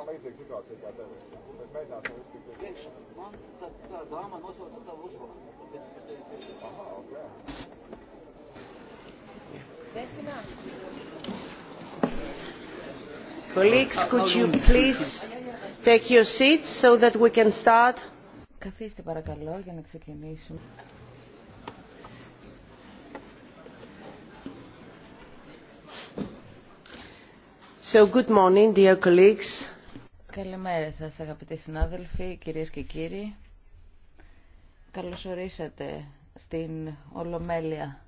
man līdzīga situācija kā tev. Bet mēģināsim visu tik priekš. Man tā, tā dāma nosauca tavu uzvārdu. Tāpēc Aha, ok. Colleagues, could you please take your seats so that we can start? Καθίστε παρακαλώ για να ξεκινήσουμε. So good morning, dear colleagues. Καλημέρα σας αγαπητοί συνάδελφοι, κυρίες και κύριοι. Καλωσορίσατε στην Ολομέλεια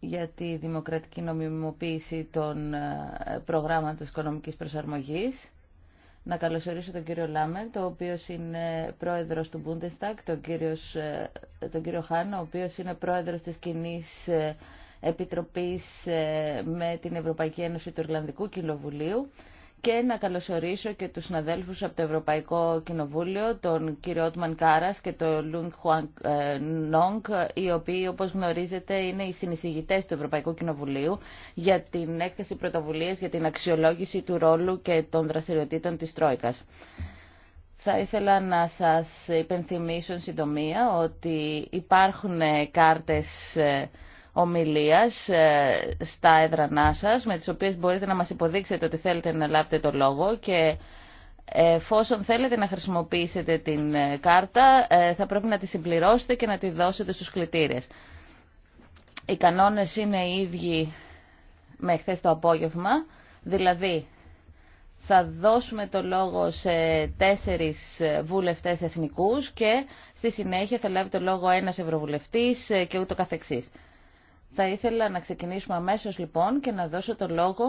για τη δημοκρατική νομιμοποίηση των ε, προγράμματων οικονομικής προσαρμογής. Να καλωσορίσω τον κύριο Λάμερ, ο οποίος είναι πρόεδρος του Bundestag, τον, κύριος, ε, τον κύριο Χάν, ο οποίος είναι πρόεδρος της κοινή ε, Επιτροπής με την Ευρωπαϊκή Ένωση του Ιρλανδικού Κοινοβουλίου και να καλωσορίσω και τους συναδέλφους από το Ευρωπαϊκό Κοινοβούλιο, τον κύριο Ότμαν Κάρας και τον Λουν Χουαν ε, Νόγκ, οι οποίοι όπως γνωρίζετε είναι οι συνεισηγητές του Ευρωπαϊκού Κοινοβουλίου για την έκθεση πρωτοβουλίας για την αξιολόγηση του ρόλου και των δραστηριοτήτων της Τρόικας. Θα ήθελα να σας υπενθυμίσω συντομία ότι υπάρχουν κάρτες ε, ομιλίας ε, στα έδρανά σας, με τις οποίες μπορείτε να μας υποδείξετε ότι θέλετε να λάβετε το λόγο και ε, εφόσον θέλετε να χρησιμοποιήσετε την ε, κάρτα, θα πρέπει να τη συμπληρώσετε και να τη δώσετε στους κλητήρες. Οι κανόνες είναι οι ίδιοι με χθε το απόγευμα, δηλαδή θα δώσουμε το λόγο σε τέσσερις βουλευτές εθνικούς και στη συνέχεια θα λάβει το λόγο ένας ευρωβουλευτής και ούτω καθεξής. Θα ήθελα να ξεκινήσουμε αμέσως λοιπόν και να δώσω το λόγο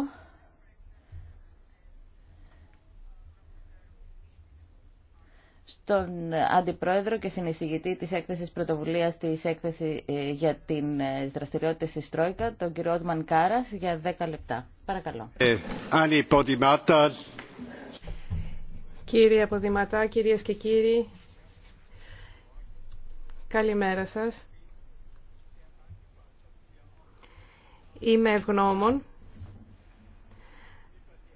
στον Αντιπρόεδρο και συνεισηγητή της έκθεσης πρωτοβουλίας της έκθεση ε, για την ε, δραστηριότητα της Τρόικα, τον κύριο Ότμαν Κάρας, για 10 λεπτά. Παρακαλώ. Ε, Κύριε Αποδηματά, κυρίες και κύριοι, καλημέρα σας. Είμαι ευγνώμων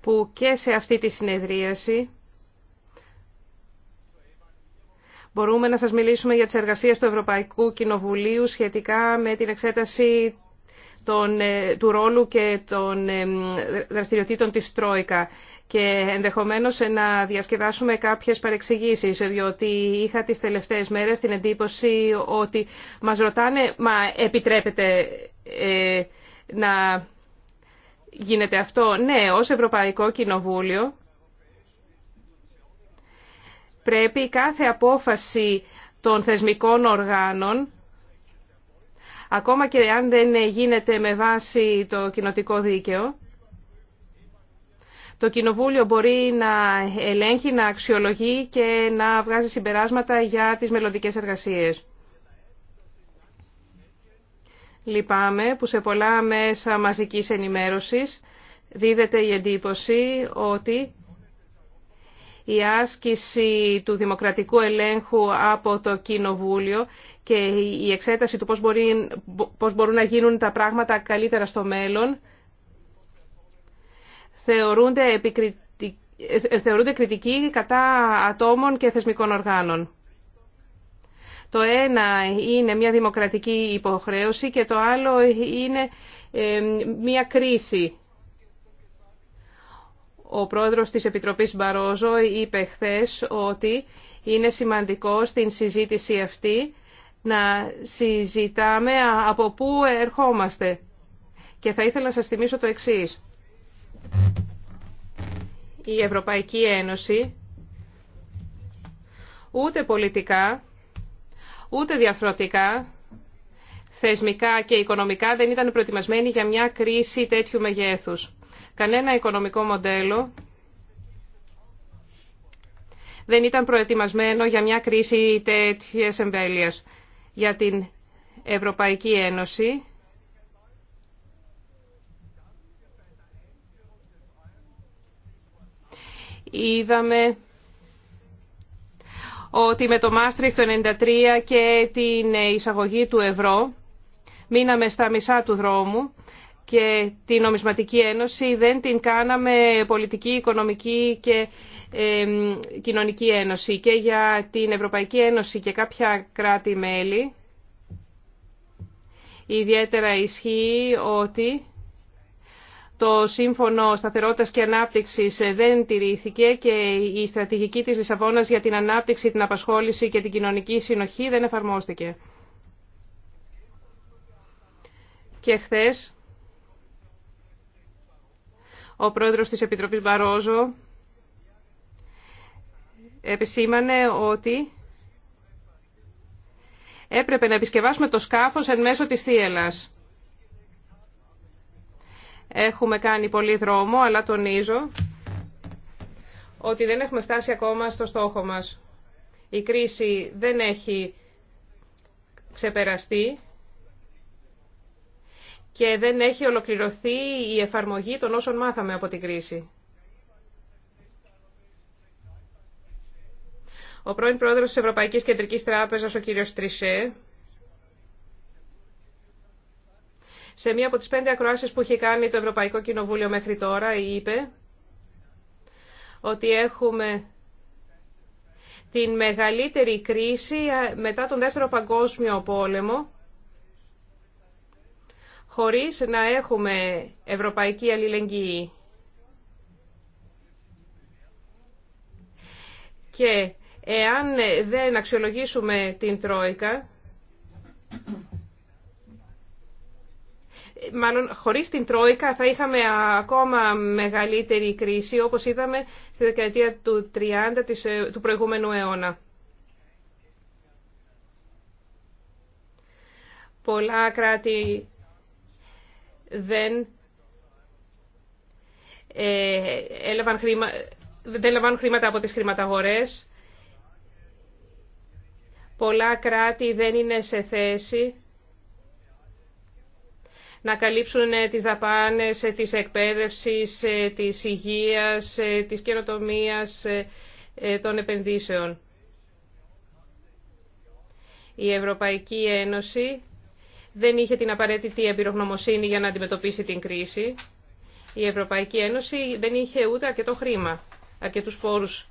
που και σε αυτή τη συνεδρίαση μπορούμε να σας μιλήσουμε για τις εργασίες του Ευρωπαϊκού Κοινοβουλίου σχετικά με την εξέταση ε, του ρόλου και των ε, δραστηριοτήτων της Τρόικα και ενδεχομένως να διασκεδάσουμε κάποιες παρεξηγήσεις, διότι είχα τις τελευταίες μέρες την εντύπωση ότι μας ρωτάνε «Μα επιτρέπετε, ε, να γίνεται αυτό. Ναι, ως Ευρωπαϊκό Κοινοβούλιο πρέπει κάθε απόφαση των θεσμικών οργάνων ακόμα και αν δεν γίνεται με βάση το κοινοτικό δίκαιο, το Κοινοβούλιο μπορεί να ελέγχει, να αξιολογεί και να βγάζει συμπεράσματα για τις μελλοντικές εργασίες. Λυπάμαι που σε πολλά μέσα μαζικής ενημέρωσης δίδεται η εντύπωση ότι η άσκηση του δημοκρατικού ελέγχου από το Κοινοβούλιο και η εξέταση του πώς, μπορεί, μπορούν να γίνουν τα πράγματα καλύτερα στο μέλλον θεωρούνται, ε, ε, θεωρούνται κριτικοί κατά ατόμων και θεσμικών οργάνων. Το ένα είναι μια δημοκρατική υποχρέωση και το άλλο είναι μια κρίση. Ο πρόεδρος της Επιτροπής Μπαρόζο είπε χθε ότι είναι σημαντικό στην συζήτηση αυτή να συζητάμε από πού ερχόμαστε. Και θα ήθελα να σας θυμίσω το εξής. Η Ευρωπαϊκή Ένωση ούτε πολιτικά ούτε διαφορετικά θεσμικά και οικονομικά δεν ήταν προετοιμασμένοι για μια κρίση τέτοιου μεγέθους. Κανένα οικονομικό μοντέλο δεν ήταν προετοιμασμένο για μια κρίση τέτοιες εμβέλειας. Για την Ευρωπαϊκή Ένωση είδαμε ότι με το Μάστριχ το 1993 και την εισαγωγή του ευρώ μείναμε στα μισά του δρόμου και την νομισματική ένωση δεν την κάναμε πολιτική, οικονομική και κοινωνική ένωση. Και για την Ευρωπαϊκή Ένωση και κάποια κράτη-μέλη ιδιαίτερα ισχύει ότι το Σύμφωνο Σταθερότητας και Ανάπτυξης ε, δεν τηρήθηκε και η στρατηγική της Λισαβόνας για την ανάπτυξη, την απασχόληση και την κοινωνική συνοχή δεν εφαρμόστηκε. Και χθες ο πρόεδρος της Επιτροπής Μπαρόζο επισήμανε ότι έπρεπε να επισκευάσουμε το σκάφος εν μέσω της θύελας. Έχουμε κάνει πολύ δρόμο, αλλά τονίζω ότι δεν έχουμε φτάσει ακόμα στο στόχο μας. Η κρίση δεν έχει ξεπεραστεί και δεν έχει ολοκληρωθεί η εφαρμογή των όσων μάθαμε από την κρίση. Ο πρώην πρόεδρος της Ευρωπαϊκής Κεντρικής Τράπεζας, ο κύριος Τρισέ, Σε μία από τις πέντε ακροάσεις που είχε κάνει το Ευρωπαϊκό Κοινοβούλιο μέχρι τώρα είπε ότι έχουμε την μεγαλύτερη κρίση ε, μετά τον Δεύτερο Παγκόσμιο Πόλεμο χωρίς να έχουμε ευρωπαϊκή αλληλεγγύη. Και εάν δεν αξιολογήσουμε την Τρόικα, μάλλον χωρίς την Τρόικα θα είχαμε ακόμα μεγαλύτερη κρίση όπως είδαμε στη δεκαετία του 30 ε, του προηγούμενου αιώνα. Πολλά κράτη δεν ε, έλαβαν λαμβάνουν χρήματα από τις χρηματαγορές. Πολλά κράτη δεν είναι σε θέση να καλύψουν ε, τις δαπάνες ε, της εκπαίδευσης, ε, τη υγείας, της καινοτομίας, των επενδύσεων. Η Ευρωπαϊκή Ένωση δεν είχε την απαραίτητη εμπειρογνωμοσύνη για να αντιμετωπίσει την κρίση. Η Ευρωπαϊκή Ένωση δεν είχε ούτε αρκετό χρήμα, αρκετούς πόρους.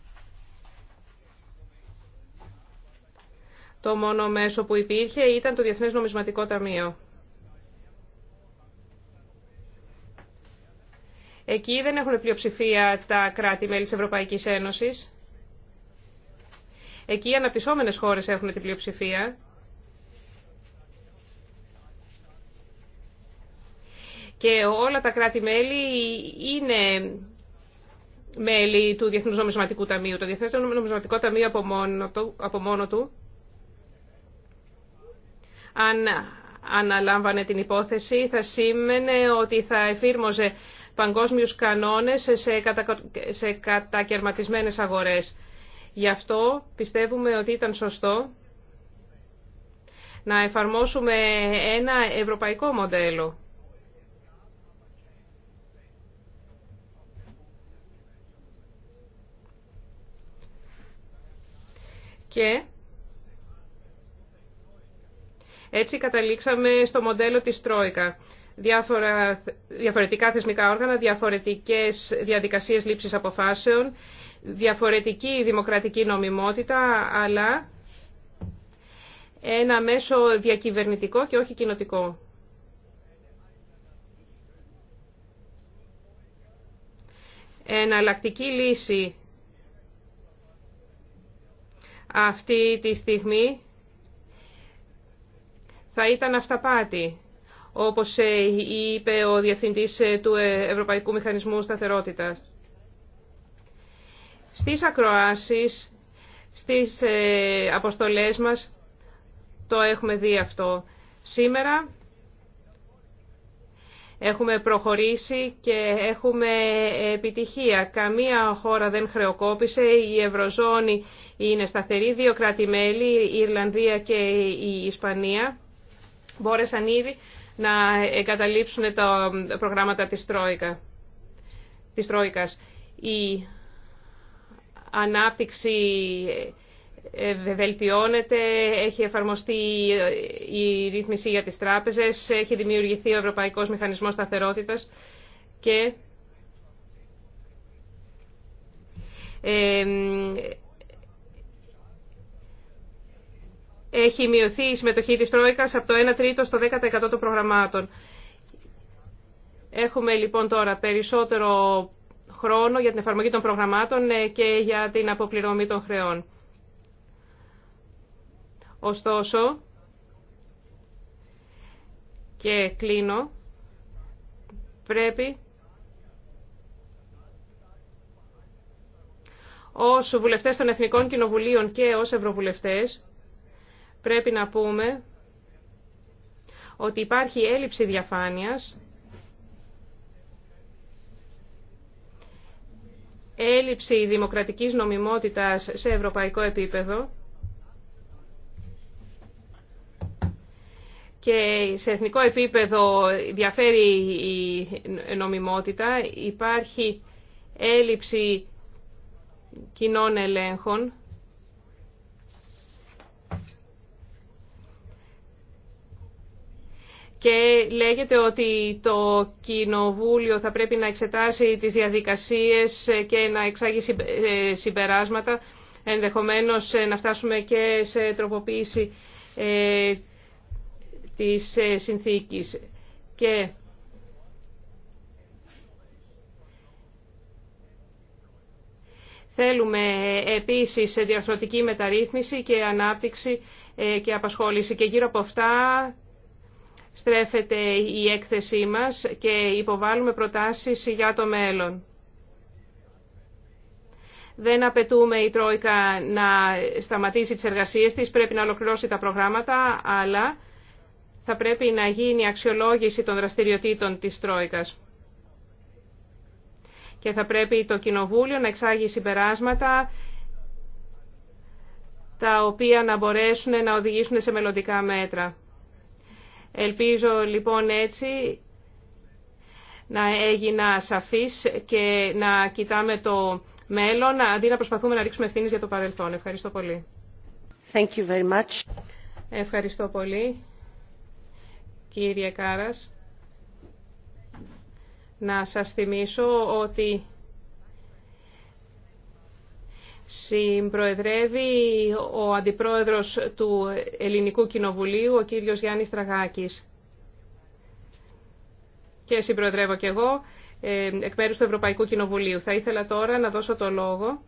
Το μόνο μέσο που υπήρχε ήταν το Διεθνές Νομισματικό Ταμείο. Εκεί δεν έχουν πλειοψηφία τα κράτη-μέλη της Ευρωπαϊκής Ένωσης. Εκεί οι αναπτυσσόμενες χώρες έχουν την πλειοψηφία. Και όλα τα κράτη-μέλη είναι μέλη του Διεθνούς Νομισματικού Ταμείου. Το Διεθνές Νομισματικό Ταμείο από μόνο του, από μόνο του αν αναλάμβανε την υπόθεση, θα σήμαινε ότι θα εφήρμοζε παγκόσμιους κανόνες σε, κατα... σε αγορές. Γι' αυτό πιστεύουμε ότι ήταν σωστό να εφαρμόσουμε ένα ευρωπαϊκό μοντέλο. Και έτσι καταλήξαμε στο μοντέλο της Τρόικα διαφορετικά θεσμικά όργανα, διαφορετικές διαδικασίες λήψης αποφάσεων, διαφορετική δημοκρατική νομιμότητα, αλλά ένα μέσο διακυβερνητικό και όχι κοινοτικό. Εναλλακτική λύση αυτή τη στιγμή θα ήταν αυταπάτη όπως ε, είπε ο Διευθυντής ε, του ε, Ευρωπαϊκού Μηχανισμού Σταθερότητας. Στις ακροάσεις, στις αποστολές μας, το έχουμε δει αυτό. Σήμερα έχουμε προχωρήσει και έχουμε επιτυχία. Καμία χώρα δεν χρεοκόπησε, η Ευρωζώνη είναι σταθερή, δύο κράτη-μέλη, η Ιρλανδία και η Ισπανία μπόρεσαν ήδη να εγκαταλείψουν τα προγράμματα της, Τρόικα, της Τρόικας. Η ανάπτυξη ε, βελτιώνεται, έχει εφαρμοστεί η ρύθμιση για τις τράπεζες, έχει δημιουργηθεί ο Ευρωπαϊκός Μηχανισμός Σταθερότητας και ε, έχει μειωθεί η συμμετοχή της Τρόικας από το 1 τρίτο στο 10% των προγραμμάτων. Έχουμε λοιπόν τώρα περισσότερο χρόνο για την εφαρμογή των προγραμμάτων ε, και για την αποπληρωμή των χρεών. Ωστόσο, και κλείνω, πρέπει ως βουλευτές των Εθνικών Κοινοβουλίων και ως Ευρωβουλευτές πρέπει να πούμε ότι υπάρχει έλλειψη διαφάνειας, έλλειψη δημοκρατικής νομιμότητας σε ευρωπαϊκό επίπεδο και σε εθνικό επίπεδο διαφέρει η νομιμότητα, υπάρχει έλλειψη κοινών ελέγχων και λέγεται ότι το Κοινοβούλιο θα πρέπει να εξετάσει τις διαδικασίες και να εξάγει ε, συμπεράσματα, ενδεχομένως ε, να φτάσουμε και σε τροποποίηση ε, της συνθήκης. Και Θέλουμε επίσης διαρθρωτική μεταρρύθμιση και ανάπτυξη και απασχόληση. Και γύρω από αυτά στρέφεται η έκθεσή μας και υποβάλλουμε προτάσεις για το μέλλον. Δεν απαιτούμε η Τρόικα να σταματήσει τις εργασίες της, πρέπει να ολοκληρώσει τα προγράμματα, αλλά θα πρέπει να γίνει αξιολόγηση των δραστηριοτήτων της Τρόικας. Και θα πρέπει το Κοινοβούλιο να εξάγει συμπεράσματα τα οποία να μπορέσουν να οδηγήσουν σε μελλοντικά μέτρα. Ελπίζω λοιπόν έτσι να έγινα σαφής και να κοιτάμε το μέλλον, αντί να προσπαθούμε να ρίξουμε ευθύνε για το παρελθόν. Ευχαριστώ πολύ. you very much. Ευχαριστώ πολύ, κύριε Κάρας. Να σας θυμίσω ότι Συμπροεδρεύει ο Αντιπρόεδρος του Ελληνικού Κοινοβουλίου, ο κύριος Γιάννης Τραγάκης. Και συμπροεδρεύω κι εγώ ε, εκ μέρους του Ευρωπαϊκού Κοινοβουλίου. Θα ήθελα τώρα να δώσω το λόγο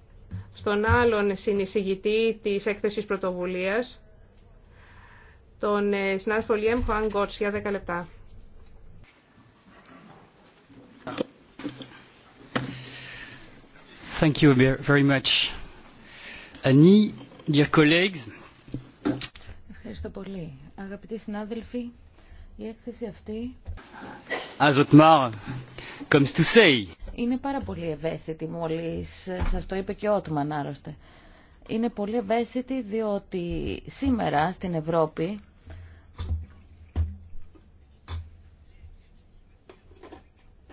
στον άλλον συνεισηγητή της έκθεσης πρωτοβουλίας, τον ε, συνάδελφο Λιέμ Χουάν Γκότς, για 10 λεπτά. Thank you Ευχαριστώ πολύ. Αγαπητοί συνάδελφοι, η έκθεση αυτή είναι πάρα πολύ ευαίσθητη μόλις σας το είπε και ο Ότμαν άρρωστε. Είναι πολύ ευαίσθητη διότι σήμερα στην Ευρώπη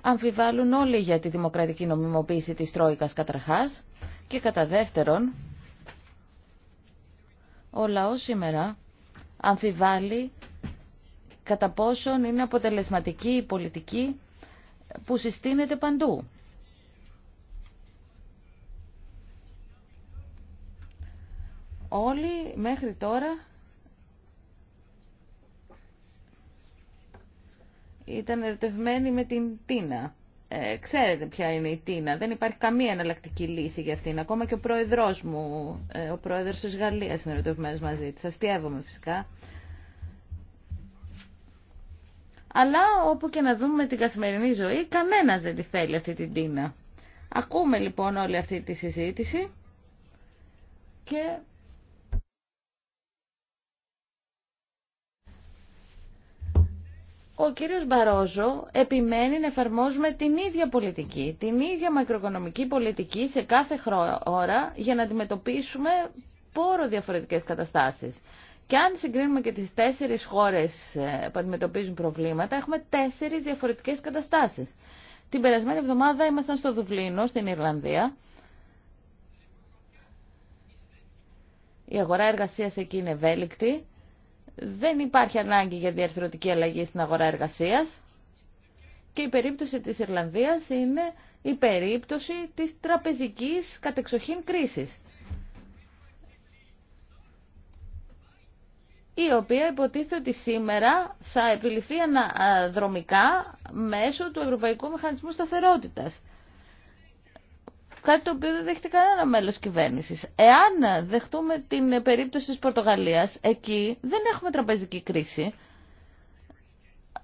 αμφιβάλλουν όλοι για τη δημοκρατική νομιμοποίηση της Τρόικας καταρχάς και κατά δεύτερον ο λαός σήμερα αμφιβάλλει κατά πόσον είναι αποτελεσματική η πολιτική που συστήνεται παντού. Όλοι μέχρι τώρα ήταν ερωτευμένοι με την Τίνα. Ε, ξέρετε ποια είναι η Τίνα. Δεν υπάρχει καμία εναλλακτική λύση για αυτήν. Ακόμα και ο πρόεδρός μου, ε, ο πρόεδρος τη Γαλλία είναι ερωτευμένο μαζί τη. Αστειεύομαι φυσικά. Αλλά όπου και να δούμε την καθημερινή ζωή, κανένας δεν τη θέλει αυτή την Τίνα. Ακούμε λοιπόν όλη αυτή τη συζήτηση και ο κύριος Μπαρόζο επιμένει να εφαρμόζουμε την ίδια πολιτική, την ίδια μακροοικονομική πολιτική σε κάθε χώρα για να αντιμετωπίσουμε πόρο διαφορετικές καταστάσεις. Και αν συγκρίνουμε και τις τέσσερις χώρες ε, που αντιμετωπίζουν προβλήματα, έχουμε τέσσερις διαφορετικές καταστάσεις. Την περασμένη εβδομάδα ήμασταν στο Δουβλίνο, στην Ιρλανδία. Η αγορά εργασίας εκεί είναι ευέλικτη δεν υπάρχει ανάγκη για διαρθρωτική αλλαγή στην αγορά εργασίας και η περίπτωση της Ιρλανδίας είναι η περίπτωση της τραπεζικής κατεξοχήν κρίσης. η οποία υποτίθεται ότι σήμερα θα επιληφθεί αναδρομικά μέσω του Ευρωπαϊκού Μηχανισμού Σταθερότητας κάτι το οποίο δεν δέχεται κανένα μέλος κυβέρνησης. Εάν δεχτούμε την περίπτωση της Πορτογαλίας, εκεί δεν έχουμε τραπεζική κρίση,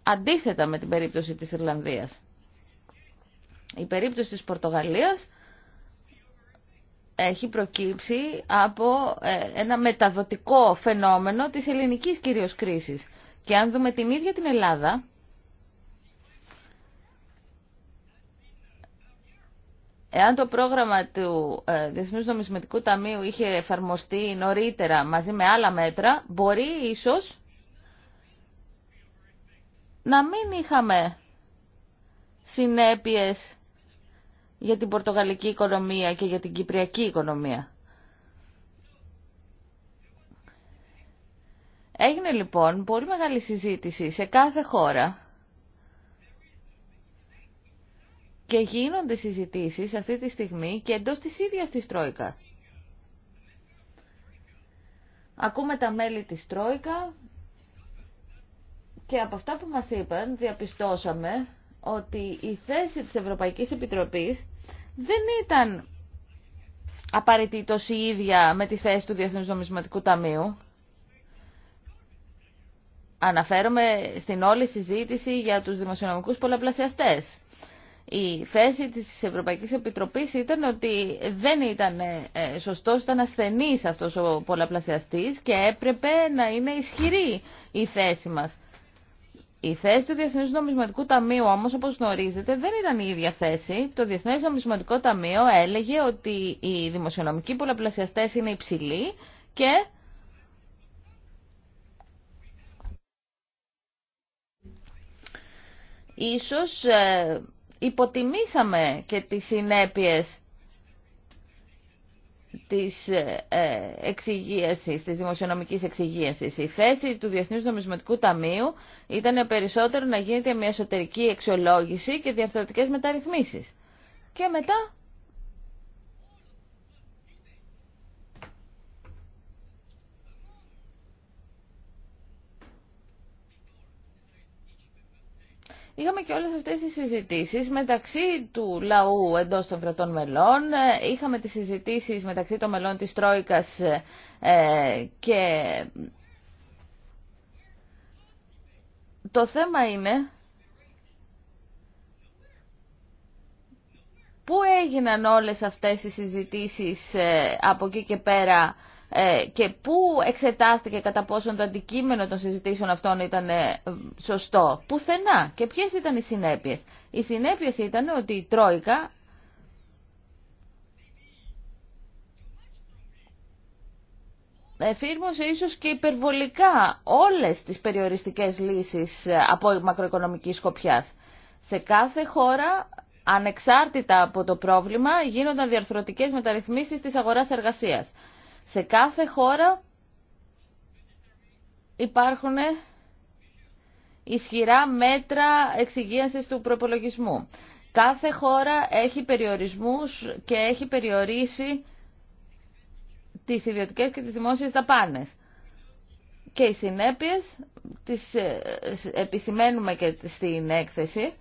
αντίθετα με την περίπτωση της Ιρλανδίας. Η περίπτωση της Πορτογαλίας έχει προκύψει από ε, ένα μεταδοτικό φαινόμενο της ελληνικής κυρίως κρίσης. Και αν δούμε την ίδια την Ελλάδα, Εάν το πρόγραμμα του ε, Διεθνούς Νομισματικού Ταμείου είχε εφαρμοστεί νωρίτερα μαζί με άλλα μέτρα, μπορεί ίσως να μην είχαμε συνέπειες για την πορτογαλική οικονομία και για την κυπριακή οικονομία. Έγινε λοιπόν πολύ μεγάλη συζήτηση σε κάθε χώρα Και γίνονται συζητήσεις αυτή τη στιγμή και εντός της ίδιας της Τρόικα. Ακούμε τα μέλη της Τρόικα και από αυτά που μας είπαν διαπιστώσαμε ότι η θέση της Ευρωπαϊκής Επιτροπής δεν ήταν απαραίτητο η ίδια με τη θέση του Διεθνούς Νομισματικού Ταμείου. Αναφέρομαι στην όλη συζήτηση για τους δημοσιονομικούς πολλαπλασιαστές. Η θέση της Ευρωπαϊκής Επιτροπής ήταν ότι δεν ήταν ε, ε, σωστός, ήταν ασθενής αυτός ο πολλαπλασιαστής και έπρεπε να είναι ισχυρή η θέση μας. Η θέση του Διεθνούς Νομισματικού Ταμείου όμως όπως γνωρίζετε δεν ήταν η ίδια θέση. Το Διεθνές Νομισματικό Ταμείο έλεγε ότι οι δημοσιονομικοί πολλαπλασιαστές είναι υψηλοί και ίσως ε, υποτιμήσαμε και τις συνέπειες της ε, εξυγίασης, της δημοσιονομικής εξυγίασης. Η θέση του Διεθνούς Νομισματικού Ταμείου ήταν περισσότερο να γίνεται μια εσωτερική εξολόγηση και διαφορετικές μεταρρυθμίσεις. Και μετά Είχαμε και όλες αυτές τις συζητήσεις μεταξύ του λαού εντός των κρατών μελών, ε, είχαμε τις συζητήσεις μεταξύ των μελών της Τρόικας ε, και το θέμα είναι πού έγιναν όλες αυτές οι συζητήσεις ε, από εκεί και πέρα ε, και πού εξετάστηκε κατά πόσον το αντικείμενο των συζητήσεων αυτών ήταν ε, σωστό. Πουθενά. Και ποιες ήταν οι συνέπειες. Οι συνέπειες ήταν ότι η Τρόικα εφήρμοσε ίσως και υπερβολικά όλες τις περιοριστικές λύσεις ε, από μακροοικονομική σκοπιάς. Σε κάθε χώρα, ανεξάρτητα από το πρόβλημα, γίνονταν διαρθρωτικές μεταρρυθμίσεις της αγοράς εργασίας. Σε κάθε χώρα υπάρχουν ισχυρά μέτρα εξυγίανσης του προπολογισμού. Κάθε χώρα έχει περιορισμούς και έχει περιορίσει τις ιδιωτικές και τις δημόσιες δαπάνες. Και οι συνέπειες τις ε, επισημαίνουμε και στην έκθεση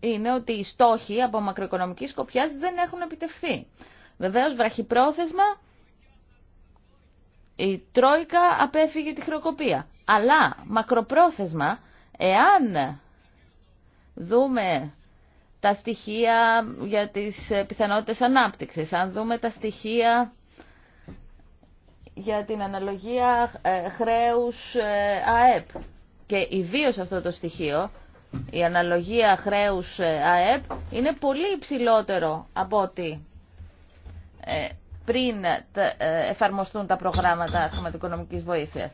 είναι ότι οι στόχοι από μακροοικονομική σκοπιάς δεν έχουν επιτευχθεί. Βεβαίως βραχυπρόθεσμα η Τρόικα απέφυγε τη χρεοκοπία. Αλλά μακροπρόθεσμα, εάν δούμε τα στοιχεία για τις πιθανότητες ανάπτυξης, αν δούμε τα στοιχεία για την αναλογία ε, χρέους ε, ΑΕΠ και ιδίως αυτό το στοιχείο, η αναλογία χρέους ε, ΑΕΠ είναι πολύ υψηλότερο από ότι ε, πριν ε, εφαρμοστούν τα προγράμματα χρηματοοικονομικής βοήθειας.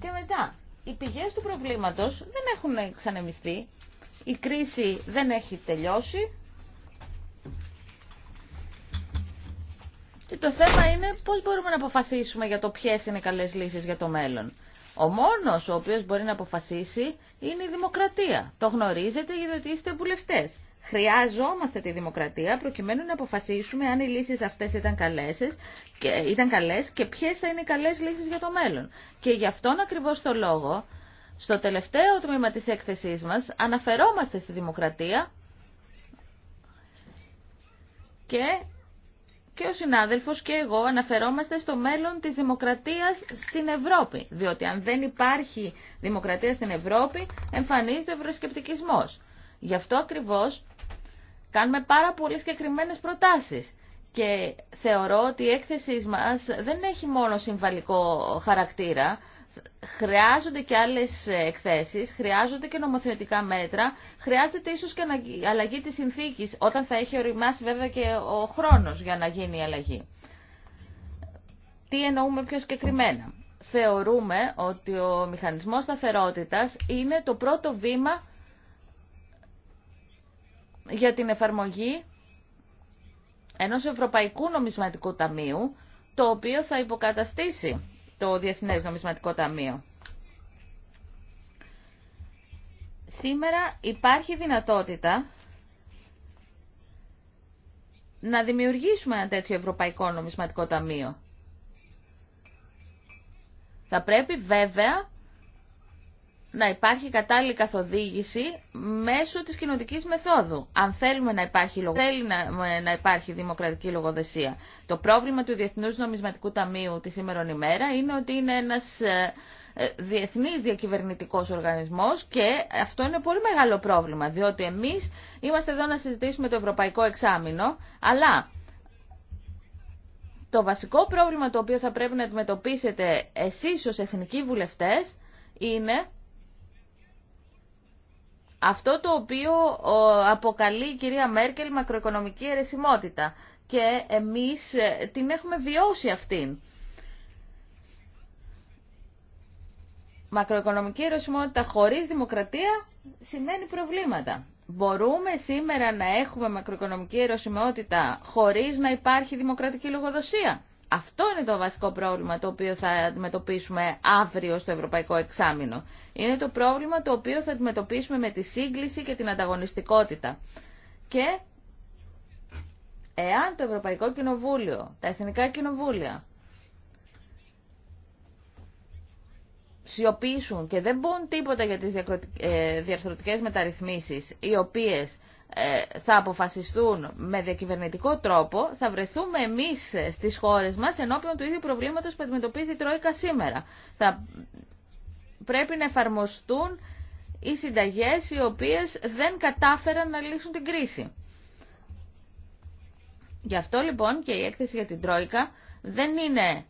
Και μετά, οι πηγές του προβλήματος δεν έχουν ξανεμιστεί, η κρίση δεν έχει τελειώσει και το θέμα είναι πώς μπορούμε να αποφασίσουμε για το ποιες είναι οι καλές λύσεις για το μέλλον. Ο μόνος ο οποίος μπορεί να αποφασίσει είναι η δημοκρατία. Το γνωρίζετε γιατί είστε βουλευτές. Χρειάζομαστε τη δημοκρατία προκειμένου να αποφασίσουμε αν οι λύσεις αυτές ήταν καλές, και, ήταν ποιες θα είναι οι καλές λύσεις για το μέλλον. Και γι' αυτόν ακριβώς το λόγο, στο τελευταίο τμήμα της έκθεσής μας, αναφερόμαστε στη δημοκρατία και, ο συνάδελφος και εγώ αναφερόμαστε στο μέλλον της δημοκρατίας στην Ευρώπη. Διότι αν δεν υπάρχει δημοκρατία στην Ευρώπη, εμφανίζεται ο ευρωσκεπτικισμός. Γι' αυτό ακριβώς κάνουμε πάρα πολύ συγκεκριμένε προτάσεις. Και θεωρώ ότι η έκθεσή μας δεν έχει μόνο συμβαλικό χαρακτήρα, χρειάζονται και άλλες εκθέσεις, χρειάζονται και νομοθετικά μέτρα, χρειάζεται ίσως και αλλαγή της συνθήκης, όταν θα έχει οριμάσει βέβαια και ο χρόνος για να γίνει η αλλαγή. Τι εννοούμε πιο συγκεκριμένα. Θεωρούμε ότι ο μηχανισμός σταθερότητας είναι το πρώτο βήμα για την εφαρμογή ενός Ευρωπαϊκού Νομισματικού Ταμείου, το οποίο θα υποκαταστήσει το Διεθνές Νομισματικό Ταμείο. Σήμερα υπάρχει δυνατότητα να δημιουργήσουμε ένα τέτοιο Ευρωπαϊκό Νομισματικό Ταμείο. Θα πρέπει βέβαια να υπάρχει κατάλληλη καθοδήγηση μέσω της κοινοτική μεθόδου. Αν θέλουμε να υπάρχει, θέλει να, ε, να υπάρχει δημοκρατική λογοδεσία. Το πρόβλημα του Διεθνούς Νομισματικού Ταμείου τη σήμερα ημέρα είναι ότι είναι ένας ε, ε, διεθνής διακυβερνητικός οργανισμός και αυτό είναι πολύ μεγάλο πρόβλημα, διότι εμείς είμαστε εδώ να συζητήσουμε το Ευρωπαϊκό Εξάμεινο, αλλά το βασικό πρόβλημα το οποίο θα πρέπει να αντιμετωπίσετε εσείς ως εθνικοί βουλευτές είναι αυτό το οποίο αποκαλεί η κυρία Μέρκελ μακροοικονομική αιρεσιμότητα και εμείς ε, την έχουμε βιώσει αυτήν. Μακροοικονομική αιρεσιμότητα χωρίς δημοκρατία σημαίνει προβλήματα. Μπορούμε σήμερα να έχουμε μακροοικονομική αιρεσιμότητα χωρίς να υπάρχει δημοκρατική λογοδοσία. Αυτό είναι το βασικό πρόβλημα το οποίο θα αντιμετωπίσουμε αύριο στο Ευρωπαϊκό Εξάμεινο. Είναι το πρόβλημα το οποίο θα αντιμετωπίσουμε με τη σύγκληση και την ανταγωνιστικότητα. Και εάν το Ευρωπαϊκό Κοινοβούλιο, τα Εθνικά Κοινοβούλια, σιωπήσουν και δεν μπουν τίποτα για τις ε, διαρθρωτικές μεταρρυθμίσεις, οι οποίες ε, θα αποφασιστούν με διακυβερνητικό τρόπο, θα βρεθούμε εμείς στις χώρες μας ενώπιον του ίδιου προβλήματος που αντιμετωπίζει η Τρόικα σήμερα. Θα πρέπει να εφαρμοστούν οι συνταγές οι οποίες δεν κατάφεραν να λύσουν την κρίση. Γι' αυτό λοιπόν και η έκθεση για την Τρόικα δεν είναι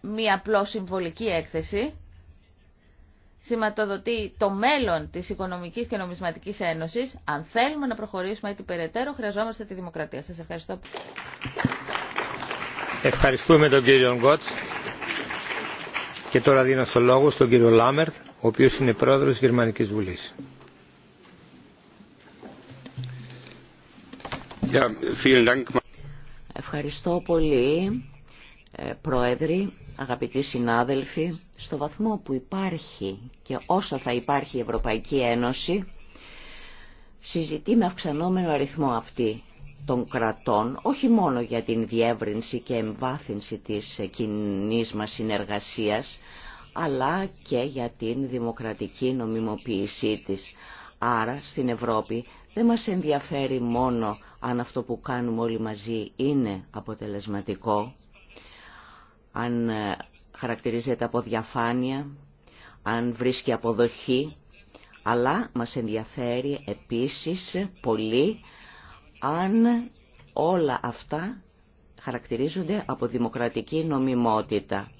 μία απλό συμβολική έκθεση, σηματοδοτεί το μέλλον της Οικονομικής και Νομισματικής Ένωσης. Αν θέλουμε να προχωρήσουμε έτσι περαιτέρω, χρειαζόμαστε τη δημοκρατία. Σας ευχαριστώ. Ευχαριστούμε τον κύριο Γκότς. Και τώρα δίνω στο λόγο στον κύριο Λάμερτ, ο οποίος είναι πρόεδρος της Γερμανικής Βουλής. Ευχαριστώ πολύ, ε, Πρόεδρε αγαπητοί συνάδελφοι, στο βαθμό που υπάρχει και όσο θα υπάρχει η Ευρωπαϊκή Ένωση, συζητεί με αυξανόμενο αριθμό αυτή των κρατών, όχι μόνο για την διεύρυνση και εμβάθυνση της κοινή μας συνεργασίας, αλλά και για την δημοκρατική νομιμοποίησή της. Άρα στην Ευρώπη δεν μας ενδιαφέρει μόνο αν αυτό που κάνουμε όλοι μαζί είναι αποτελεσματικό, αν ε, χαρακτηρίζεται από διαφάνεια, αν βρίσκει αποδοχή, αλλά μας ενδιαφέρει επίσης πολύ αν όλα αυτά χαρακτηρίζονται από δημοκρατική νομιμότητα.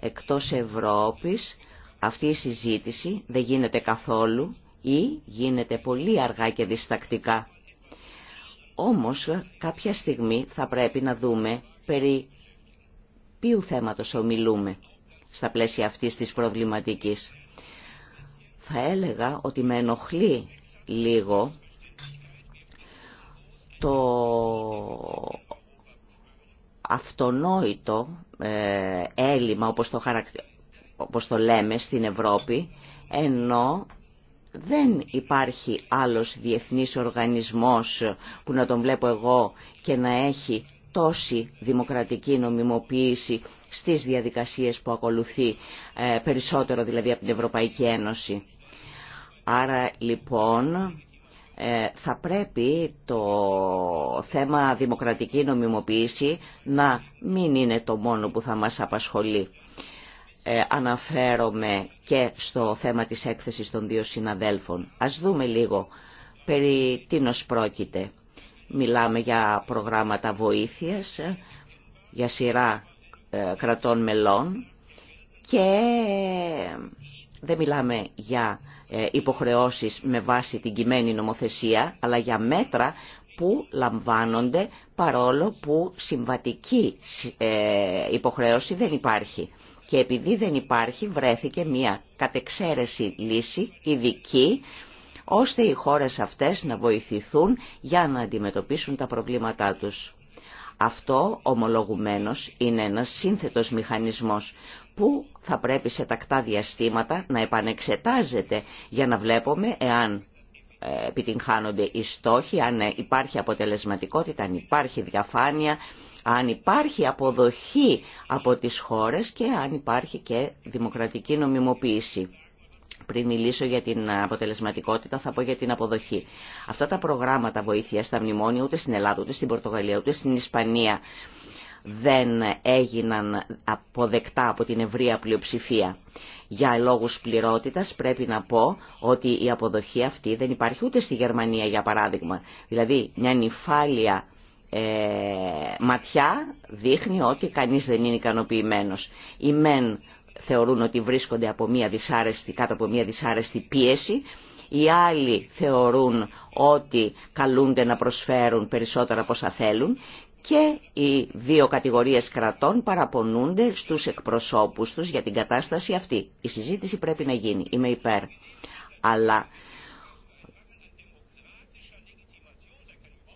Εκτός Ευρώπης αυτή η συζήτηση δεν γίνεται καθόλου ή γίνεται πολύ αργά και διστακτικά. Όμως κάποια στιγμή θα πρέπει να δούμε περί ποιου θέματος ομιλούμε στα πλαίσια αυτής της προβληματικής. Θα έλεγα ότι με ενοχλεί λίγο το αυτονόητο ε, έλλειμμα, όπως το, το λέμε, στην Ευρώπη, ενώ δεν υπάρχει άλλος διεθνής οργανισμός που να τον βλέπω εγώ και να έχει τόση δημοκρατική νομιμοποίηση στις διαδικασίες που ακολουθεί ε, περισσότερο δηλαδή από την Ευρωπαϊκή Ένωση. Άρα λοιπόν ε, θα πρέπει το θέμα δημοκρατική νομιμοποίηση να μην είναι το μόνο που θα μας απασχολεί. Ε, αναφέρομαι και στο θέμα της έκθεσης των δύο συναδέλφων. Ας δούμε λίγο περί τίνος πρόκειται. Μιλάμε για προγράμματα βοήθειας, ε, για σειρά ε, κρατών μελών και δεν μιλάμε για ε, υποχρεώσεις με βάση την κειμένη νομοθεσία, αλλά για μέτρα που λαμβάνονται παρόλο που συμβατική υποχρέωση δεν υπάρχει. Και επειδή δεν υπάρχει βρέθηκε μια κατεξαίρεση λύση ειδική ώστε οι χώρες αυτές να βοηθηθούν για να αντιμετωπίσουν τα προβλήματά τους. Αυτό, ομολογουμένος, είναι ένας σύνθετος μηχανισμός που θα πρέπει σε τακτά διαστήματα να επανεξετάζεται για να βλέπουμε εάν ε, επιτυγχάνονται οι στόχοι, αν ε, υπάρχει αποτελεσματικότητα, αν υπάρχει διαφάνεια, αν υπάρχει αποδοχή από τις χώρες και αν υπάρχει και δημοκρατική νομιμοποίηση πριν μιλήσω για την αποτελεσματικότητα, θα πω για την αποδοχή. Αυτά τα προγράμματα βοήθεια στα μνημόνια ούτε στην Ελλάδα, ούτε στην Πορτογαλία, ούτε στην Ισπανία δεν έγιναν αποδεκτά από την ευρεία πλειοψηφία. Για λόγους πληρότητας πρέπει να πω ότι η αποδοχή αυτή δεν υπάρχει ούτε στη Γερμανία για παράδειγμα. Δηλαδή μια νυφάλια ε, ματιά δείχνει ότι κανείς δεν είναι ικανοποιημένος. Η μεν θεωρούν ότι βρίσκονται από μια δυσάρεστη, κάτω από μια δυσάρεστη πίεση. Οι άλλοι θεωρούν ότι καλούνται να προσφέρουν περισσότερα από όσα θέλουν και οι δύο κατηγορίες κρατών παραπονούνται στους εκπροσώπους τους για την κατάσταση αυτή. Η συζήτηση πρέπει να γίνει. Είμαι υπέρ. Αλλά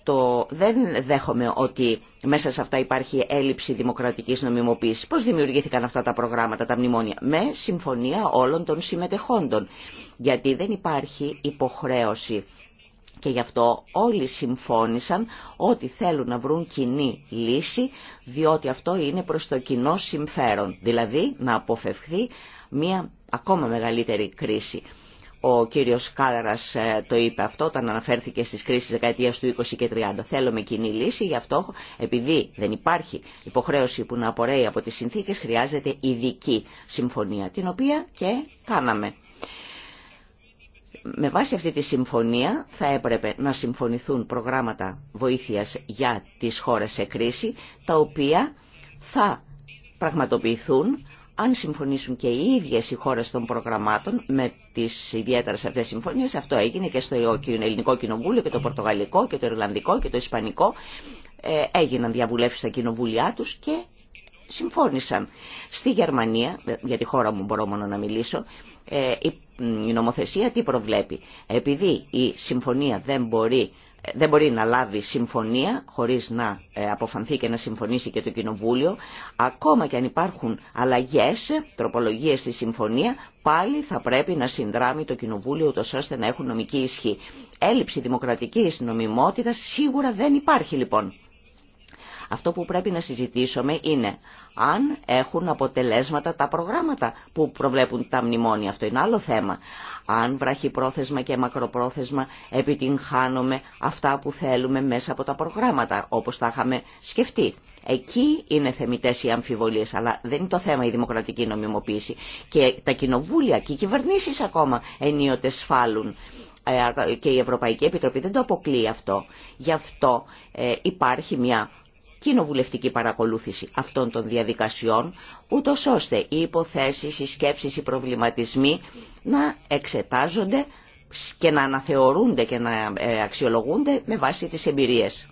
το, δεν δέχομαι ότι μέσα σε αυτά υπάρχει έλλειψη δημοκρατικής νομιμοποίησης. Πώς δημιουργήθηκαν αυτά τα προγράμματα, τα μνημόνια. Με συμφωνία όλων των συμμετεχόντων. Γιατί δεν υπάρχει υποχρέωση. Και γι' αυτό όλοι συμφώνησαν ότι θέλουν να βρουν κοινή λύση, διότι αυτό είναι προς το κοινό συμφέρον. Δηλαδή να αποφευχθεί μια ακόμα μεγαλύτερη κρίση. Ο κύριος Κάλαρας ε, το είπε αυτό όταν αναφέρθηκε στις κρίσεις δεκαετίας του 20 και 30. Θέλουμε κοινή λύση, γι' αυτό επειδή δεν υπάρχει υποχρέωση που να απορρέει από τις συνθήκες, χρειάζεται ειδική συμφωνία, την οποία και κάναμε. Με βάση αυτή τη συμφωνία θα έπρεπε να συμφωνηθούν προγράμματα βοήθειας για τις χώρες σε κρίση, τα οποία θα πραγματοποιηθούν αν συμφωνήσουν και οι ίδιες οι χώρες των προγραμμάτων με τις ιδιαίτερε αυτές συμφωνίες, αυτό έγινε και στο Ελληνικό Κοινοβούλιο και το Πορτογαλικό και το Ιρλανδικό και το Ισπανικό, ε, έγιναν διαβουλεύσεις στα κοινοβούλια τους και συμφώνησαν. Στη Γερμανία, για τη χώρα μου μπορώ μόνο να μιλήσω, ε, η νομοθεσία τι προβλέπει. Επειδή η συμφωνία δεν μπορεί δεν μπορεί να λάβει συμφωνία χωρίς να ε, αποφανθεί και να συμφωνήσει και το Κοινοβούλιο. Ακόμα και αν υπάρχουν αλλαγές, τροπολογίες στη συμφωνία, πάλι θα πρέπει να συνδράμει το Κοινοβούλιο ούτως ώστε να έχουν νομική ισχύ. Έλλειψη δημοκρατικής νομιμότητας σίγουρα δεν υπάρχει λοιπόν. Αυτό που πρέπει να συζητήσουμε είναι αν έχουν αποτελέσματα τα προγράμματα που προβλέπουν τα μνημόνια. Αυτό είναι άλλο θέμα. Αν βραχυπρόθεσμα και μακροπρόθεσμα επιτυγχάνουμε αυτά που θέλουμε μέσα από τα προγράμματα, όπως τα είχαμε σκεφτεί. Εκεί είναι θεμητές οι αμφιβολίες, αλλά δεν είναι το θέμα η δημοκρατική νομιμοποίηση. Και τα κοινοβούλια και οι κυβερνήσεις ακόμα ενίοτε σφάλουν ε, και η Ευρωπαϊκή Επιτροπή δεν το αποκλεί αυτό. Γι' αυτό ε, υπάρχει μια κοινοβουλευτική παρακολούθηση αυτών των διαδικασιών, ούτω ώστε οι υποθέσεις, οι σκέψεις, οι προβληματισμοί να εξετάζονται και να αναθεωρούνται και να ε, αξιολογούνται με βάση τις εμπειρίες.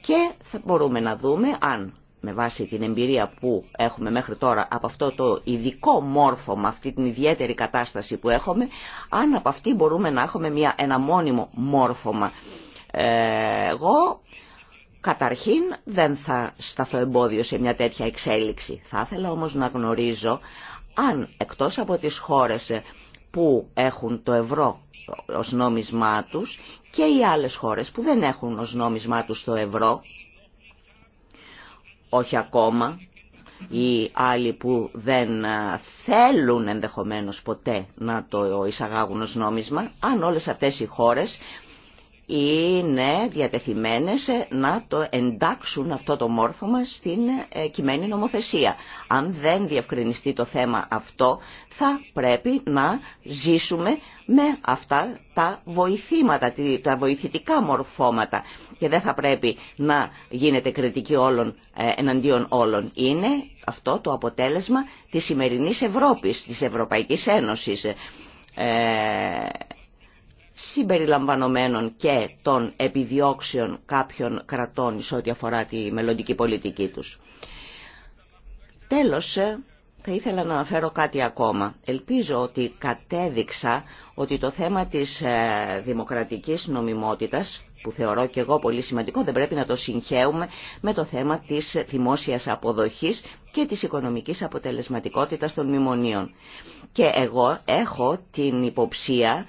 Και θα μπορούμε να δούμε αν με βάση την εμπειρία που έχουμε μέχρι τώρα από αυτό το ειδικό μόρφωμα, αυτή την ιδιαίτερη κατάσταση που έχουμε, αν από αυτή μπορούμε να έχουμε μια, ένα μόνιμο μόρφωμα. Ε, εγώ Καταρχήν δεν θα σταθώ εμπόδιο σε μια τέτοια εξέλιξη. Θα ήθελα όμως να γνωρίζω αν εκτός από τις χώρες που έχουν το ευρώ ως νόμισμά τους και οι άλλες χώρες που δεν έχουν ως νόμισμά τους το ευρώ, όχι ακόμα, οι άλλοι που δεν θέλουν ενδεχομένως ποτέ να το εισαγάγουν ως νόμισμα, αν όλες αυτές οι χώρες είναι διατεθειμένες να το εντάξουν αυτό το μόρφωμα στην ε, κειμένη νομοθεσία. Αν δεν διευκρινιστεί το θέμα αυτό, θα πρέπει να ζήσουμε με αυτά τα βοηθήματα, τα βοηθητικά μορφώματα και δεν θα πρέπει να γίνεται κριτική όλων ε, εναντίον όλων. Είναι αυτό το αποτέλεσμα της σημερινής Ευρώπης, της Ευρωπαϊκής Ένωσης. Ε, συμπεριλαμβανομένων και των επιδιώξεων κάποιων κρατών σε ό,τι αφορά τη μελλοντική πολιτική τους. Τέλος, ε, θα ήθελα να αναφέρω κάτι ακόμα. Ελπίζω ότι κατέδειξα ότι το θέμα της ε, δημοκρατικής νομιμότητας, που θεωρώ και εγώ πολύ σημαντικό, δεν πρέπει να το συγχαίουμε με το θέμα της δημόσιας αποδοχής και της οικονομικής αποτελεσματικότητας των μνημονίων. Και εγώ έχω την υποψία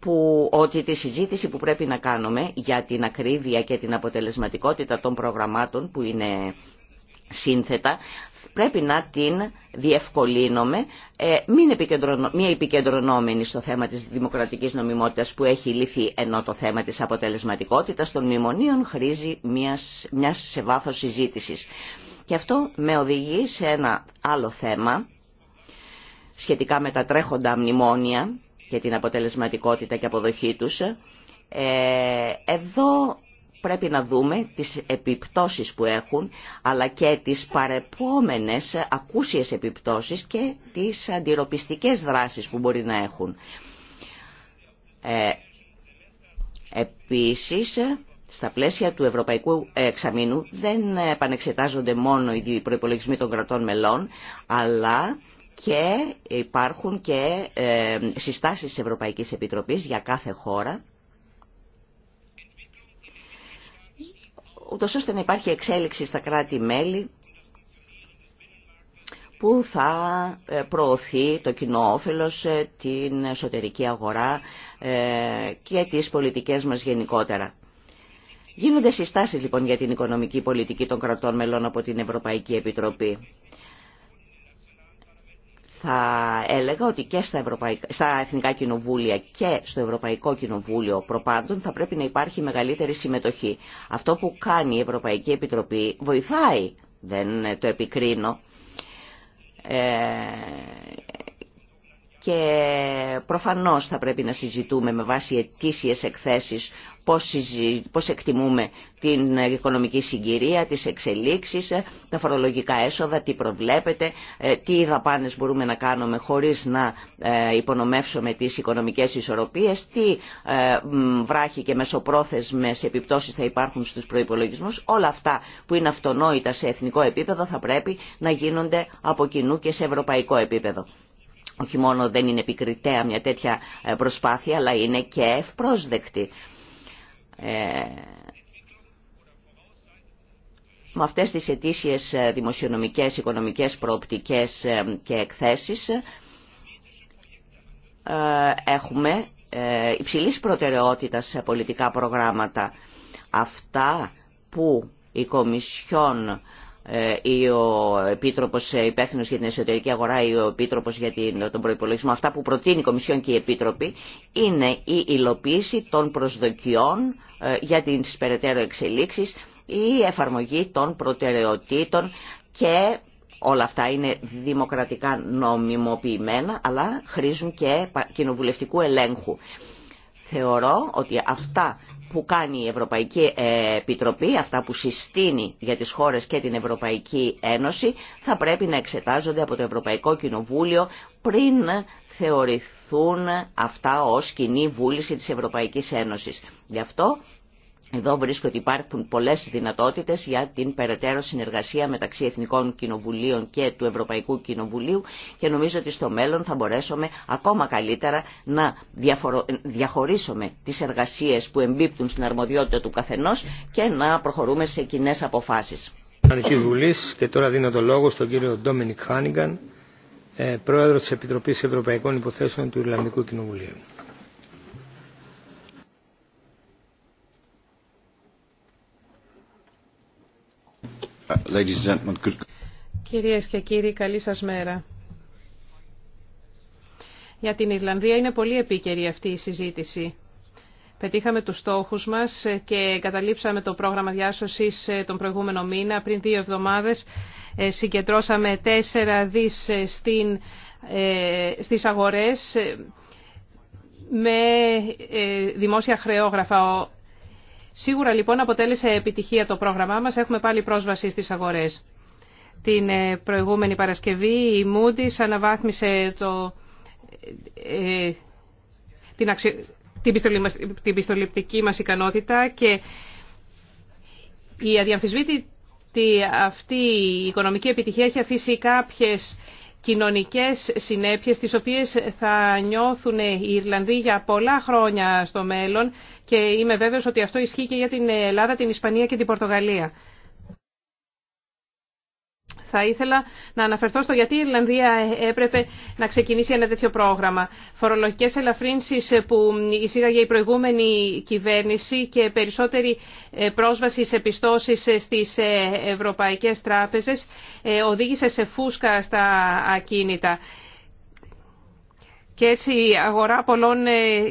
που, ότι τη συζήτηση που πρέπει να κάνουμε για την ακρίβεια και την αποτελεσματικότητα των προγραμμάτων που είναι σύνθετα πρέπει να την διευκολύνουμε ε, επικεντρωνόμενη στο θέμα της δημοκρατικής νομιμότητας που έχει λυθεί ενώ το θέμα της αποτελεσματικότητας των μνημονίων χρήζει μιας, μιας σε βάθος συζήτησης. Και αυτό με οδηγεί σε ένα άλλο θέμα σχετικά με τα τρέχοντα μνημόνια και την αποτελεσματικότητα και αποδοχή τους. Ε, εδώ πρέπει να δούμε τις επιπτώσεις που έχουν, αλλά και τις παρεπόμενες ακούσιες επιπτώσεις και τις αντιρροπιστικές δράσεις που μπορεί να έχουν. Ε, επίσης, στα πλαίσια του Ευρωπαϊκού Εξαμήνου δεν επανεξετάζονται μόνο οι προπολογισμοί των κρατών μελών, αλλά και υπάρχουν και ε, συστάσεις της Ευρωπαϊκής Επιτροπής για κάθε χώρα ούτως ώστε να υπάρχει εξέλιξη στα κράτη-μέλη που θα ε, προωθεί το κοινό όφελος, ε, την εσωτερική αγορά και τις πολιτικές μας γενικότερα. Γίνονται συστάσεις λοιπόν για την οικονομική πολιτική των κρατών μελών από την Ευρωπαϊκή Επιτροπή θα έλεγα ότι και στα, Εθνικά Κοινοβούλια και στο Ευρωπαϊκό Κοινοβούλιο προπάντων θα πρέπει να υπάρχει μεγαλύτερη συμμετοχή. Αυτό που κάνει η Ευρωπαϊκή Επιτροπή βοηθάει, δεν το επικρίνω. Ε και προφανώς θα πρέπει να συζητούμε με βάση ετήσιες εκθέσεις πώς, εκτιμούμε την οικονομική συγκυρία, τις εξελίξεις, τα φορολογικά έσοδα, τι προβλέπετε, τι δαπάνες μπορούμε να κάνουμε χωρίς να ε, υπονομεύσουμε τις οικονομικές ισορροπίες, τι ε, βράχοι και μεσοπρόθεσμες επιπτώσεις θα υπάρχουν στους προϋπολογισμούς. Όλα αυτά που είναι αυτονόητα σε εθνικό επίπεδο θα πρέπει να γίνονται από κοινού και σε ευρωπαϊκό επίπεδο όχι μόνο δεν είναι επικριτέα μια τέτοια ε, προσπάθεια, αλλά είναι και ευπρόσδεκτη. Ε, με αυτές τις αιτήσιες ε, δημοσιονομικές, οικονομικές προοπτικές ε, και εκθέσεις έχουμε υψηλής προτεραιότητας σε πολιτικά προγράμματα. Αυτά που η Κομισιόν ή ο Επίτροπο υπεύθυνο για την εσωτερική αγορά ή ο Επίτροπο για τον προπολογισμό, αυτά που προτείνει η Κομισιόν και η Επίτροπη, είναι η υλοποίηση των προσδοκιών ε, για τι περαιτέρω εξελίξει, η εφαρμογή των προτεραιοτήτων και όλα αυτά είναι δημοκρατικά νομιμοποιημένα, αλλά χρήζουν και κοινοβουλευτικού ελέγχου. Θεωρώ ότι αυτά που κάνει η Ευρωπαϊκή ε, Επιτροπή, αυτά που συστήνει για τις χώρες και την Ευρωπαϊκή Ένωση, θα πρέπει να εξετάζονται από το Ευρωπαϊκό Κοινοβούλιο πριν θεωρηθούν αυτά ως κοινή βούληση της Ευρωπαϊκής Ένωσης. Γι' αυτό εδώ βρίσκω ότι υπάρχουν πολλές δυνατότητες για την περαιτέρω συνεργασία μεταξύ Εθνικών Κοινοβουλίων και του Ευρωπαϊκού Κοινοβουλίου και νομίζω ότι στο μέλλον θα μπορέσουμε ακόμα καλύτερα να διαχωρίσουμε τις εργασίες που εμπίπτουν στην αρμοδιότητα του καθενός και να προχωρούμε σε κοινέ αποφάσεις. Βουλής και τώρα δίνω το λόγο στον κύριο Ντόμινικ Χάνιγκαν, ε, πρόεδρο Επιτροπής Ευρωπαϊκών Υποθέσεων του Ιρλανδικού Κοινοβουλίου. Uh, Κυρίες και κύριοι, καλή σας μέρα. Για την Ιρλανδία είναι πολύ επίκαιρη αυτή η συζήτηση. Πετύχαμε τους στόχους μας και καταλήψαμε το πρόγραμμα διάσωσης ε, τον προηγούμενο μήνα. Πριν δύο εβδομάδες ε, συγκεντρώσαμε τέσσερα δις ε, στην, στις αγορές με δημόσια χρεόγραφα. Σίγουρα λοιπόν αποτέλεσε επιτυχία το πρόγραμμά μας, έχουμε πάλι πρόσβαση στις αγορές. Την ε, προηγούμενη Παρασκευή η Moody's αναβάθμισε το, ε, ε, την, αξιο, την, την πιστοληπτική μας ικανότητα και η αδιαμφισβήτητη αυτή η οικονομική επιτυχία έχει αφήσει κάποιες κοινωνικές συνέπειες τις οποίες θα νιώθουν οι Ιρλανδοί για πολλά χρόνια στο μέλλον και είμαι βέβαιος ότι αυτό ισχύει και για την Ελλάδα, την Ισπανία και την Πορτογαλία. Θα ήθελα να αναφερθώ στο γιατί η Ιρλανδία έπρεπε να ξεκινήσει ένα τέτοιο πρόγραμμα. Φορολογικές ελαφρύνσεις που εισήγαγε η προηγούμενη κυβέρνηση και περισσότερη ε, πρόσβαση σε πιστώσει ε, στις ε, ευρωπαϊκές τράπεζες οδήγησε σε φούσκα στα ακίνητα και έτσι αγορά πολλών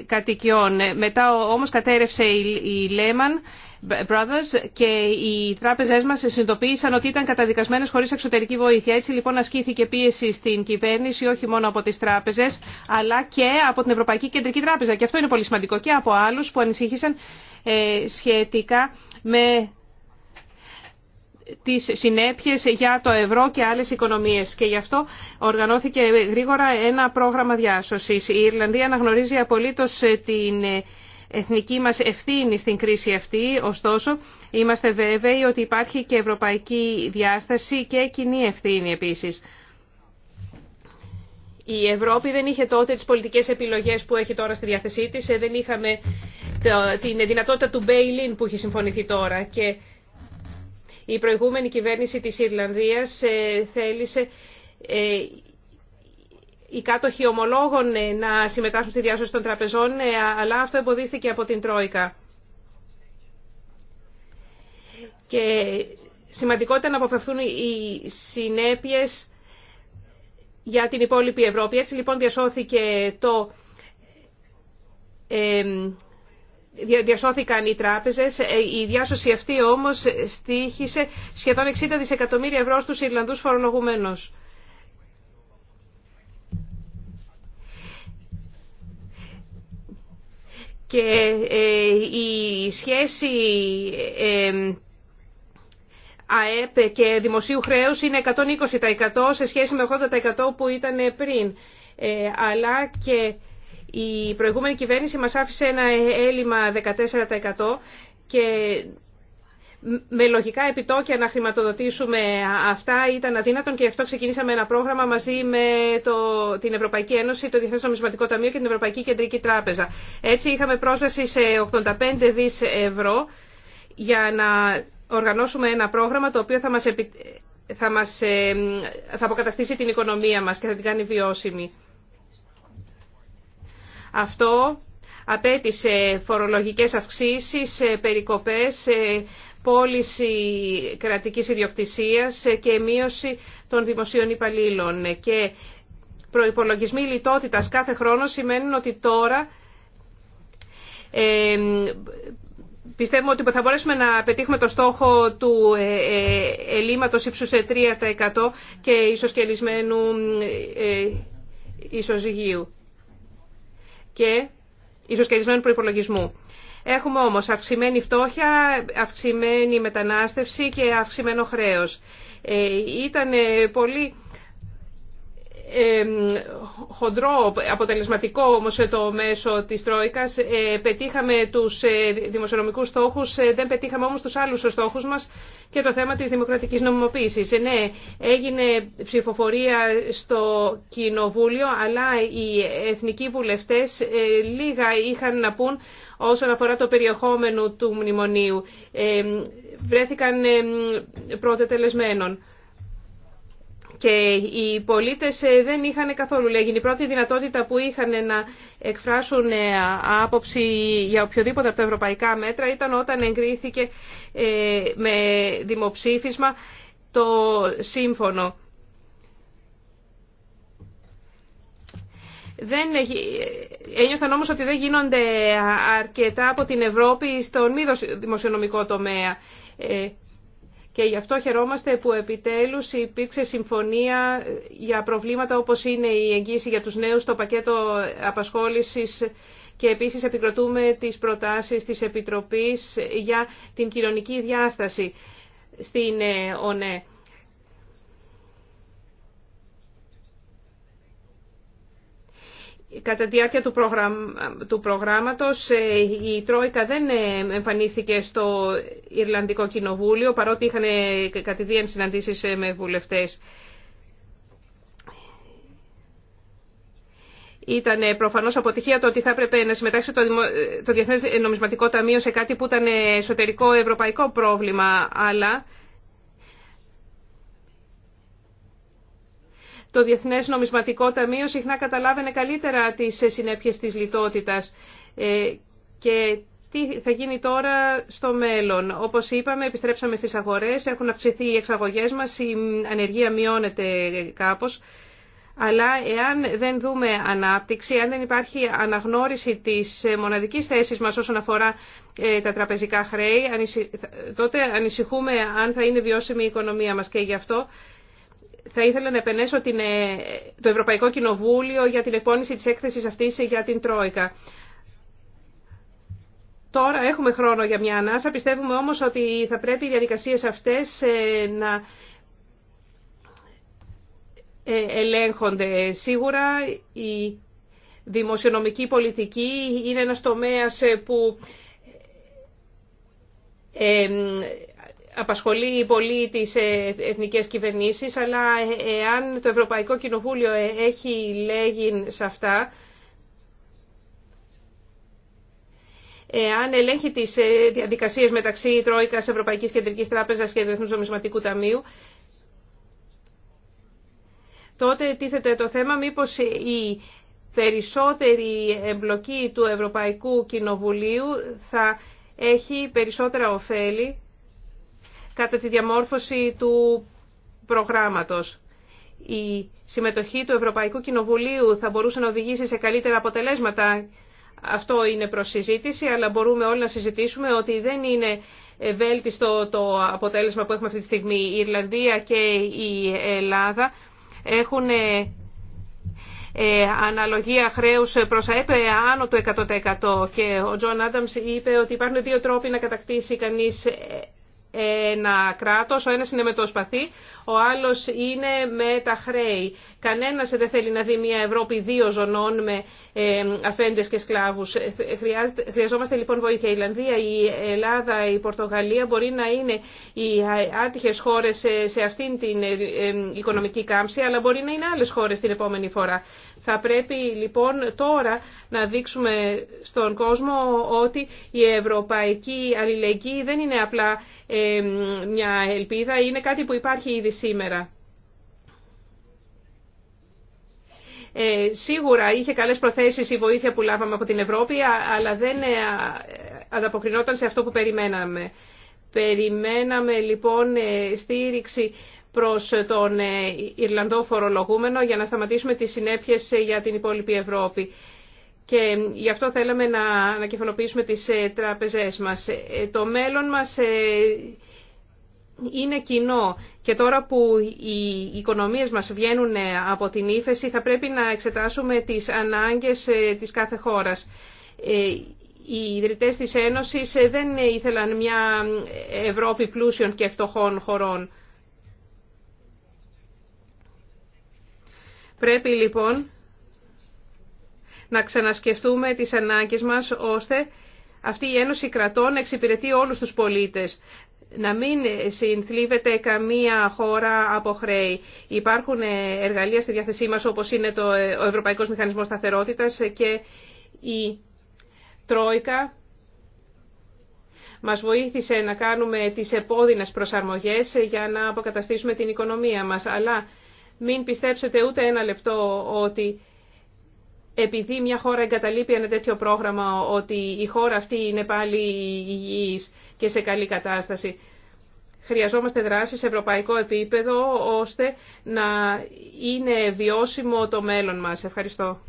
κατοικιών. Μετά όμως κατέρευσε η Λέμαν Brothers και οι τράπεζές μας συνειδητοποίησαν ότι ήταν καταδικασμένες χωρίς εξωτερική βοήθεια. Έτσι λοιπόν ασκήθηκε πίεση στην κυβέρνηση όχι μόνο από τις τράπεζες αλλά και από την Ευρωπαϊκή Κεντρική Τράπεζα. Και αυτό είναι πολύ σημαντικό και από άλλους που ανησύχησαν ε, σχετικά με τις συνέπειες για το ευρώ και άλλες οικονομίε. Και γι' αυτό οργανώθηκε γρήγορα ένα πρόγραμμα διάσωση. Η Ιρλανδία αναγνωρίζει απολύτω ε, την ε, εθνική μας ευθύνη στην κρίση αυτή, ωστόσο είμαστε βέβαιοι ότι υπάρχει και ευρωπαϊκή διάσταση και κοινή ευθύνη επίσης. Η Ευρώπη δεν είχε τότε τις πολιτικές επιλογές που έχει τώρα στη διάθεσή της, ε, δεν είχαμε την δυνατότητα του Μπέιλιν που έχει συμφωνηθεί τώρα και η προηγούμενη κυβέρνηση της Ιρλανδίας ε, θέλησε ε, οι κάτοχοι ομολόγων ε, να συμμετάσχουν στη διάσωση των τραπεζών, ε, αλλά αυτό εμποδίστηκε από την Τρόικα. Και σημαντικό να αποφευθούν οι συνέπειες για την υπόλοιπη Ευρώπη. Έτσι λοιπόν διασώθηκε το... διασώθηκαν οι τράπεζες. Ε, η διάσωση αυτή όμως στήχησε σχεδόν 60 δισεκατομμύρια ευρώ στους Ιρλανδούς φορολογουμένους. και ε, η σχέση ε, ΑΕΠ και δημοσίου χρέους είναι 120% σε σχέση με 80% που ήταν ε, πριν. Αλλά και η προηγούμενη κυβέρνηση μας άφησε ένα έλλειμμα 14% και με λογικά επιτόκια να χρηματοδοτήσουμε αυτά ήταν αδύνατον και γι' αυτό ξεκινήσαμε ένα πρόγραμμα μαζί με το, την Ευρωπαϊκή Ένωση, το Διεθνές Νομισματικό Ταμείο και την Ευρωπαϊκή Κεντρική Τράπεζα. Έτσι είχαμε πρόσβαση σε 85 δις ευρώ για να οργανώσουμε ένα πρόγραμμα το οποίο θα μας, θα μας ε, θα αποκαταστήσει την οικονομία μας και θα την κάνει βιώσιμη. Αυτό απέτησε φορολογικές αυξήσεις, ε, περικοπές, ε, πώληση κρατικής ιδιοκτησίας και μείωση των δημοσίων υπαλλήλων. Και προϋπολογισμοί λιτότητας κάθε χρόνο σημαίνουν ότι τώρα ε, πιστεύουμε ότι θα μπορέσουμε να πετύχουμε το στόχο του ε, ε, ελλείμματος ύψου σε 3% και ισοσκελισμένου ε, ισοζυγίου και ισοσκελισμένου προϋπολογισμού. Έχουμε όμως αυξημένη φτώχεια, αυξημένη μετανάστευση και αυξημένο χρέος. Ε, ήταν ε, πολύ ε, χοντρό, αποτελεσματικό όμως το μέσο της Τρόικας. Πετύχαμε τους δημοσιονομικούς στόχους, δεν πετύχαμε όμως τους άλλους στόχους μας και το θέμα της δημοκρατικής νομιμοποίησης. Ναι, έγινε ψηφοφορία στο Κοινοβούλιο, αλλά οι εθνικοί βουλευτές λίγα είχαν να πούν όσον αφορά το περιεχόμενο του μνημονίου. Ε, βρέθηκαν ε, πρώτε τελεσμένων. Και οι πολίτες ε, δεν είχαν καθόλου λέγει. Η πρώτη δυνατότητα που είχαν να εκφράσουν άποψη για οποιοδήποτε από τα ευρωπαϊκά μέτρα ήταν όταν εγκρίθηκε με δημοψήφισμα το σύμφωνο. Δεν, ένιωθαν όμως ότι δεν γίνονται αρκετά από την Ευρώπη στον μη δημοσιονομικό τομέα. Ε, και γι' αυτό χαιρόμαστε που επιτέλους υπήρξε συμφωνία για προβλήματα όπως είναι η εγγύηση για τους νέους, στο πακέτο απασχόλησης και επίσης επικροτούμε τις προτάσεις της Επιτροπής για την κοινωνική διάσταση στην ε, ΟΝΕ. Κατά τη διάρκεια του, του προγράμματος ε, η Τρόικα δεν ε, εμφανίστηκε στο Ιρλανδικό Κοινοβούλιο παρότι είχαν ε, κατηδίαν συναντήσεις με βουλευτές. Ήταν προφανώς αποτυχία το ότι θα έπρεπε να συμμετάξει το, το Διεθνές Νομισματικό Ταμείο σε κάτι που ήταν εσωτερικό ευρωπαϊκό πρόβλημα, αλλά το διεθνέ Νομισματικό Ταμείο συχνά καταλάβαινε καλύτερα τις συνέπειες της λιτότητας ε, και τι θα γίνει τώρα στο μέλλον. Όπως είπαμε, επιστρέψαμε στις αγορές, έχουν αυξηθεί οι εξαγωγές μας, η ανεργία μειώνεται κάπως. Αλλά εάν δεν δούμε ανάπτυξη, αν δεν υπάρχει αναγνώριση της μοναδικής θέσης μας όσον αφορά ε, τα τραπεζικά χρέη, τότε ανησυχούμε αν θα είναι βιώσιμη η οικονομία μας και γι' αυτό θα ήθελα να επενέσω την, ε, το Ευρωπαϊκό Κοινοβούλιο για την εκπόνηση της έκθεσης αυτής για την Τρόικα. Τώρα έχουμε χρόνο για μια ανάσα. Πιστεύουμε όμως ότι θα πρέπει οι διαδικασίες αυτές ε, να ε, ελέγχονται. Σίγουρα η δημοσιονομική πολιτική είναι ένας τομέας που απασχολεί πολύ τις ε, εθνικές κυβερνήσεις, αλλά ε, εάν το Ευρωπαϊκό Κοινοβούλιο ε, έχει λέγει σε αυτά, εάν ελέγχει τις διαδικασίες μεταξύ Τρόικας, Ευρωπαϊκής Κεντρικής Τράπεζας και Διεθνούς Νομισματικού Ταμείου, τότε τίθεται το θέμα μήπως η περισσότερη εμπλοκή του Ευρωπαϊκού Κοινοβουλίου θα έχει περισσότερα ωφέλη κατά τη διαμόρφωση του προγράμματος. Η συμμετοχή του Ευρωπαϊκού Κοινοβουλίου θα μπορούσε να οδηγήσει σε καλύτερα αποτελέσματα. Αυτό είναι προς συζήτηση, αλλά μπορούμε όλοι να συζητήσουμε ότι δεν είναι βέλτιστο το αποτέλεσμα που έχουμε αυτή τη στιγμή. Η Ιρλανδία και η Ελλάδα έχουν ε, ε, αναλογία χρέους προς ΑΕΠ άνω του 100% και ο Τζον Άνταμς είπε ότι υπάρχουν δύο τρόποι να κατακτήσει κανείς ε, ένα κράτος, ο ένας είναι με το σπαθί, ο άλλος είναι με τα χρέη. Κανένας δεν θέλει να δει μια Ευρώπη δύο ζωνών με ε, αφέντες και σκλάβους. Ε, χρειαζόμαστε λοιπόν βοήθεια. Η Ιλλανδία, η Ελλάδα, η Πορτογαλία μπορεί να είναι οι άτυχες χώρες σε αυτήν την ε, οικονομική κάμψη, αλλά μπορεί να είναι άλλες χώρες την επόμενη φορά. Θα πρέπει λοιπόν τώρα να δείξουμε στον κόσμο ότι η ευρωπαϊκή αλληλεγγύη δεν είναι απλά μια ελπίδα, είναι κάτι που υπάρχει ήδη σήμερα. Ε, σίγουρα είχε καλές προθέσεις η βοήθεια που λάβαμε από την Ευρώπη, αλλά δεν ε, ανταποκρινόταν σε αυτό που περιμέναμε. Περιμέναμε λοιπόν ε, στήριξη προς τον ε, Ιρλανδό φορολογούμενο για να σταματήσουμε τις συνέπειες ε, για την υπόλοιπη Ευρώπη. Και ε, γι' αυτό θέλαμε να ανακεφαλοποιήσουμε τις τραπεζές μας. Το μέλλον μας είναι κοινό και τώρα που οι οικονομίες μας βγαίνουν από την ύφεση θα πρέπει να εξετάσουμε τις ανάγκες της κάθε χώρας. Οι ιδρυτές της Ένωσης δεν ήθελαν μια Ευρώπη πλούσιων και φτωχών χωρών. Πρέπει λοιπόν να ξανασκεφτούμε τις ανάγκες μας ώστε αυτή η Ένωση Κρατών να εξυπηρετεί όλους τους πολίτες. Να μην συνθλίβεται καμία χώρα από χρέη. Υπάρχουν εργαλεία στη διάθεσή μας όπως είναι το, ο Ευρωπαϊκός Μηχανισμός Σταθερότητας και η Τρόικα μας βοήθησε να κάνουμε τις επώδυνες προσαρμογές για να αποκαταστήσουμε την οικονομία μας. Αλλά μην πιστέψετε ούτε ένα λεπτό ότι επειδή μια χώρα εγκαταλείπει ένα τέτοιο πρόγραμμα, ότι η χώρα αυτή είναι πάλι υγιής και σε καλή κατάσταση. Χρειαζόμαστε δράση σε ευρωπαϊκό επίπεδο, ώστε να είναι βιώσιμο το μέλλον μας. Ευχαριστώ.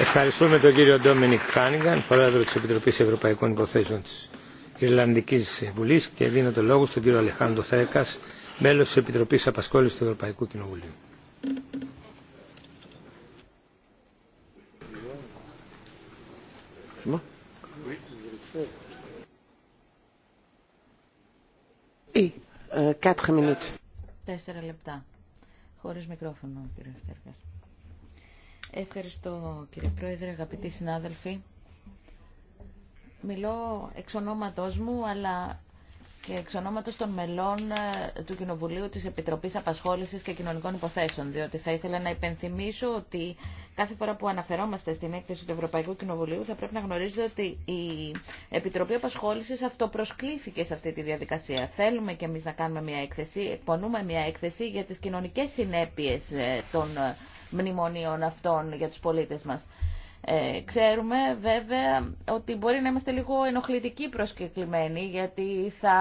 Ευχαριστούμε τον κύριο Ντόμινικ Χάνιγκαν, πρόεδρο της Επιτροπής Ευρωπαϊκών Υποθέσεων της Ιρλανδικής Βουλής και δίνω το λόγο στον κύριο Αλεχάνδρο Θέρκας, μέλος της Επιτροπής Απασχόλησης του Ευρωπαϊκού Κοινοβουλίου. Ε, Τέσσερα λεπτά. Χωρίς μικρόφωνο, κύριε Στέρκας. Ευχαριστώ, κύριε Πρόεδρε, αγαπητοί συνάδελφοι. Μιλώ εξ ονόματός μου, αλλά και εξ ονόματος των μελών ε, του Κοινοβουλίου της Επιτροπής Απασχόλησης και Κοινωνικών Υποθέσεων, διότι θα ήθελα να υπενθυμίσω ότι κάθε φορά που αναφερόμαστε στην έκθεση του Ευρωπαϊκού Κοινοβουλίου θα πρέπει να γνωρίζετε ότι η Επιτροπή Απασχόλησης αυτοπροσκλήθηκε σε αυτή τη διαδικασία. Θέλουμε και εμείς να κάνουμε μια έκθεση, εκπονούμε μια έκθεση για τις κοινωνικές συνέπειες ε, των ε, μνημονίων αυτών για τους πολίτες μας. Ε, ξέρουμε βέβαια ότι μπορεί να είμαστε λίγο ενοχλητικοί προσκεκλημένοι γιατί θα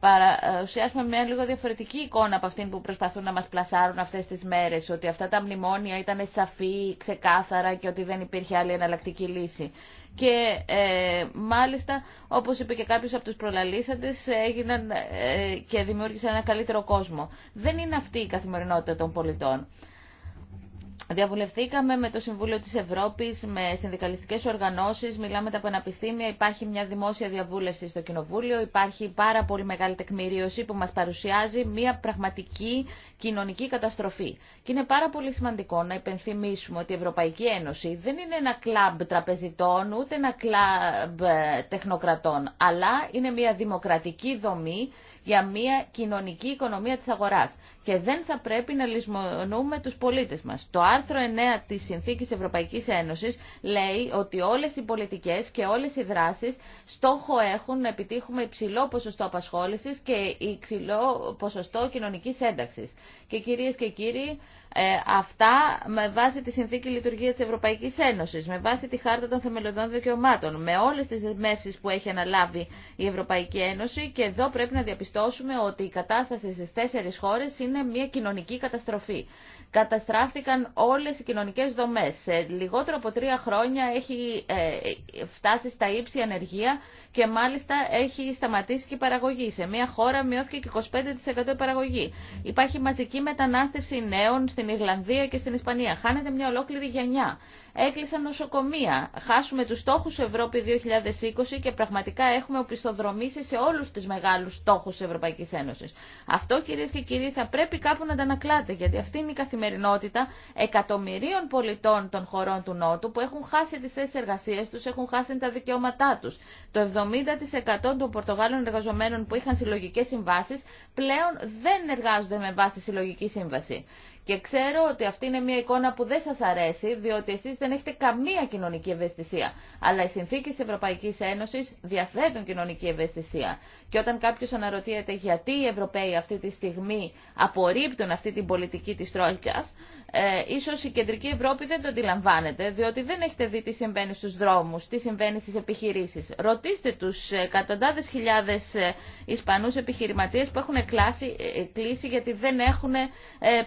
παρουσιάσουμε μια λίγο διαφορετική εικόνα από αυτήν που προσπαθούν να μας πλασάρουν αυτές τις μέρες ότι αυτά τα μνημόνια ήταν σαφή, ξεκάθαρα και ότι δεν υπήρχε άλλη εναλλακτική λύση. Και ε, μάλιστα, όπως είπε και κάποιος από τους προλαλήσαντες, έγιναν ε, και δημιούργησαν ένα καλύτερο κόσμο. Δεν είναι αυτή η καθημερινότητα των πολιτών. Διαβουλευθήκαμε με το Συμβούλιο της Ευρώπης, με συνδικαλιστικές οργανώσεις, μιλάμε τα πανεπιστήμια, υπάρχει μια δημόσια διαβούλευση στο Κοινοβούλιο, υπάρχει πάρα πολύ μεγάλη τεκμηρίωση που μας παρουσιάζει μια πραγματική κοινωνική καταστροφή. Και είναι πάρα πολύ σημαντικό να υπενθυμίσουμε ότι η Ευρωπαϊκή Ένωση δεν είναι ένα κλαμπ τραπεζιτών, ούτε ένα κλαμπ ε, τεχνοκρατών, αλλά είναι μια δημοκρατική δομή για μια κοινωνική οικονομία της αγοράς και δεν θα πρέπει να λησμονούμε τους πολίτες μας. Το άρθρο 9 της Συνθήκης Ευρωπαϊκής Ένωσης λέει ότι όλες οι πολιτικές και όλες οι δράσεις στόχο έχουν να επιτύχουμε υψηλό ποσοστό απασχόλησης και υψηλό ποσοστό κοινωνικής ένταξης. Και κυρίες και κύριοι, ε, αυτά με βάση τη συνθήκη λειτουργία της Ευρωπαϊκής Ένωσης, με βάση τη Χάρτα των Θεμελιωδών Δικαιωμάτων, με όλες τις δεσμεύσεις που έχει αναλάβει η Ευρωπαϊκή Ένωση και εδώ πρέπει να διαπιστώσουμε ότι η κατάσταση στι τέσσερι χώρε είναι είναι μια κοινωνική καταστροφή. Καταστράφηκαν όλες οι κοινωνικές δομές. Σε λιγότερο από τρία χρόνια έχει ε, φτάσει στα ύψη ανεργία και μάλιστα έχει σταματήσει και η παραγωγή. Σε μια χώρα μειώθηκε και 25% η παραγωγή. Υπάρχει μαζική μετανάστευση νέων στην Ιρλανδία και στην Ισπανία. Χάνεται μια ολόκληρη γενιά. Έκλεισαν νοσοκομεία. Χάσουμε του στόχου Ευρώπη 2020 και πραγματικά έχουμε οπισθοδρομήσει σε όλου του μεγάλου στόχου τη Ευρωπαϊκή Ένωση. Αυτό κύριε και κύριοι θα πρέπει κάπου να τα γιατί αυτή είναι η καθημερινότητα εκατομμυρίων πολιτών των χωρών του Νότου που έχουν χάσει τι θέσει εργασία του, έχουν χάσει τα δικαιώματά του. Το 70% των Πορτογάλων εργαζομένων που είχαν συλλογικές συμβάσει πλέον δεν εργάζονται με βάση συλλογική σύμβαση. Και ξέρω ότι αυτή είναι μια εικόνα που δεν σας αρέσει, διότι εσείς δεν έχετε καμία κοινωνική ευαισθησία. Αλλά οι συνθήκες της Ευρωπαϊκής Ένωσης διαθέτουν κοινωνική ευαισθησία. Και όταν κάποιος αναρωτιέται γιατί οι Ευρωπαίοι αυτή τη στιγμή απορρίπτουν αυτή την πολιτική της Τρόικας, ε, ίσως η Κεντρική Ευρώπη δεν το αντιλαμβάνεται, διότι δεν έχετε δει τι συμβαίνει στους δρόμους, τι συμβαίνει στις επιχειρήσεις. Ρωτήστε τους εκατοντάδες χιλιάδες ε, Ισπανούς επιχειρηματίες που έχουν ε, κλείσει γιατί δεν έχουν ε,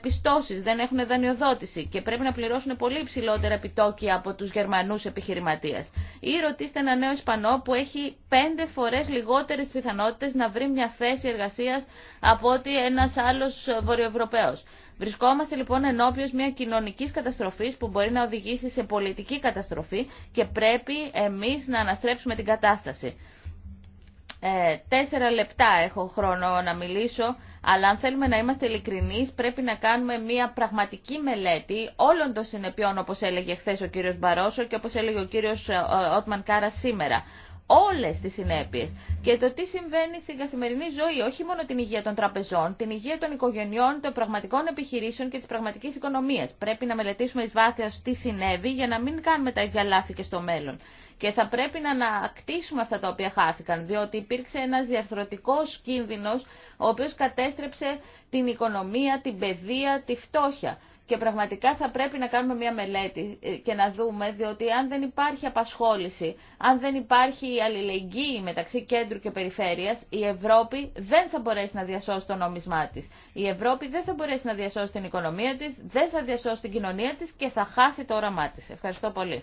πιστώσει δεν έχουν δανειοδότηση και πρέπει να πληρώσουν πολύ υψηλότερα επιτόκια από του Γερμανού επιχειρηματίε. Ή ρωτήστε ένα νέο Ισπανό που έχει πέντε φορέ λιγότερε πιθανότητε να βρει μια θέση εργασία από ότι ένα άλλο Βορειοευρωπαίος. Βρισκόμαστε λοιπόν ενώπιος μια κοινωνική καταστροφή που μπορεί να οδηγήσει σε πολιτική καταστροφή και πρέπει εμεί να αναστρέψουμε την κατάσταση. Ε, τέσσερα λεπτά έχω χρόνο να μιλήσω αλλά αν θέλουμε να είμαστε ειλικρινεί, πρέπει να κάνουμε μια πραγματική μελέτη όλων των συνεπειών, όπω έλεγε χθε ο κύριο Μπαρόσο και όπω έλεγε ο κύριο ε, Ότμαν Κάρα σήμερα Όλε τι συνέπειε. και το τι συμβαίνει στην καθημερινή ζωή, όχι μόνο την υγεία των τραπεζών, την υγεία των οικογενειών, των πραγματικών επιχειρήσεων και τη πραγματική οικονομία. Πρέπει να μελετήσουμε ει βάθος τι συνέβη για να μην κάνουμε τα ίδια λάθη και στο μέλλον. Και θα πρέπει να ανακτήσουμε αυτά τα οποία χάθηκαν, διότι υπήρξε ένας διαρθρωτικός κίνδυνος, ο οποίος κατέστρεψε την οικονομία, την παιδεία, τη φτώχεια. Και πραγματικά θα πρέπει να κάνουμε μια μελέτη ε, και να δούμε, διότι αν δεν υπάρχει απασχόληση, αν δεν υπάρχει αλληλεγγύη μεταξύ κέντρου και περιφέρειας, η Ευρώπη δεν θα μπορέσει να διασώσει το νόμισμά της. Η Ευρώπη δεν θα μπορέσει να διασώσει την οικονομία της, δεν θα διασώσει την κοινωνία της και θα χάσει το όραμά της. Ευχαριστώ πολύ.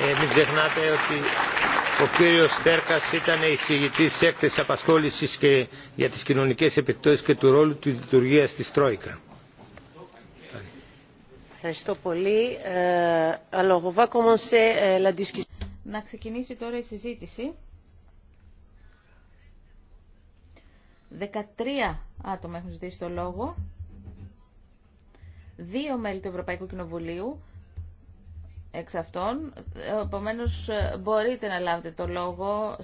Ε, μην ξεχνάτε ότι ο κύριος Στέρκας ήταν εισηγητής της έκθεσης απασχόλησης και για τις κοινωνικές επιπτώσεις και του ρόλου της λειτουργίας της Τρόικα. Ευχαριστώ πολύ. Ε, ε, Να ξεκινήσει τώρα η συζήτηση. 13 άτομα έχουν ζητήσει το λόγο. Δύο μέλη του Ευρωπαϊκού Κοινοβουλίου, εξ αυτών. Επομένω, μπορείτε να λάβετε το λόγο.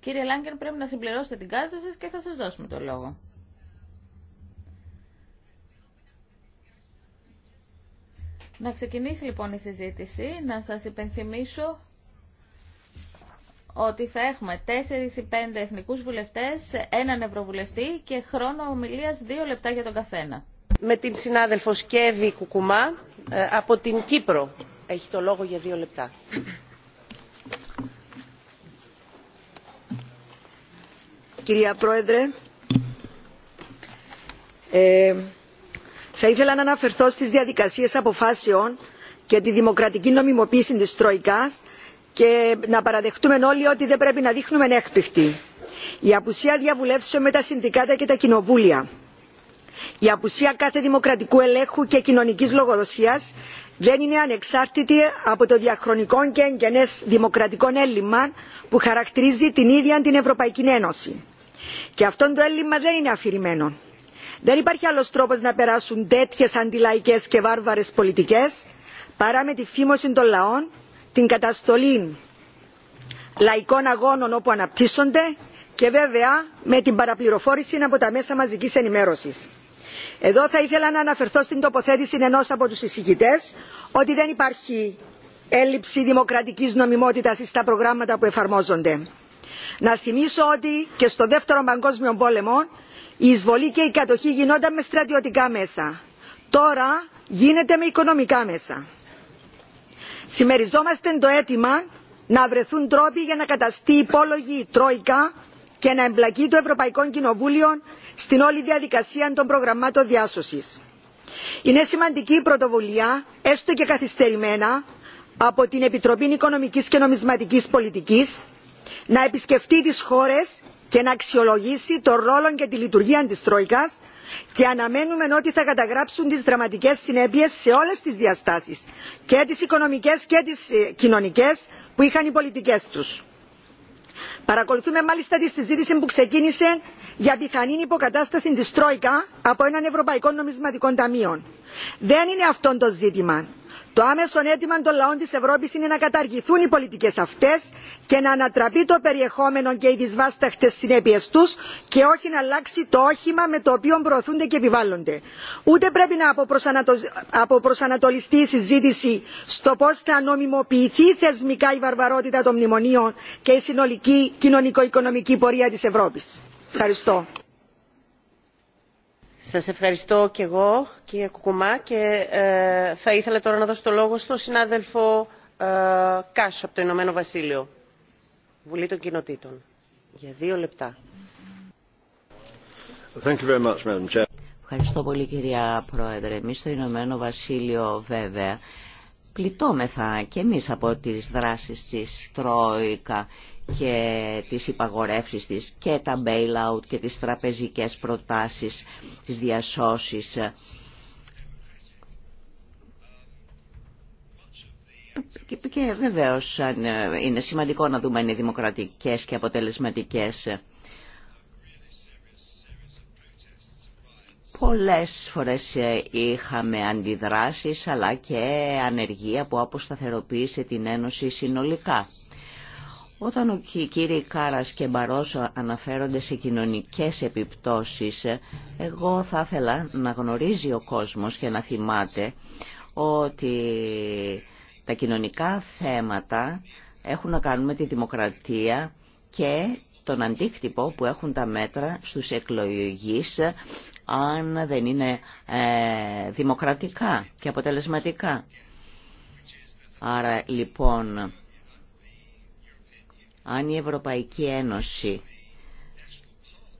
Κύριε Λάγκερ, πρέπει να συμπληρώσετε την κάρτα σας και θα σας δώσουμε το λόγο. Να ξεκινήσει λοιπόν η συζήτηση, να σας υπενθυμίσω ότι θα έχουμε 4 ή 5 εθνικούς βουλευτές, έναν ευρωβουλευτή και χρόνο ομιλίας δύο λεπτά για τον καθένα με την συνάδελφο σκεύη κουκουμά ε, από την κύπρο. έχει το λόγο για δύο λεπτά. κυρία πρόεδρε ε, θα ήθελα να αναφερθώ στις διαδικασίες αποφάσεων και τη δημοκρατική νομιμοποίηση της τρόικας και να παραδεχτούμε όλοι ότι δεν πρέπει να δείχνουμε έκπληκτοι. η απουσία διαβουλεύσεων με τα συνδικάτα και τα κοινοβούλια η απουσία κάθε δημοκρατικού ελέγχου και κοινωνική λογοδοσία δεν είναι ανεξάρτητη από το διαχρονικό και εγγενέ δημοκρατικό έλλειμμα που χαρακτηρίζει την ίδια την ευρωπαϊκή ένωση. και αυτό το έλλειμμα δεν είναι αφηρημένο. δεν υπάρχει άλλο τρόπο να περάσουν τέτοιε αντιλαϊκέ και βάρβαρε πολιτικέ παρά με τη φήμωση των λαών την καταστολή λαϊκών αγώνων όπου αναπτύσσονται και βέβαια με την παραπληροφόρηση από τα μέσα μαζικής ενημέρωσης. Εδώ θα ήθελα να αναφερθώ στην τοποθέτηση ενός από τους εισηγητές ότι δεν υπάρχει έλλειψη δημοκρατικής νομιμότητας στα προγράμματα που εφαρμόζονται. Να θυμίσω ότι και στο δεύτερο παγκόσμιο πόλεμο η εισβολή και η κατοχή γινόταν με στρατιωτικά μέσα. Τώρα γίνεται με οικονομικά μέσα. Συμμεριζόμαστε το αίτημα να βρεθούν τρόποι για να καταστεί υπόλογη η Τρόικα και να εμπλακεί το Ευρωπαϊκό Κοινοβούλιο στην όλη διαδικασία των προγραμμάτων διάσωσης. Είναι σημαντική η πρωτοβουλία, έστω και καθυστερημένα, από την Επιτροπή Οικονομικής και Νομισματικής Πολιτικής να επισκεφτεί τις χώρες και να αξιολογήσει τον ρόλο και τη λειτουργία της Τρόικας και αναμένουμε ότι θα καταγράψουν τις δραματικές συνέπειες σε όλες τις διαστάσεις και τις οικονομικές και τις ε, κοινωνικές που είχαν οι πολιτικές τους παρακολουθούμε μάλιστα τη συζήτηση που ξεκίνησε για πιθανή υποκατάσταση τη τρόικα από έναν ευρωπαϊκό νομισματικό ταμείο. δεν είναι αυτό το ζήτημα το άμεσο αίτημα των λαών της Ευρώπης είναι να καταργηθούν οι πολιτικές αυτές και να ανατραπεί το περιεχόμενο και οι δυσβάσταχτες συνέπειες τους και όχι να αλλάξει το όχημα με το οποίο προωθούνται και επιβάλλονται. Ούτε πρέπει να αποπροσανατολιστεί η συζήτηση στο πώς θα νομιμοποιηθεί θεσμικά η βαρβαρότητα των μνημονίων και η συνολική κοινωνικο-οικονομική πορεία της Ευρώπης. Ευχαριστώ. Σας ευχαριστώ και εγώ κύριε Κουκουμά και ε, θα ήθελα τώρα να δώσω το λόγο στον συνάδελφο ε, Κάσο από το Ηνωμένο Βασίλειο, Βουλή των Κοινοτήτων, για δύο λεπτά. Thank you very much, Madam Chair. Ευχαριστώ πολύ κυρία Πρόεδρε. Εμείς στο Ηνωμένο Βασίλειο βέβαια πληττόμεθα και εμείς από τις δράσεις της Τρόικα και τις υπαγορεύσεις της και τα bailout και τις τραπεζικές προτάσεις, τις διασώσεις. Και βεβαίως ε, είναι σημαντικό να δούμε αν είναι δημοκρατικές και αποτελεσματικές. Πολλές φορές ε, είχαμε αντιδράσεις αλλά και ανεργία που αποσταθεροποίησε την Ένωση συνολικά. Όταν ο κύριοι Κάρας και Μπαρόσο αναφέρονται σε κοινωνικές επιπτώσεις, εγώ θα ήθελα να γνωρίζει ο κόσμος και να θυμάται ότι τα κοινωνικά θέματα έχουν να κάνουν με τη δημοκρατία και τον αντίκτυπο που έχουν τα μέτρα στους εκλογείς αν δεν είναι ε, δημοκρατικά και αποτελεσματικά. Άρα λοιπόν αν η Ευρωπαϊκή Ένωση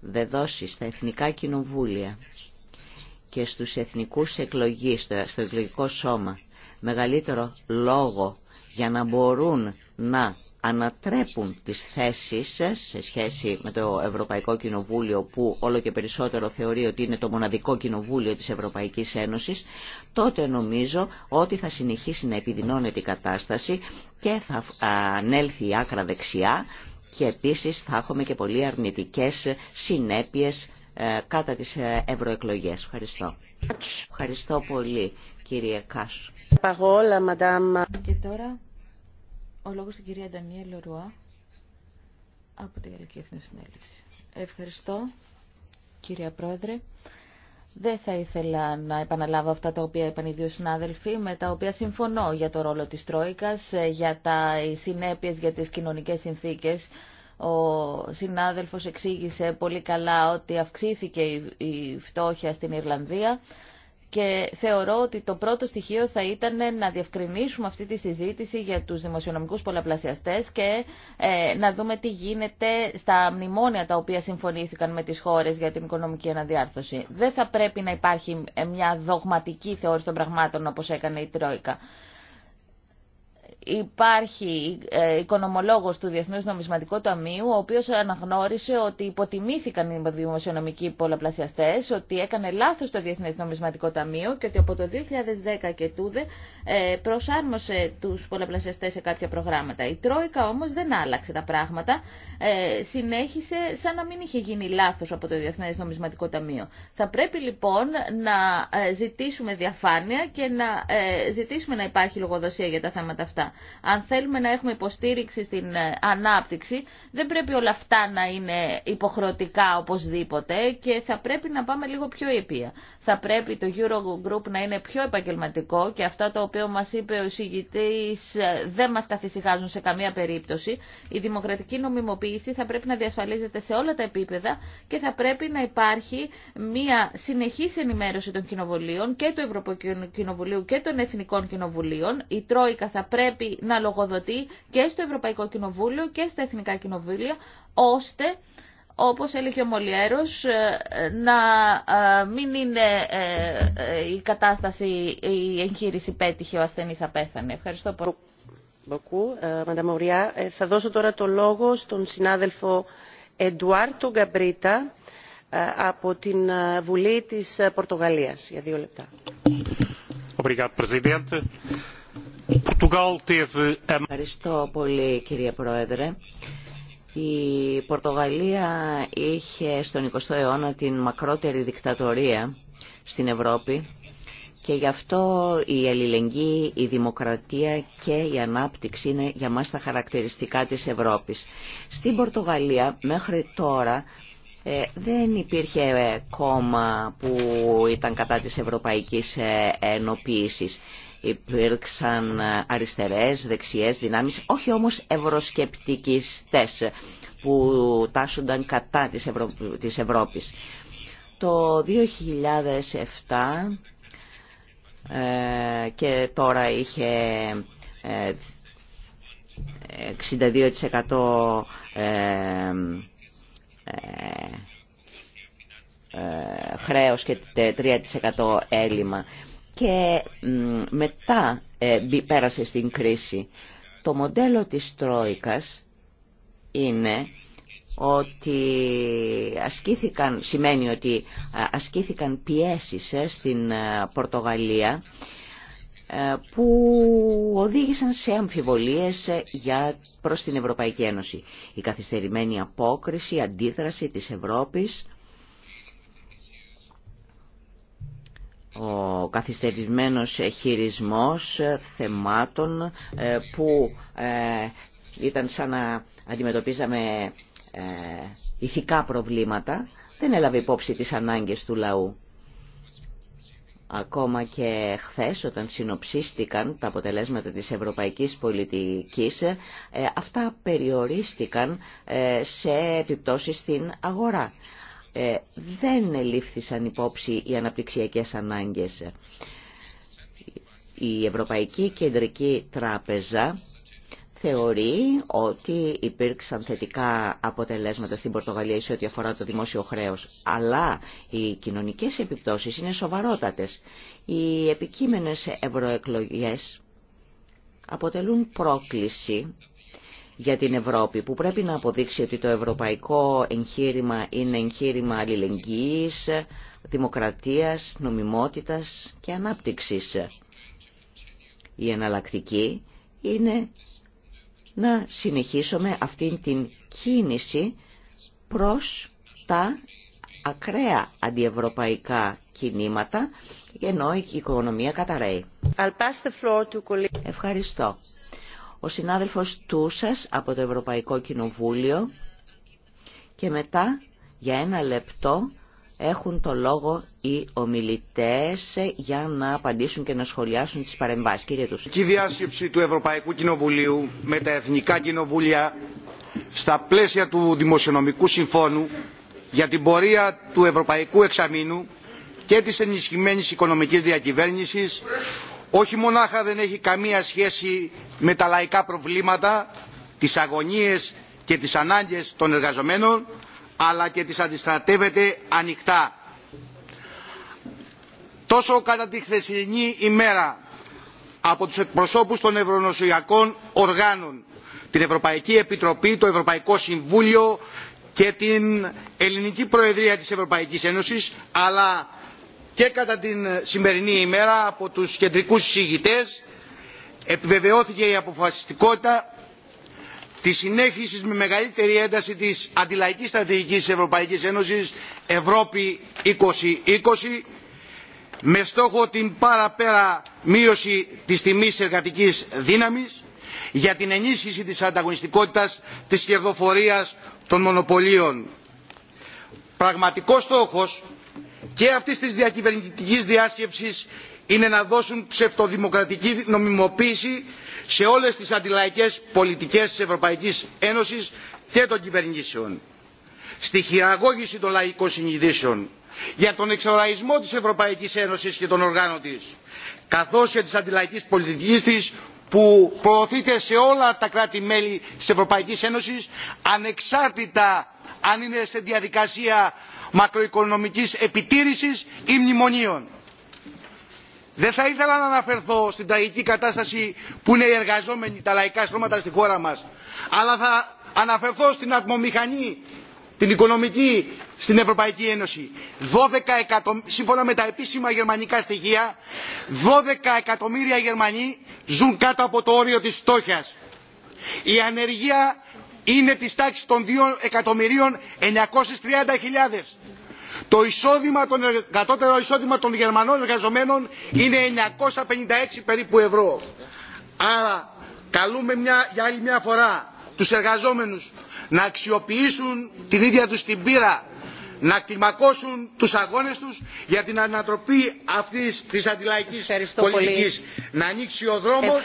δεν δώσει στα εθνικά κοινοβούλια και στους εθνικούς εκλογείς, στο εκλογικό σώμα, μεγαλύτερο λόγο για να μπορούν να ανατρέπουν τις θέσεις σας σε σχέση με το Ευρωπαϊκό Κοινοβούλιο που όλο και περισσότερο θεωρεί ότι είναι το μοναδικό κοινοβούλιο της Ευρωπαϊκής Ένωσης, τότε νομίζω ότι θα συνεχίσει να επιδεινώνεται η κατάσταση και θα ανέλθει η άκρα δεξιά και επίσης θα έχουμε και πολύ αρνητικές συνέπειες ε, κατά τις ε, ευρωεκλογές. Ευχαριστώ. Ευχαριστώ πολύ κύριε Κάσου. Και τώρα ο λόγος στην κυρία Ντανιέλ Λερουά από τη Γαλλική Εθνοσυνέλευση. Ευχαριστώ, κυρία Πρόεδρε. Δεν θα ήθελα να επαναλάβω αυτά τα οποία είπαν οι δύο συνάδελφοι, με τα οποία συμφωνώ για το ρόλο της Τρόικας, για τα συνέπειες για τις κοινωνικές συνθήκες. Ο συνάδελφος εξήγησε πολύ καλά ότι αυξήθηκε η φτώχεια στην Ιρλανδία και θεωρώ ότι το πρώτο στοιχείο θα ήταν να διευκρινίσουμε αυτή τη συζήτηση για τους δημοσιονομικούς πολλαπλασιαστές και ε, να δούμε τι γίνεται στα μνημόνια τα οποία συμφωνήθηκαν με τις χώρες για την οικονομική αναδιάρθρωση. Δεν θα πρέπει να υπάρχει ε, μια δογματική θεώρηση των πραγμάτων όπως έκανε η Τρόικα υπάρχει ε, οικονομολόγος του Διεθνούς Νομισματικού Ταμείου, ο οποίος αναγνώρισε ότι υποτιμήθηκαν οι δημοσιονομικοί πολλαπλασιαστές, ότι έκανε λάθος το Διεθνές Νομισματικό Ταμείο και ότι από το 2010 και τούδε ε, προσάρμοσε τους πολλαπλασιαστές σε κάποια προγράμματα. Η Τρόικα όμως δεν άλλαξε τα πράγματα, ε, συνέχισε σαν να μην είχε γίνει λάθος από το Διεθνές Νομισματικό Ταμείο. Θα πρέπει λοιπόν να ζητήσουμε διαφάνεια και να ζητήσουμε να υπάρχει λογοδοσία για τα θέματα αυτά. Αν θέλουμε να έχουμε υποστήριξη στην ε, ανάπτυξη, δεν πρέπει όλα αυτά να είναι υποχρεωτικά οπωσδήποτε και θα πρέπει να πάμε λίγο πιο ήπια. Θα πρέπει το Eurogroup να είναι πιο επαγγελματικό και αυτά τα οποία μας είπε ο εισηγητής ε, δεν μας καθησυχάζουν σε καμία περίπτωση. Η δημοκρατική νομιμοποίηση θα πρέπει να διασφαλίζεται σε όλα τα επίπεδα και θα πρέπει να υπάρχει μια συνεχής ενημέρωση των κοινοβουλίων και του Ευρωπαϊκού Κοινοβουλίου και των Εθνικών Κοινοβουλίων. Η Τρόικα θα πρέπει να λογοδοτεί και στο Ευρωπαϊκό Κοινοβούλιο και στα Εθνικά Κοινοβούλια, ώστε όπως έλεγε ο Μολιέρος, ε, να ε, μην είναι ε, η κατάσταση, η εγχείρηση πέτυχε, ο ασθενής απέθανε. Ευχαριστώ πολύ. Θα δώσω τώρα το λόγο στον συνάδελφο Εντουάρτο Γκαμπρίτα από την Βουλή της Πορτογαλίας για δύο λεπτά. Ευχαριστώ πολύ κύριε Πρόεδρε. Η Πορτογαλία είχε στον 20ο αιώνα την μακρότερη δικτατορία στην Ευρώπη και γι' αυτό η αλληλεγγύη, η δημοκρατία και η ανάπτυξη είναι για μας τα χαρακτηριστικά της Ευρώπης. Στην Πορτογαλία μέχρι τώρα ε, δεν υπήρχε κόμμα που ήταν κατά της Ευρωπαϊκής ε, Ενοποίησης υπήρξαν αριστερές, δεξιές δυνάμεις, όχι όμως ευρωσκεπτικιστές που τάσσονταν κατά της, Ευρω... Ευρώπης. Το 2007 ε, και τώρα είχε 62% ε, ε, ε, χρέος και 3% έλλειμμα και μετά ε, πέρασε στην κρίση. Το μοντέλο της Τρόικας είναι ότι ασκήθηκαν, σημαίνει ότι ασκήθηκαν πιέσεις ε, στην ε, Πορτογαλία που οδήγησαν σε αμφιβολίες για, προς την Ευρωπαϊκή Ένωση. Η καθυστερημένη απόκριση, αντίδραση της Ευρώπης ο καθυστερημένος χειρισμός θεμάτων ε, που ε, ήταν σαν να αντιμετωπίζαμε ε, ηθικά προβλήματα, δεν έλαβε υπόψη τις ανάγκες του λαού. Ακόμα και χθες όταν συνοψίστηκαν τα αποτελέσματα της ευρωπαϊκής πολιτικής, αυτά περιορίστηκαν σε επιπτώσεις στην αγορά. Ε, δεν λήφθησαν υπόψη οι αναπτυξιακές ανάγκες. Η Ευρωπαϊκή Κεντρική Τράπεζα θεωρεί ότι υπήρξαν θετικά αποτελέσματα στην Πορτογαλία σε ό,τι αφορά το δημόσιο χρέος, αλλά οι κοινωνικές επιπτώσεις είναι σοβαρότατες. Οι επικείμενες ευρωεκλογές αποτελούν πρόκληση για την Ευρώπη που πρέπει να αποδείξει ότι το ευρωπαϊκό εγχείρημα είναι εγχείρημα αλληλεγγύης, δημοκρατίας, νομιμότητας και ανάπτυξης. Η εναλλακτική είναι να συνεχίσουμε αυτήν την κίνηση προς τα ακραία αντιευρωπαϊκά κινήματα, ενώ η οικονομία καταραίει. Ευχαριστώ ο συνάδελφος Τούσας από το Ευρωπαϊκό Κοινοβούλιο και μετά για ένα λεπτό έχουν το λόγο οι ομιλητές για να απαντήσουν και να σχολιάσουν τις παρεμβάσεις. Κύριε Τούσα. Η διάσκεψη του Ευρωπαϊκού Κοινοβουλίου με τα Εθνικά Κοινοβούλια στα πλαίσια του Δημοσιονομικού Συμφώνου για την πορεία του Ευρωπαϊκού Εξαμήνου και της ενισχυμένης οικονομικής διακυβέρνησης όχι μονάχα δεν έχει καμία σχέση με τα λαϊκά προβλήματα, τις αγωνίες και τις ανάγκες των εργαζομένων, αλλά και τις αντιστρατεύεται ανοιχτά. Τόσο κατά τη χθεσινή ημέρα από τους εκπροσώπους των ευρωνοσιακών οργάνων, την Ευρωπαϊκή Επιτροπή, το Ευρωπαϊκό Συμβούλιο και την Ελληνική Προεδρία της Ευρωπαϊκής Ένωσης, αλλά και κατά την σημερινή ημέρα από τους κεντρικούς εισηγητές επιβεβαιώθηκε η αποφασιστικότητα της συνέχισης με μεγαλύτερη ένταση της αντιλαϊκής στρατηγικής της Ευρωπαϊκής Ένωσης Ευρώπη 2020 με στόχο την παραπέρα μείωση της τιμής εργατικής δύναμης για την ενίσχυση της ανταγωνιστικότητας της κερδοφορίας των μονοπωλίων. Πραγματικός στόχος και αυτής της διακυβερνητικής διάσκεψης είναι να δώσουν ψευτοδημοκρατική νομιμοποίηση σε όλες τις αντιλαϊκές πολιτικές της Ευρωπαϊκής Ένωσης και των κυβερνήσεων. Στη χειραγώγηση των λαϊκών συνειδήσεων για τον εξοραϊσμό της Ευρωπαϊκής Ένωσης και των οργάνων της καθώς και της αντιλαϊκής πολιτικής της που προωθείται σε όλα τα κράτη-μέλη της Ευρωπαϊκής Ένωσης ανεξάρτητα αν είναι σε διαδικασία μακροοικονομικής επιτήρησης ή μνημονίων. Δεν θα ήθελα να αναφερθώ στην τραγική κατάσταση που είναι οι εργαζόμενοι, τα λαϊκά στρώματα στη χώρα μας, αλλά θα αναφερθώ στην ατμομηχανή, την οικονομική στην Ευρωπαϊκή Ένωση. 12 Σύμφωνα με τα επίσημα γερμανικά στοιχεία, 12 εκατομμύρια Γερμανοί ζουν κάτω από το όριο της φτώχειας. Η ανεργία είναι της τάξης των 2.930.000. Το εισόδημα, το κατώτερο εισόδημα των Γερμανών εργαζομένων είναι 956 περίπου ευρώ. Άρα καλούμε μια, για άλλη μια φορά τους εργαζόμενους να αξιοποιήσουν την ίδια τους την πείρα να κλιμακώσουν τους αγώνες τους για την ανατροπή αυτής της αντιλαϊκής Ευχαριστώ πολιτικής. Να ανοίξει ο δρόμος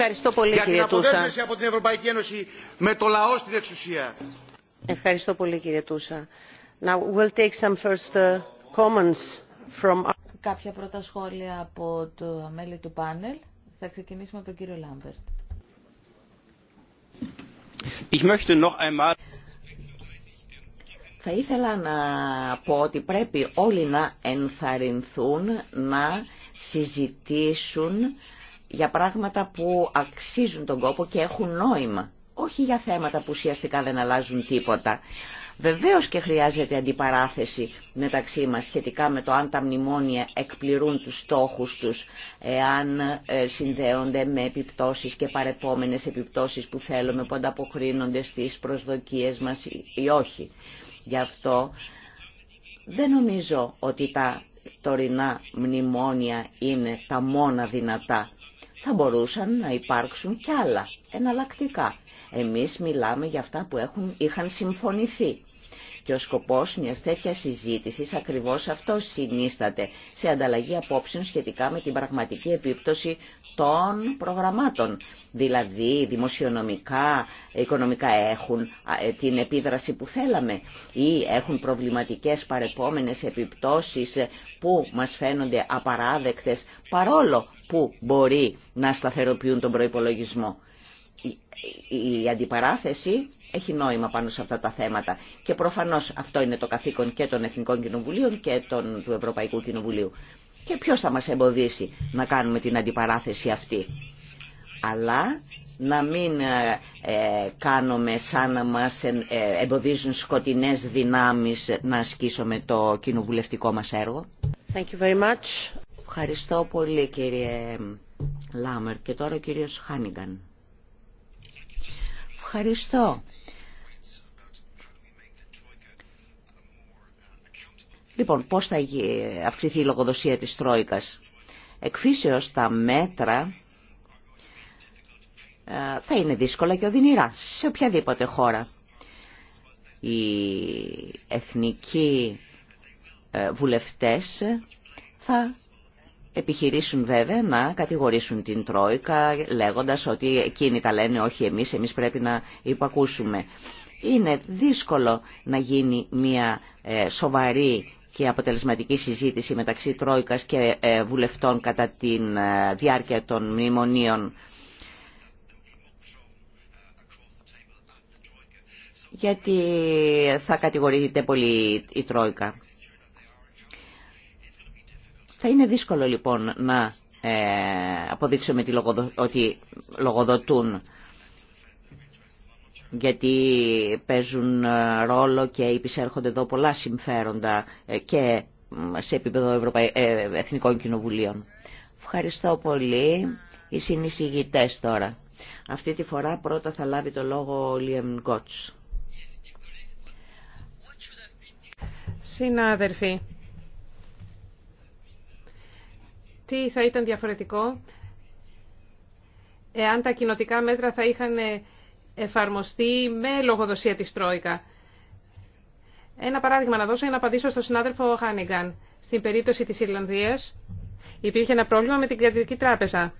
για την αποδέσμευση από την Ευρωπαϊκή Ένωση με το λαό στην εξουσία. Ευχαριστώ πολύ κύριε Τούσα. Uh, Κάποια πρώτα σχόλια από το μέλη του πάνελ. Θα ξεκινήσουμε από τον κύριο Λάμπερτ. Ich möchte noch einmal... Θα ήθελα να πω ότι πρέπει όλοι να ενθαρρυνθούν να συζητήσουν για πράγματα που αξίζουν τον κόπο και έχουν νόημα. Όχι για θέματα που ουσιαστικά δεν αλλάζουν τίποτα. Βεβαίως και χρειάζεται αντιπαράθεση μεταξύ μας σχετικά με το αν τα μνημόνια εκπληρούν τους στόχους τους, εάν ε, συνδέονται με επιπτώσεις και παρεπόμενες επιπτώσεις που θέλουμε που ανταποκρίνονται στις προσδοκίες μας ή όχι. Γι' αυτό δεν νομίζω ότι τα τωρινά μνημόνια είναι τα μόνα δυνατά. Θα μπορούσαν να υπάρξουν κι άλλα, εναλλακτικά. Εμείς μιλάμε για αυτά που έχουν, είχαν συμφωνηθεί. Και ο σκοπός μιας τέτοιας συζήτησης ακριβώς αυτό συνίσταται σε ανταλλαγή απόψεων σχετικά με την πραγματική επίπτωση των προγραμμάτων. Δηλαδή, δημοσιονομικά, οικονομικά έχουν ε, την επίδραση που θέλαμε ή έχουν προβληματικές παρεπόμενες επιπτώσεις ε, που μας φαίνονται απαράδεκτες παρόλο που μπορεί να σταθεροποιούν τον προϋπολογισμό. Η αντιπαράθεση έχει νόημα πάνω σε αυτά τα θέματα. Και προφανώς αυτό είναι το καθήκον και των Εθνικών Κοινοβουλίων και των, του Ευρωπαϊκού Κοινοβουλίου. Και ποιο θα μας εμποδίσει να κάνουμε την αντιπαράθεση αυτή. Αλλά να μην ε, ε, κάνουμε σαν να μας ε, εμποδίζουν σκοτεινές δυνάμεις να ασκήσουμε το κοινοβουλευτικό μας έργο. Thank you very much. Ευχαριστώ πολύ κύριε Λάμερ και τώρα ο κύριος Χάνιγκαν. Ευχαριστώ. Λοιπόν, πώς θα αυξηθεί η λογοδοσία της Τρόικας. Εκφύσεως τα μέτρα ε, θα είναι δύσκολα και οδυνηρά σε οποιαδήποτε χώρα. Οι εθνικοί ε, βουλευτές θα επιχειρήσουν βέβαια να κατηγορήσουν την Τρόικα λέγοντας ότι εκείνοι τα λένε όχι εμείς, εμείς πρέπει να υπακούσουμε. Είναι δύσκολο να γίνει μια ε, σοβαρή και αποτελεσματική συζήτηση μεταξύ Τρόικας και ε, βουλευτών κατά τη ε, διάρκεια των μνημονίων. Γιατί θα κατηγορείται πολύ η Τρόικα. Θα είναι δύσκολο λοιπόν να ε, αποδείξουμε ότι λογοδοτούν γιατί παίζουν ε, ρόλο και υπησέρχονται εδώ πολλά συμφέροντα ε, και σε επίπεδο ε, Εθνικών Κοινοβουλίων. Ευχαριστώ πολύ. Οι συνεισηγητές τώρα. Αυτή τη φορά πρώτα θα λάβει το λόγο ο Λίεμ Γκότς. Συνάδελφοι, τι θα ήταν διαφορετικό εάν τα κοινοτικά μέτρα θα είχαν εφαρμοστεί με λογοδοσία της Τρόικα. Ένα παράδειγμα να δώσω για να απαντήσω στον συνάδελφο Χάνιγκαν. Στην περίπτωση της Ιρλανδίας υπήρχε ένα πρόβλημα με την Κεντρική τράπεζα.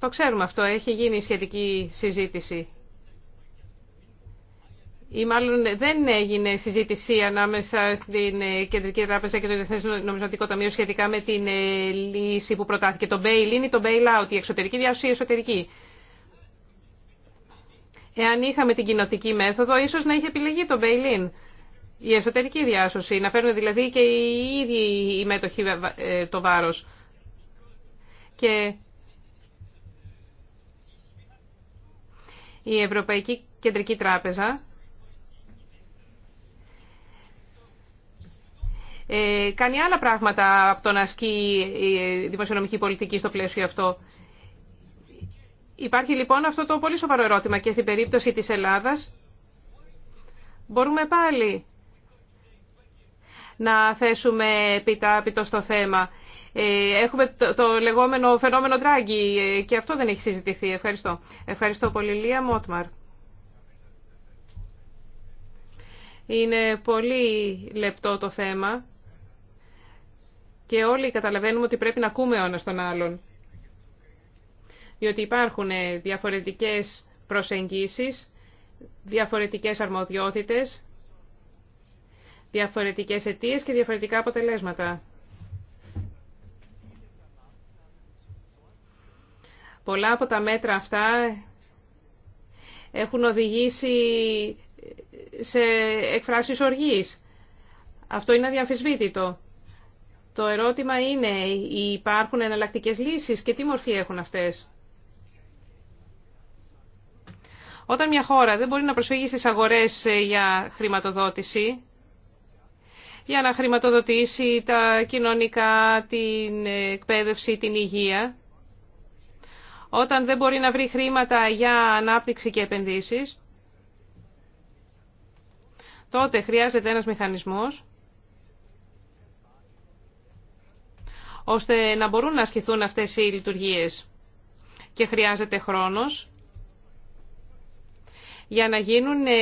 Το ξέρουμε αυτό, έχει γίνει σχετική συζήτηση. Ή μάλλον δεν έγινε συζήτηση ανάμεσα στην ε, Κεντρική Τράπεζα και το Διεθνές Νομισματικό Ταμείο σχετικά με την ε, λύση που προτάθηκε. Το bail-in ή το bail-out, η εξωτερική διάσωση ή η εσωτερική εάν είχαμε την κοινοτική μέθοδο, ίσως να είχε επιλεγεί το Μπέιλιν, Η εσωτερική διάσωση, να φέρουν δηλαδή και οι ίδιοι οι μέτοχοι ε, το βάρος. Και η Ευρωπαϊκή Κεντρική Τράπεζα ε, κάνει άλλα πράγματα από το να ασκεί ε, η δημοσιονομική πολιτική στο πλαίσιο αυτό. Υπάρχει λοιπόν αυτό το πολύ σοβαρό ερώτημα και στην περίπτωση της Ελλάδας μπορούμε πάλι να θέσουμε πιτάπιτο στο θέμα. Ε, έχουμε το λεγόμενο φαινόμενο τράγκη ε, και αυτό δεν έχει συζητηθεί. Ευχαριστώ. Ευχαριστώ πολύ, Λία Μότμαρ. Είναι πολύ λεπτό το θέμα και όλοι καταλαβαίνουμε ότι πρέπει να ακούμε ο ένας τον άλλον διότι υπάρχουν ε, διαφορετικές προσεγγίσεις, διαφορετικές αρμοδιότητες, διαφορετικές αιτίες και διαφορετικά αποτελέσματα. Πολλά από τα μέτρα αυτά έχουν οδηγήσει σε εκφράσεις οργής. Αυτό είναι αδιαμφισβήτητο. Το ερώτημα είναι, υπάρχουν εναλλακτικές λύσεις και τι μορφή έχουν αυτές. Όταν μια χώρα δεν μπορεί να προσφύγει στις αγορές ε, για χρηματοδότηση, για να χρηματοδοτήσει τα κοινωνικά, την εκπαίδευση, την υγεία, όταν δεν μπορεί να βρει χρήματα για ανάπτυξη και επενδύσεις, τότε χρειάζεται ένας μηχανισμός ώστε να μπορούν να ασκηθούν αυτές οι λειτουργίες. Και χρειάζεται χρόνος για να γίνουν ε,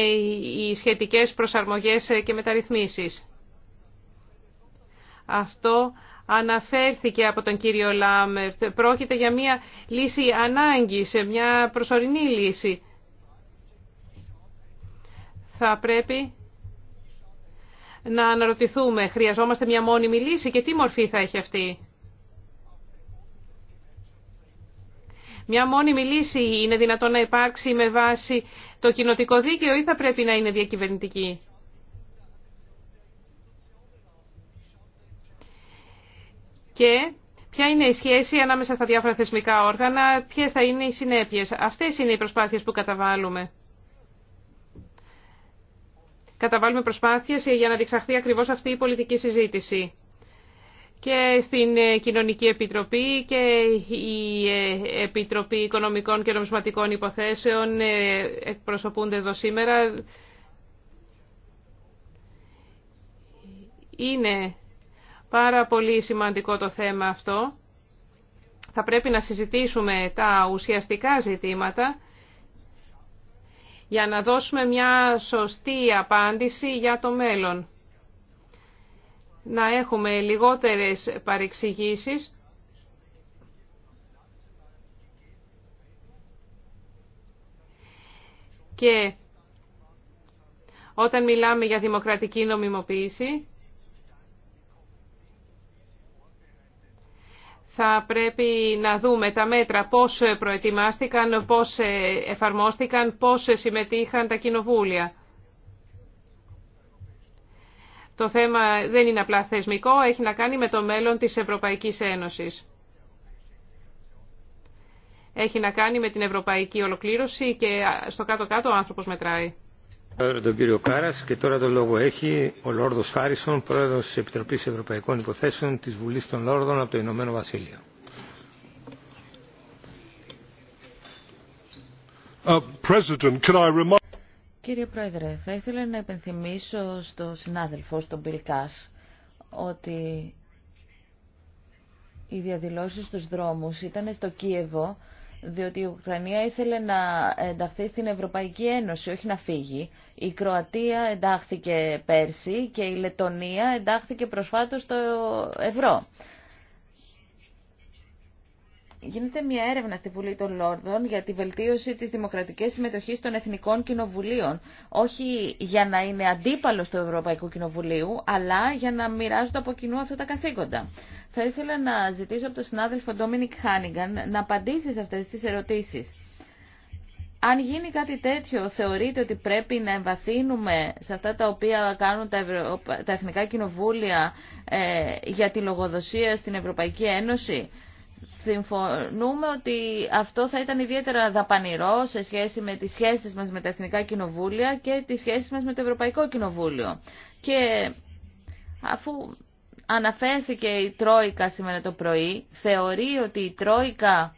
οι σχετικές προσαρμογές ε, και μεταρρυθμίσεις. Αυτό αναφέρθηκε από τον κύριο Λάμερτ. Πρόκειται για μια λύση ανάγκης, ε, μια προσωρινή λύση. Θα πρέπει να αναρωτηθούμε, χρειαζόμαστε μια μόνιμη λύση και τι μορφή θα έχει αυτή. Μια μόνιμη λύση είναι δυνατόν να υπάρξει με βάση το κοινοτικό δίκαιο ή θα πρέπει να είναι διακυβερνητική. Και ποια είναι η σχέση ανάμεσα στα διάφορα θεσμικά όργανα, ποιες θα είναι οι συνέπειες. Αυτές είναι οι προσπάθειες που καταβάλουμε. Καταβάλουμε προσπάθειες για να διεξαχθεί ακριβώς αυτή η πολιτική συζήτηση και στην ε, Κοινωνική Επιτροπή και η ε, Επιτροπή Οικονομικών και Νομισματικών Υποθέσεων ε, εκπροσωπούνται εδώ σήμερα. Είναι πάρα πολύ σημαντικό το θέμα αυτό. Θα πρέπει να συζητήσουμε τα ουσιαστικά ζητήματα για να δώσουμε μια σωστή απάντηση για το μέλλον να έχουμε λιγότερες παρεξηγήσεις και όταν μιλάμε για δημοκρατική νομιμοποίηση θα πρέπει να δούμε τα μέτρα πώς προετοιμάστηκαν, πώς εφαρμόστηκαν, πώς συμμετείχαν τα κοινοβούλια. Το θέμα δεν είναι απλά θεσμικό, έχει να κάνει με το μέλλον της Ευρωπαϊκής Ένωσης. Έχει να κάνει με την ευρωπαϊκή ολοκλήρωση και στο κάτω-κάτω ο άνθρωπος μετράει. Ε, τον κύριο Κάρας και τώρα το λόγο έχει ο Λόρδος Χάρισον, πρόεδρος της Επιτροπής Ευρωπαϊκών Υποθέσεων της Βουλής των Λόρδων από το Ηνωμένο Βασίλειο. Uh, President, can I remind... Κύριε Πρόεδρε, θα ήθελα να επενθυμίσω στο συνάδελφο, στον Πιλκάς, ότι οι διαδηλώσεις στους δρόμους ήταν στο Κίεβο, διότι η Ουκρανία ήθελε να ενταχθεί στην Ευρωπαϊκή Ένωση, όχι να φύγει. Η Κροατία εντάχθηκε πέρσι και η Λετωνία εντάχθηκε προσφάτως στο ευρώ γίνεται μια έρευνα στη Βουλή των Λόρδων για τη βελτίωση της δημοκρατικής συμμετοχής των Εθνικών Κοινοβουλίων. Όχι για να είναι αντίπαλος του Ευρωπαϊκού Κοινοβουλίου, αλλά για να μοιράζονται από κοινού αυτά τα καθήκοντα. Θα ήθελα να ζητήσω από τον συνάδελφο Ντόμινικ Χάνιγκαν να απαντήσει σε αυτές τις ερωτήσεις. Αν γίνει κάτι τέτοιο, θεωρείτε ότι πρέπει να εμβαθύνουμε σε αυτά τα οποία κάνουν τα, Ευρω... τα Εθνικά Κοινοβούλια ε, για τη λογοδοσία στην Ευρωπαϊκή Ένωση. Συμφωνούμε ότι αυτό θα ήταν ιδιαίτερα δαπανηρό σε σχέση με τις σχέσεις μας με τα Εθνικά Κοινοβούλια και τις σχέσεις μας με το Ευρωπαϊκό Κοινοβούλιο. Και αφού αναφέρθηκε η Τρόικα σήμερα το πρωί, θεωρεί ότι η Τρόικα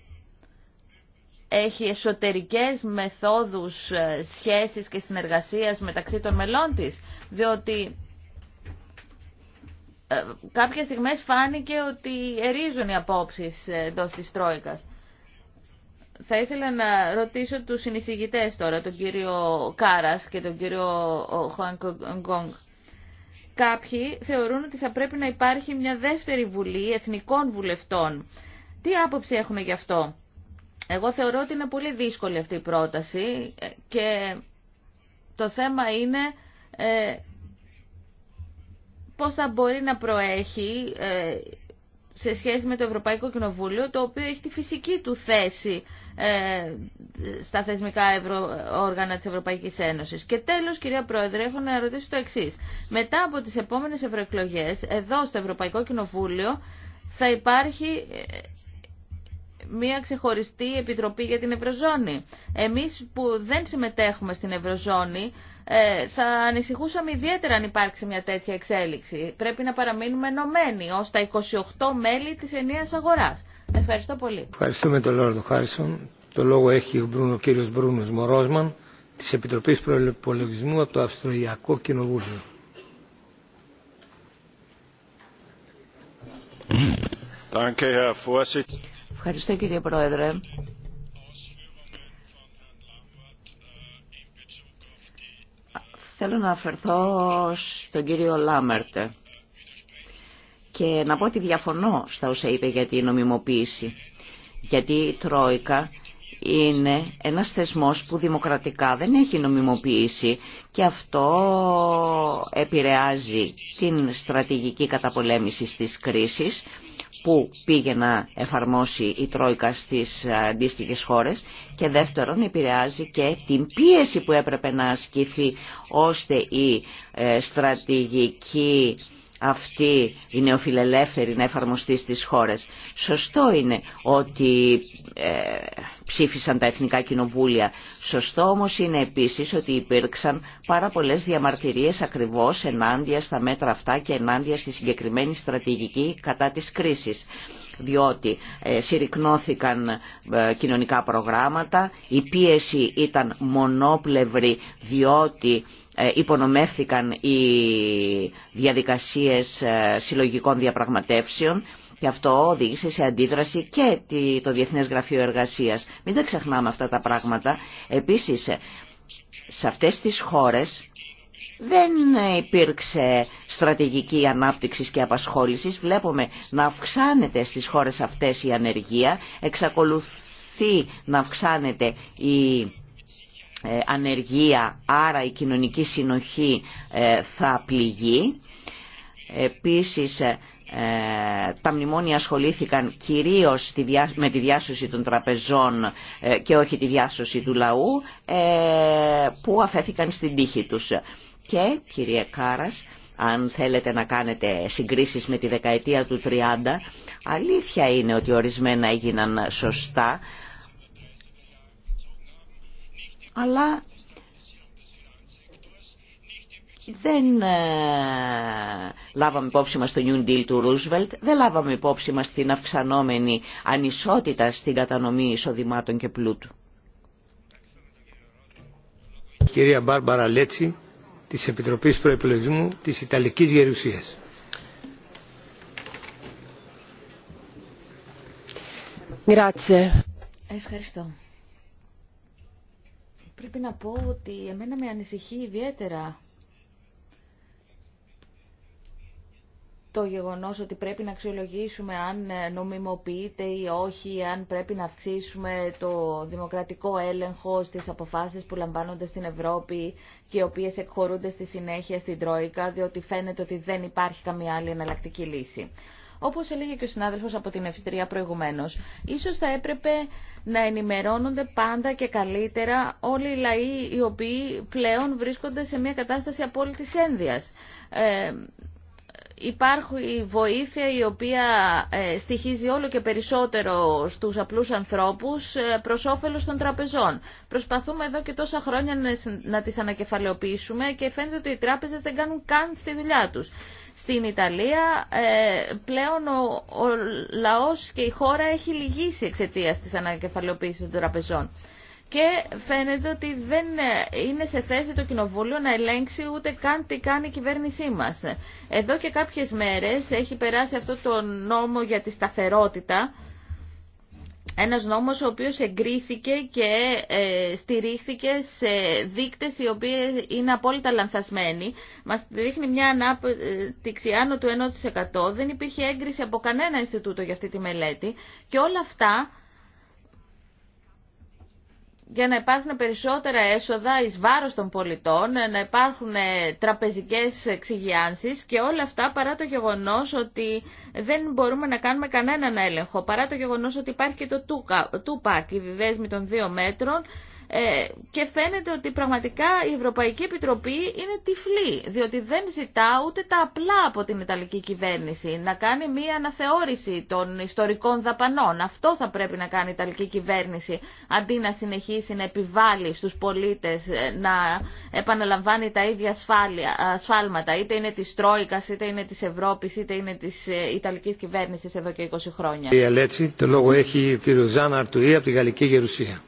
έχει εσωτερικές μεθόδους ε, σχέσεις και συνεργασίας μεταξύ των μελών της, διότι ε, κάποιες στιγμές φάνηκε ότι ερίζουν οι απόψεις εντό της Τρόικας. Θα ήθελα να ρωτήσω τους συνεισηγητές τώρα, τον κύριο Κάρας και τον κύριο Χουαν Κάποιοι θεωρούν ότι θα πρέπει να υπάρχει μια δεύτερη βουλή εθνικών βουλευτών. Τι άποψη έχουμε γι' αυτό. Εγώ θεωρώ ότι είναι πολύ δύσκολη αυτή η πρόταση και το θέμα είναι ε, πώς θα μπορεί να προέχει ε, σε σχέση με το Ευρωπαϊκό Κοινοβούλιο, το οποίο έχει τη φυσική του θέση ε, στα θεσμικά όργανα της Ευρωπαϊκής Ένωσης. Και τέλος, κυρία Πρόεδρε, έχω να ρωτήσω το εξής. Μετά από τις επόμενες ευρωεκλογέ, εδώ στο Ευρωπαϊκό Κοινοβούλιο θα υπάρχει ε, μια ξεχωριστή επιτροπή για την Ευρωζώνη. Εμείς που δεν συμμετέχουμε στην Ευρωζώνη, ε, θα ανησυχούσαμε ιδιαίτερα αν υπάρξει μια τέτοια εξέλιξη. Πρέπει να παραμείνουμε ενωμένοι ως τα 28 μέλη της ενίας αγοράς. Ευχαριστώ πολύ. Ευχαριστούμε τον Λόρδο Χάρισον. Το λόγο έχει ο, Μπρούνο, ο κύριος Μπρούνος Μορόσμαν της Επιτροπής Προπολογισμού από το Αυστροϊακό Κοινοβούλιο. Ευχαριστώ κύριε Πρόεδρε. Θέλω να αφαιρθώ στον κύριο Λάμερτε και να πω ότι διαφωνώ στα όσα είπε για την νομιμοποίηση. Γιατί η είναι ένας θεσμός που δημοκρατικά δεν έχει νομιμοποιήσει και αυτό επηρεάζει την στρατηγική καταπολέμηση της κρίσης που πήγε να εφαρμόσει η Τρόικα στις αντίστοιχε χώρες και δεύτερον επηρεάζει και την πίεση που έπρεπε να ασκηθεί ώστε η ε, στρατηγική αυτή η νεοφιλελεύθερη να εφαρμοστεί στις χώρες. Σωστό είναι ότι ε, ψήφισαν τα Εθνικά Κοινοβούλια. Σωστό όμως είναι επίσης ότι υπήρξαν πάρα πολλές διαμαρτυρίες ακριβώς ενάντια στα μέτρα αυτά και ενάντια στη συγκεκριμένη στρατηγική κατά της κρίσης διότι ε, συρρυκνώθηκαν ε, κοινωνικά προγράμματα, η πίεση ήταν μονόπλευρη διότι ε, υπονομεύθηκαν οι διαδικασίες ε, συλλογικών διαπραγματεύσεων και αυτό οδήγησε σε αντίδραση και το Διεθνές Γραφείο Εργασίας. Μην τα ξεχνάμε αυτά τα πράγματα. Επίσης, ε, σε αυτές τις χώρες δεν υπήρξε στρατηγική ανάπτυξης και απασχόλησης. Βλέπουμε να αυξάνεται στις χώρες αυτές η ανεργία, εξακολουθεί να αυξάνεται η ε, ανεργία, άρα η κοινωνική συνοχή ε, θα πληγεί. Επίσης, ε, τα μνημόνια ασχολήθηκαν κυρίως με τη διάσωση των τραπεζών και όχι τη διάσωση του λαού, που αφέθηκαν στην τύχη τους. Και, κύριε Κάρας, αν θέλετε να κάνετε συγκρίσεις με τη δεκαετία του 30, αλήθεια είναι ότι ορισμένα έγιναν σωστά, αλλά δεν ε, λάβαμε υπόψη μας το New Deal του Roosevelt, δεν λάβαμε υπόψη μας την αυξανόμενη ανισότητα στην κατανομή εισοδημάτων και πλούτου. κυρία Μπάρμπαρα Λέτσι, της Επιτροπής Προεπιλογισμού της Ιταλικής Γερουσίας. Ευχαριστώ. Πρέπει να πω ότι εμένα με ανησυχεί ιδιαίτερα το γεγονός ότι πρέπει να αξιολογήσουμε αν νομιμοποιείται ή όχι, αν πρέπει να αυξήσουμε το δημοκρατικό έλεγχο στις αποφάσεις που λαμβάνονται στην Ευρώπη και οι οποίες εκχωρούνται στη συνέχεια στην Τρόικα, διότι φαίνεται ότι δεν υπάρχει καμία άλλη εναλλακτική λύση. Όπως έλεγε και ο συνάδελφος από την Ευστρία προηγουμένως, ίσως θα έπρεπε να ενημερώνονται πάντα και καλύτερα όλοι οι λαοί οι οποίοι πλέον βρίσκονται σε μια κατάσταση απόλυτης ένδυας. Ε, Υπάρχει βοήθεια η οποία ε, στοιχίζει όλο και περισσότερο στους απλούς ανθρώπους ε, προς όφελος των τραπεζών. Προσπαθούμε εδώ και τόσα χρόνια να τις ανακεφαλαιοποιήσουμε και φαίνεται ότι οι τράπεζες δεν κάνουν καν στη δουλειά τους στην Ιταλία ε, πλέον ο, ο λαός και η χώρα έχει λυγίσει εξαιτία της ανακεφαλαιοποίησης των τραπεζών. Και φαίνεται ότι δεν ε, είναι σε θέση το Κοινοβούλιο να ελέγξει ούτε καν τι κάνει η κυβέρνησή μας. Εδώ και κάποιες μέρες έχει περάσει αυτό το νόμο για τη σταθερότητα, ένας νόμος ο οποίος εγκρίθηκε και ε, στηρίχθηκε σε δείκτες οι οποίοι είναι απόλυτα λανθασμένοι. Μας δείχνει μια ανάπτυξη άνω του 1%. Δεν υπήρχε έγκριση από κανένα Ινστιτούτο για αυτή τη μελέτη. Και όλα αυτά για να υπάρχουν περισσότερα έσοδα εις βάρος των πολιτών, να υπάρχουν ε, τραπεζικές εξηγιάνσεις και όλα αυτά παρά το γεγονός ότι δεν μπορούμε να κάνουμε κανέναν έλεγχο, παρά το γεγονός ότι υπάρχει και το τούπακ, η βιβέσμη των δύο μέτρων, ε, και φαίνεται ότι πραγματικά η Ευρωπαϊκή Επιτροπή είναι τυφλή, διότι δεν ζητά ούτε τα απλά από την Ιταλική κυβέρνηση να κάνει μία αναθεώρηση των ιστορικών δαπανών. Αυτό θα πρέπει να κάνει η Ιταλική κυβέρνηση, αντί να συνεχίσει να επιβάλλει στους πολίτες ε, να επαναλαμβάνει τα ίδια ασφάλεια, ασφάλματα, είτε είναι της Τρόικας, είτε είναι της Ευρώπη, είτε είναι της ε, Ιταλική κυβέρνηση εδώ και 20 χρόνια. Η το λόγο έχει τη Ροζάνα Αρτουρία από τη Γαλλική Γερουσία.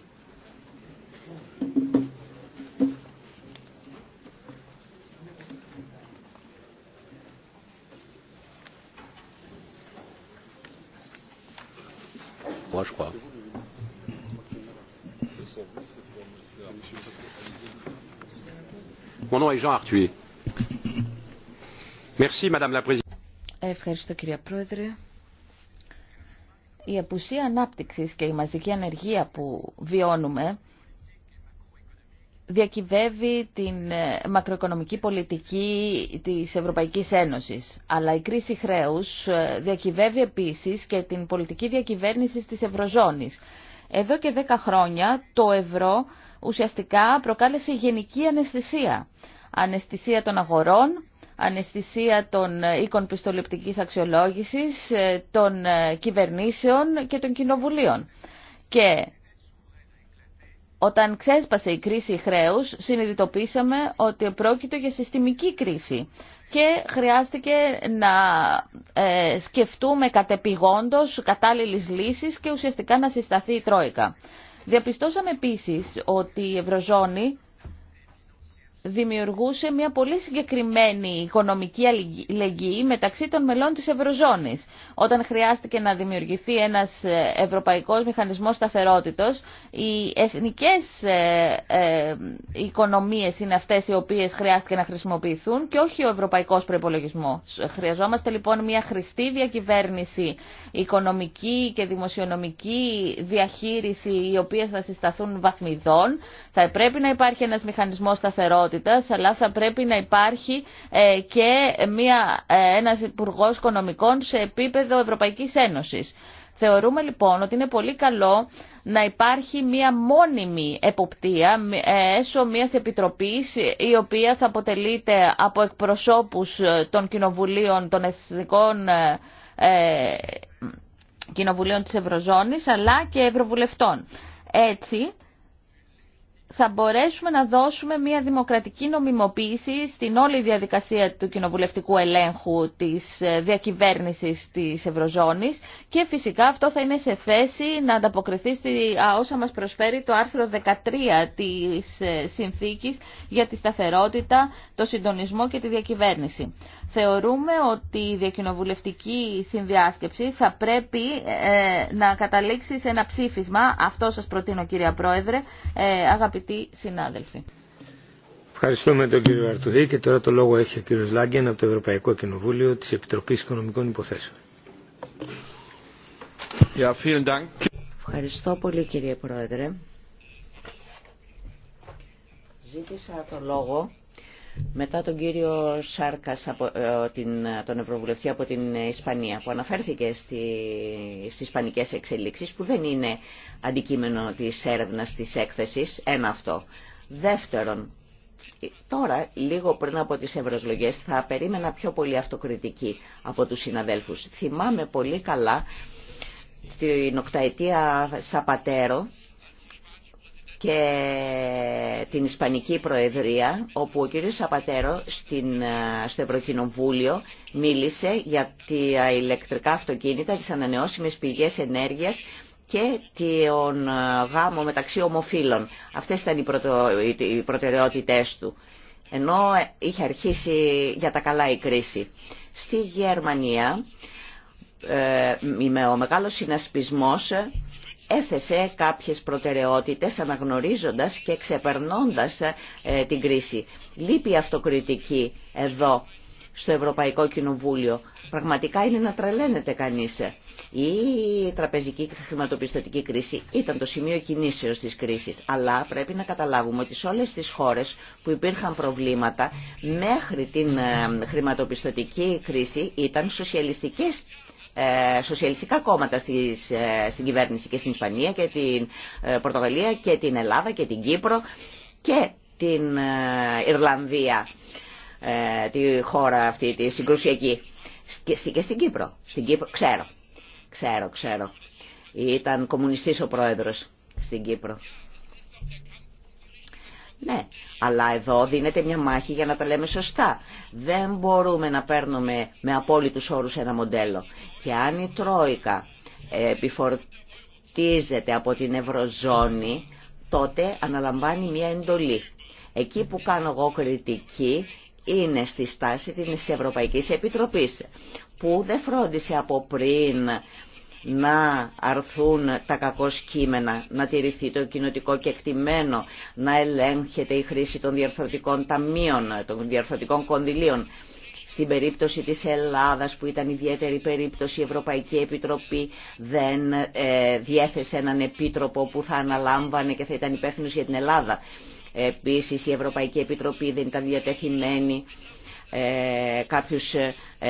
Ευχαριστώ, κύριε Πρόεδρε. Η απουσία ανάπτυξη και η μαζική ανεργία που βιώνουμε διακυβεύει την ε, μακροοικονομική πολιτική της Ευρωπαϊκής Ένωσης. Αλλά η κρίση χρέους ε, διακυβεύει επίσης και την πολιτική διακυβέρνηση της Ευρωζώνης. Εδώ και 10 χρόνια το ευρώ ουσιαστικά προκάλεσε γενική αναισθησία. Αναισθησία των αγορών, αναισθησία των ε, οίκων πιστοληπτικής αξιολόγησης, των κυβερνήσεων και των κοινοβουλίων. Και όταν ξέσπασε η κρίση χρέους, συνειδητοποίησαμε ότι πρόκειται για συστημική κρίση και χρειάστηκε να ε, σκεφτούμε κατεπηγόντως κατάλληλες λύσεις και ουσιαστικά να συσταθεί η Τρόικα. Διαπιστώσαμε επίσης ότι η Ευρωζώνη δημιουργούσε μια πολύ συγκεκριμένη οικονομική αλληλεγγύη μεταξύ των μελών της Ευρωζώνης. Όταν χρειάστηκε να δημιουργηθεί ένας ε, ευρωπαϊκός μηχανισμός σταθερότητος, οι εθνικές ε, ε, οικονομίες είναι αυτές οι οποίες χρειάστηκε να χρησιμοποιηθούν και όχι ο ευρωπαϊκός προπολογισμό. Χρειαζόμαστε λοιπόν μια χρηστή διακυβέρνηση, οικονομική και δημοσιονομική διαχείριση, οι οποίες θα συσταθούν βαθμιδών. Θα πρέπει να υπάρχει ένας μηχανισμός σταθερότητας αλλά θα πρέπει να υπάρχει ε, και μια, ε, ένας υπουργό Οικονομικών σε επίπεδο Ευρωπαϊκής Ένωσης. Θεωρούμε λοιπόν ότι είναι πολύ καλό να υπάρχει μία μόνιμη εποπτεία ε, έσω μίας επιτροπής η οποία θα αποτελείται από εκπροσώπους των κοινοβουλίων των εθνικών κοινοβουλίων της Ευρωζώνης αλλά και ευρωβουλευτών. Έτσι θα μπορέσουμε να δώσουμε μια δημοκρατική νομιμοποίηση στην όλη διαδικασία του κοινοβουλευτικού ελέγχου της ε, διακυβέρνησης της Ευρωζώνης και φυσικά αυτό θα είναι σε θέση να ανταποκριθεί στη όσα μας προσφέρει το άρθρο 13 της ε, συνθήκης για τη σταθερότητα, το συντονισμό και τη διακυβέρνηση. Θεωρούμε ότι η διακοινοβουλευτική συνδιάσκεψη θα πρέπει ε, να καταλήξει σε ένα ψήφισμα, αυτό σας προτείνω κυρία Πρόεδρε, αγαπητοί αγαπητοί συνάδελφοι. Ευχαριστούμε τον κύριο Αρτουρή και τώρα το λόγο έχει ο κύριος Λάγκεν από το Ευρωπαϊκό Κοινοβούλιο της Επιτροπής Οικονομικών Υποθέσεων. Ευχαριστώ πολύ κύριε Πρόεδρε. Ζήτησα το λόγο μετά τον κύριο Σάρκας, από, ε, τον Ευρωβουλευτή από την Ισπανία, που αναφέρθηκε στι στις ισπανικές εξελίξεις, που δεν είναι αντικείμενο της έρευνας της έκθεσης, ένα αυτό. Δεύτερον, τώρα, λίγο πριν από τις ευρωεκλογέ θα περίμενα πιο πολύ αυτοκριτική από τους συναδέλφους. Θυμάμαι πολύ καλά την οκταετία Σαπατέρο, και την Ισπανική Προεδρία, όπου ο κ. Σαπατέρο στην, ε, στο Ευρωκοινοβούλιο μίλησε για τα ηλεκτρικά αυτοκίνητα, τις ανανεώσιμες πηγές ενέργειας και τον ε, γάμο μεταξύ ομοφύλων. Αυτές ήταν οι, πρωτο, οι προτεραιότητές του. Ενώ ε, είχε αρχίσει για τα καλά η κρίση. Στη Γερμανία, με ο μεγάλος συνασπισμός έθεσε κάποιες προτεραιότητες αναγνωρίζοντας και ξεπερνώντας ε, ε, την κρίση. Λείπει η αυτοκριτική εδώ στο Ευρωπαϊκό Κοινοβούλιο. Πραγματικά είναι να τρελαίνεται κανείς. Η τραπεζική χρηματοπιστωτική κρίση ήταν το σημείο κινήσεως της κρίσης, αλλά πρέπει να καταλάβουμε ότι σε όλες τις χώρες που υπήρχαν προβλήματα μέχρι την ε, χρηματοπιστωτική κρίση ήταν σοσιαλιστικές ε, σοσιαλιστικά κόμματα στις, ε, στην κυβέρνηση και στην Ισπανία και την ε, Πορτογαλία και την Ελλάδα και την Κύπρο και την Ιρλανδία, τη χώρα αυτή τη συγκρουσιακή. Και στην Κύπρο. Στην Κύπρο. Ξέρω. Ξέρω, ξέρω. Ήταν κομμουνιστής ο πρόεδρος στην Κύπρο. Ναι, αλλά εδώ δίνεται μια μάχη για να τα λέμε σωστά. Δεν μπορούμε να παίρνουμε με απόλυτους όρους ένα μοντέλο. Και αν η Τρόικα ε, επιφορτίζεται από την Ευρωζώνη, τότε αναλαμβάνει μια εντολή. Εκεί που κάνω εγώ κριτική είναι στη στάση της Ευρωπαϊκής Επιτροπής, που δεν φρόντισε από πριν να αρθούν τα κακό κείμενα, να τηρηθεί το κοινοτικό κεκτημένο, να ελέγχεται η χρήση των διαρθρωτικών ταμείων, των διαρθρωτικών κονδυλίων. Στην περίπτωση της Ελλάδας που ήταν ιδιαίτερη περίπτωση η Ευρωπαϊκή Επιτροπή δεν ε, διέθεσε έναν επίτροπο που θα αναλάμβανε και θα ήταν υπεύθυνος για την Ελλάδα. Επίσης η Ευρωπαϊκή Επιτροπή δεν ήταν διατεθειμένη ε, κάποιους ε, ε,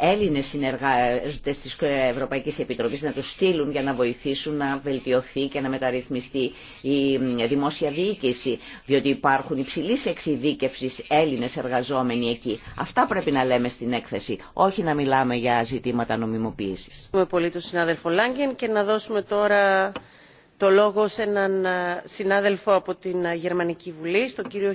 Έλληνες συνεργάτες της Ευρωπαϊκής Επιτροπής να τους στείλουν για να βοηθήσουν να βελτιωθεί και να μεταρρυθμιστεί η δημόσια διοίκηση, διότι υπάρχουν υψηλής εξειδίκευσης Έλληνες εργαζόμενοι εκεί. Αυτά πρέπει να λέμε στην έκθεση, όχι να μιλάμε για ζητήματα νομιμοποίησης. Ευχαριστούμε πολύ τον συνάδελφο Λάγκεν και να δώσουμε τώρα το λόγο σε έναν συνάδελφο από την Γερμανική Βουλή, στον κύριο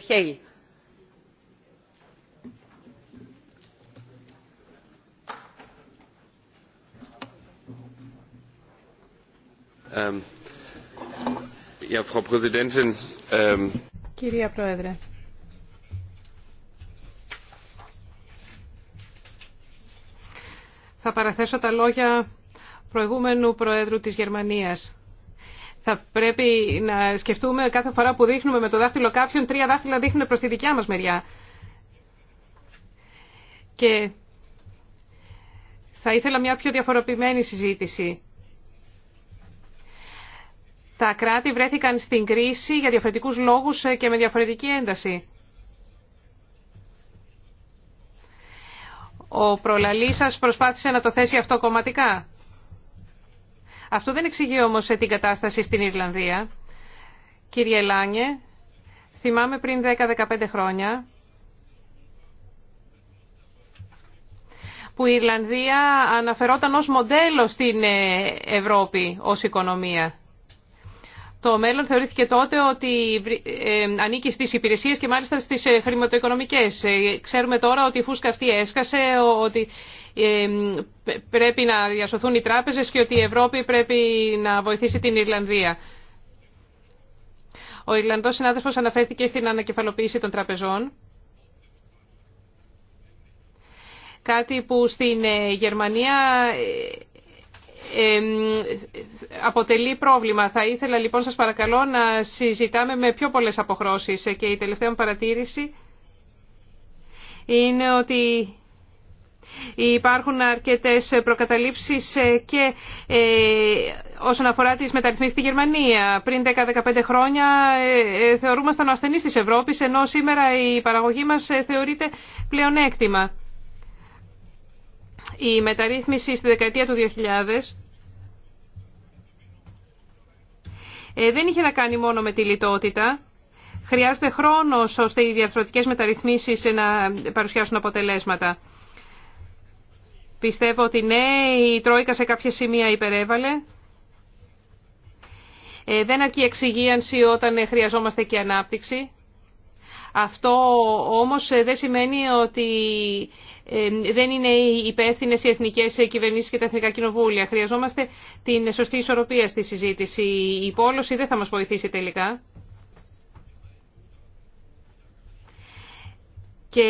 Κυρία Πρόεδρε. Θα παραθέσω τα λόγια προηγούμενου Προέδρου της Γερμανίας. Θα πρέπει να σκεφτούμε κάθε φορά που δείχνουμε με το δάχτυλο κάποιον, τρία δάχτυλα δείχνουν προς τη δικιά μας μεριά. Και θα ήθελα μια πιο διαφοροποιημένη συζήτηση. Τα κράτη βρέθηκαν στην κρίση για διαφορετικούς λόγους και με διαφορετική ένταση. Ο προλαλής σας προσπάθησε να το θέσει αυτό κομματικά. Αυτό δεν εξηγεί όμως την κατάσταση στην Ιρλανδία. Κύριε Λάνιε, θυμάμαι πριν 10-15 χρόνια που η Ιρλανδία αναφερόταν ως μοντέλο στην ε, Ευρώπη ως οικονομία το μέλλον θεωρήθηκε τότε ότι ε, ανήκει στις υπηρεσίες και μάλιστα στις ε, χρηματοοικονομικές. Ε, ξέρουμε τώρα ότι η φούσκα αυτή έσκασε, ότι πρέπει να διασωθούν οι τράπεζες και ότι η Ευρώπη πρέπει να βοηθήσει την Ιρλανδία. Ο Ιρλανδός συνάδελφος αναφέρθηκε στην ανακεφαλοποίηση των τραπεζών. Κάτι που στην Γερμανία αποτελεί πρόβλημα. Θα ήθελα λοιπόν σας παρακαλώ να συζητάμε με πιο πολλές αποχρώσεις. Και η τελευταία μου παρατήρηση είναι ότι υπάρχουν αρκετές προκαταλήψεις και ε, όσον αφορά τις μεταρρυθμίσεις στη Γερμανία. Πριν 10-15 χρόνια ε, ε, θεωρούμασταν ο ασθενή της Ευρώπης, ενώ σήμερα η παραγωγή μας θεωρείται πλεονέκτημα. Η μεταρρύθμιση στη δεκαετία του 2000 Ε, δεν είχε να κάνει μόνο με τη λιτότητα. Χρειάζεται χρόνο ώστε οι διαφορετικές μεταρρυθμίσεις να παρουσιάσουν αποτελέσματα. Πιστεύω ότι ναι, η Τρόικα σε κάποια σημεία υπερέβαλε. Ε, δεν αρκεί εξυγίανση όταν χρειαζόμαστε και ανάπτυξη. Αυτό όμως δεν σημαίνει ότι ε, δεν είναι υπεύθυνε οι εθνικέ κυβερνήσει και τα εθνικά κοινοβούλια. Χρειαζόμαστε την σωστή ισορροπία στη συζήτηση. Η υπόλωση δεν θα μα βοηθήσει τελικά. Και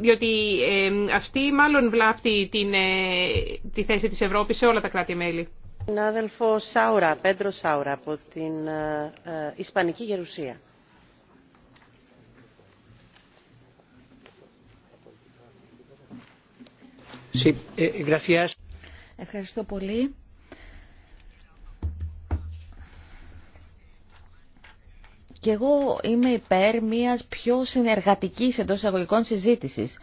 διότι ε, αυτή μάλλον βλάπτει την, ε, τη θέση της Ευρώπης σε όλα τα κράτη-μέλη. Συνάδελφο Σάουρα, Πέντρο Σάουρα από την Ισπανική Γερουσία. Eh, Ευχαριστώ πολύ. Και εγώ είμαι υπέρ μιας πιο συνεργατικής εντός εισαγωγικών συζήτησης.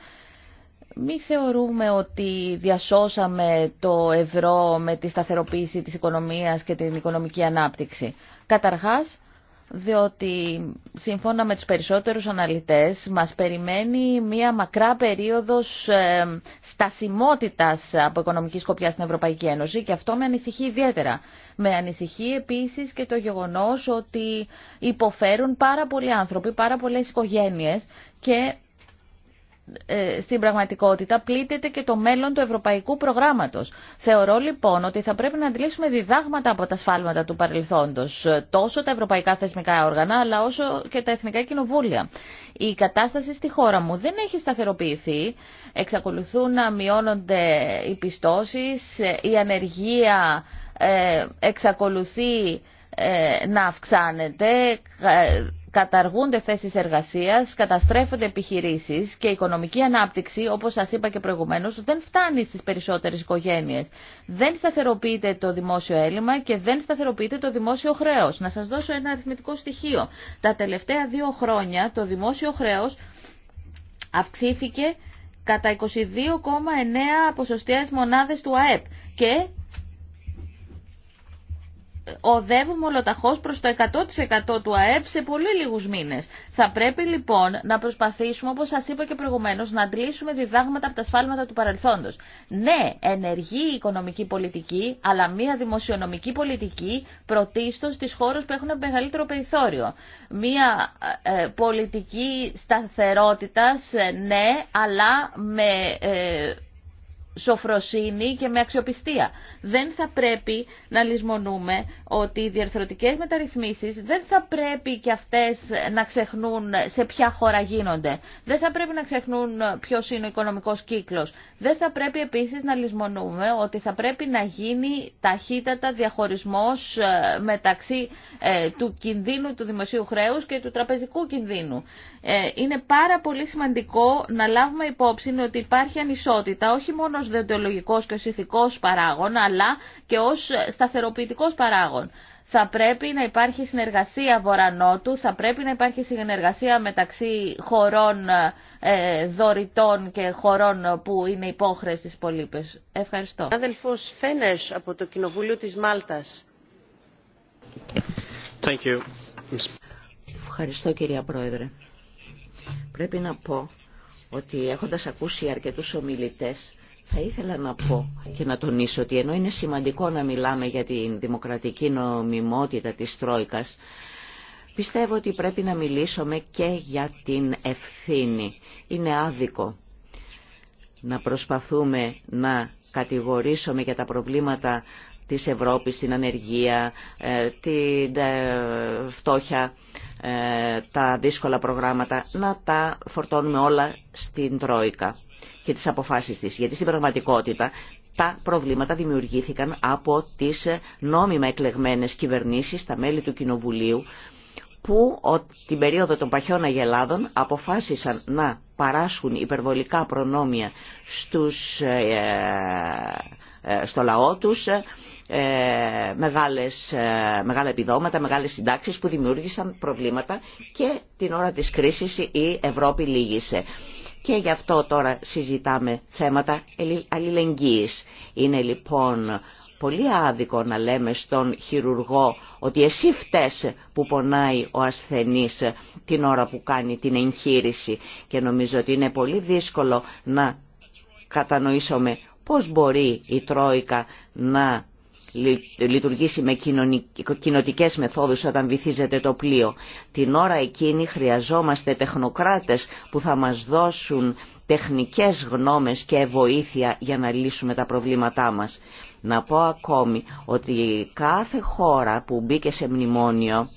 Μην θεωρούμε ότι διασώσαμε το ευρώ με τη σταθεροποίηση της οικονομίας και την οικονομική ανάπτυξη. Καταρχάς, διότι σύμφωνα με τους περισσότερους αναλυτές μας περιμένει μία μακρά περίοδος ε, στασιμότητας από οικονομική σκοπιά στην Ευρωπαϊκή Ένωση και αυτό με ανησυχεί ιδιαίτερα. Με ανησυχεί επίσης και το γεγονός ότι υποφέρουν πάρα πολλοί άνθρωποι, πάρα πολλές οικογένειες και ε, στην πραγματικότητα πλήττεται και το μέλλον του ευρωπαϊκού προγράμματος. Θεωρώ λοιπόν ότι θα πρέπει να αντλήσουμε διδάγματα από τα σφάλματα του παρελθόντος, ε, τόσο τα ευρωπαϊκά θεσμικά όργανα, αλλά όσο και τα εθνικά κοινοβούλια. Η κατάσταση στη χώρα μου δεν έχει σταθεροποιηθεί, εξακολουθούν να μειώνονται οι πιστώσεις, ε, η ανεργία εξακολουθεί να αυξάνεται, καταργούνται θέσεις εργασίας, καταστρέφονται επιχειρήσεις και η οικονομική ανάπτυξη, όπως σας είπα και προηγουμένως, δεν φτάνει στις περισσότερες οικογένειες. Δεν σταθεροποιείται το δημόσιο έλλειμμα και δεν σταθεροποιείται το δημόσιο χρέος. Να σας δώσω ένα αριθμητικό στοιχείο. Τα τελευταία δύο χρόνια το δημόσιο χρέος αυξήθηκε κατά 22,9 ποσοστιαίες μονάδες του ΑΕΠ και οδεύουμε ολοταχώ προς το 100% του ΑΕΠ σε πολύ λίγους μήνες. Θα πρέπει λοιπόν να προσπαθήσουμε, όπως σα είπα και προηγουμένω να αντλήσουμε διδάγματα από τα σφάλματα του παρελθόντος. Ναι, ενεργή οικονομική πολιτική, αλλά μία δημοσιονομική πολιτική πρωτίστω στι χωρε που έχουν μεγαλύτερο περιθώριο. Μία ε, πολιτική σταθεροτητα ε, ναι, αλλά με... Ε, σοφροσύνη και με αξιοπιστία. Δεν θα πρέπει να λησμονούμε ότι οι διαρθρωτικές μεταρρυθμίσεις δεν θα πρέπει και αυτές να ξεχνούν σε ποια χώρα γίνονται. Δεν θα πρέπει να ξεχνούν ποιος είναι ο οικονομικός κύκλος. Δεν θα πρέπει επίσης να λησμονούμε ότι θα πρέπει να γίνει ταχύτατα διαχωρισμός ε, μεταξύ ε, του κινδύνου του δημοσίου χρέους και του τραπεζικού κινδύνου. Ε, είναι πάρα πολύ σημαντικό να λάβουμε υπόψη ότι υπάρχει ανισότητα όχι μόνο ως διοντολογικός και ως ηθικός παράγων, αλλά και ως σταθεροποιητικός παράγων. Θα πρέπει να υπάρχει συνεργασία βορανότου, θα πρέπει να υπάρχει συνεργασία μεταξύ χωρών ε, δωρητών και χωρών που είναι υπόχρεες στις πολύπες. Ευχαριστώ. Αδελφός Φένες από το Κοινοβούλιο της Μάλτας. Thank Ευχαριστώ κυρία Πρόεδρε. Πρέπει να πω ότι έχοντας ακούσει αρκετούς ομιλητές θα ήθελα να πω και να τονίσω ότι ενώ είναι σημαντικό να μιλάμε για τη δημοκρατική νομιμότητα της Τρόικας, πιστεύω ότι πρέπει να μιλήσουμε και για την ευθύνη. Είναι άδικο να προσπαθούμε να κατηγορήσουμε για τα προβλήματα της Ευρώπης, την ανεργία, ε, την ε, φτώχεια, ε, τα δύσκολα προγράμματα, να τα φορτώνουμε όλα στην Τρόικα και τις αποφάσεις της. Γιατί στην πραγματικότητα τα προβλήματα δημιουργήθηκαν από τις νόμιμα εκλεγμένες κυβερνήσεις, τα μέλη του Κοινοβουλίου, που την περίοδο των παχιών αγελάδων αποφάσισαν να παράσχουν υπερβολικά προνόμια στους, ε, ε, στο λαό τους, ε, μεγάλες, ε, μεγάλα επιδόματα, μεγάλες συντάξεις που δημιούργησαν προβλήματα και την ώρα της κρίσης η Ευρώπη λύγησε. Και γι' αυτό τώρα συζητάμε θέματα αλληλεγγύης. Είναι λοιπόν πολύ άδικο να λέμε στον χειρουργό ότι εσύ φταίς που πονάει ο ασθενής την ώρα που κάνει την εγχείρηση και νομίζω ότι είναι πολύ δύσκολο να κατανοήσουμε πώς μπορεί η Τρόικα να λειτουργήσει με κοινοτικές μεθόδους όταν βυθίζεται το πλοίο. Την ώρα εκείνη χρειαζόμαστε τεχνοκράτες που θα μας δώσουν τεχνικές γνώμες και βοήθεια για να λύσουμε τα προβλήματά μας. Να πω ακόμη ότι κάθε χώρα που μπήκε σε μνημόνιο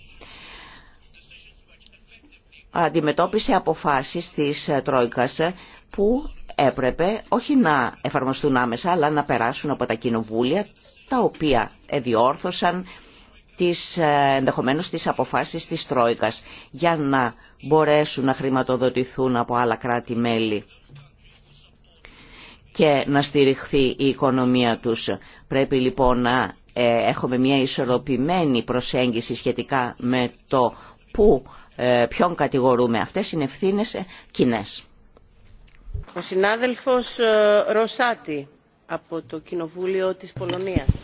αντιμετώπισε αποφάσεις της Τρόικας που έπρεπε όχι να εφαρμοστούν άμεσα αλλά να περάσουν από τα κοινοβούλια τα οποία διόρθωσαν τις, ε, ενδεχομένως τις αποφάσεις της Τρόικας για να μπορέσουν να χρηματοδοτηθούν από άλλα κράτη-μέλη και να στηριχθεί η οικονομία τους. Πρέπει λοιπόν να ε, έχουμε μια ισορροπημένη προσέγγιση σχετικά με το που, ε, ποιον κατηγορούμε. Αυτές είναι ευθύνες κοινέ. Ο συνάδελφος Ρωσάτη από το Κοινοβούλιο της Πολωνίας.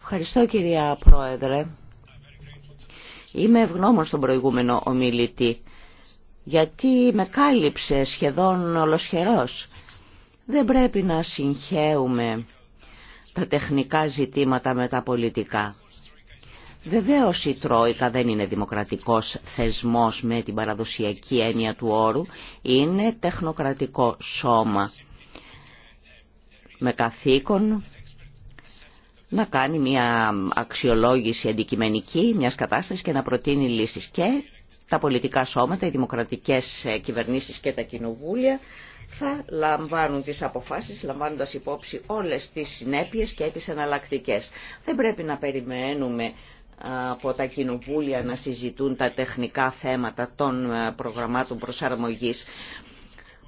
Ευχαριστώ κυρία Πρόεδρε. Είμαι ευγνώμων στον προηγούμενο ομιλητή γιατί με κάλυψε σχεδόν ολοσχερός. Δεν πρέπει να συγχέουμε τα τεχνικά ζητήματα με τα πολιτικά. Βεβαίω η Τρόικα δεν είναι δημοκρατικός θεσμός με την παραδοσιακή έννοια του όρου, είναι τεχνοκρατικό σώμα με καθήκον να κάνει μια αξιολόγηση αντικειμενική μιας κατάστασης και να προτείνει λύσεις. Και τα πολιτικά σώματα, οι δημοκρατικές κυβερνήσεις και τα κοινοβούλια θα λαμβάνουν τις αποφάσεις λαμβάνοντας υπόψη όλες τις συνέπειες και τις εναλλακτικέ. Δεν πρέπει να περιμένουμε από τα κοινοβούλια να συζητούν τα τεχνικά θέματα των προγραμμάτων προσαρμογής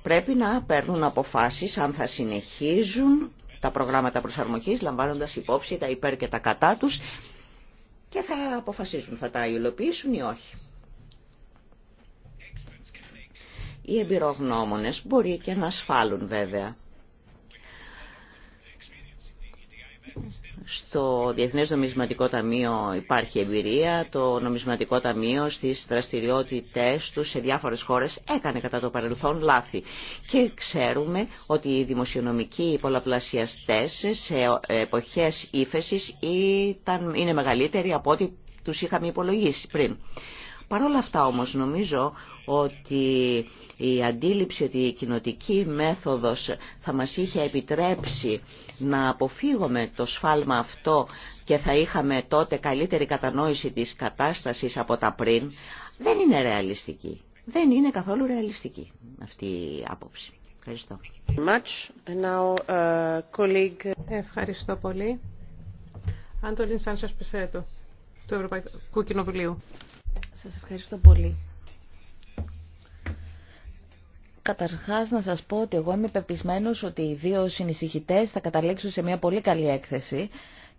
πρέπει να παίρνουν αποφάσεις αν θα συνεχίζουν τα προγράμματα προσαρμογής λαμβάνοντας υπόψη τα υπέρ και τα κατά τους και θα αποφασίζουν θα τα υλοποιήσουν ή όχι. Οι εμπειρογνώμονες μπορεί και να ασφάλουν βέβαια. Στο Διεθνές Νομισματικό Ταμείο υπάρχει εμπειρία. Το Νομισματικό Ταμείο στις δραστηριότητες του σε διάφορες χώρες έκανε κατά το παρελθόν λάθη. Και ξέρουμε ότι οι δημοσιονομικοί πολλαπλασιαστές σε εποχές ύφεσης είναι μεγαλύτεροι από ό,τι τους είχαμε υπολογίσει πριν. Παρ' όλα αυτά όμως νομίζω ότι η αντίληψη ότι η κοινοτική μέθοδος θα μας είχε επιτρέψει να αποφύγουμε το σφάλμα αυτό και θα είχαμε τότε καλύτερη κατανόηση της κατάστασης από τα πριν, δεν είναι ρεαλιστική. Δεν είναι καθόλου ρεαλιστική αυτή η άποψη. Ευχαριστώ. Uh, ευχαριστώ πολύ. Αντολίν Σάνσας Πισέτο, του Ευρωπαϊκού Κοινοβουλίου. Σας ευχαριστώ πολύ καταρχάς να σας πω ότι εγώ είμαι πεπισμένος ότι οι δύο συνεισυχητές θα καταλήξουν σε μια πολύ καλή έκθεση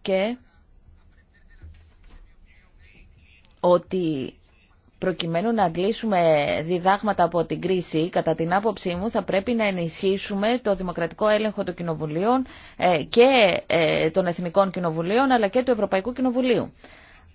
και ότι προκειμένου να αντλήσουμε διδάγματα από την κρίση, κατά την άποψή μου θα πρέπει να ενισχύσουμε το δημοκρατικό έλεγχο των κοινοβουλίων ε, και ε, των Εθνικών Κοινοβουλίων αλλά και του Ευρωπαϊκού Κοινοβουλίου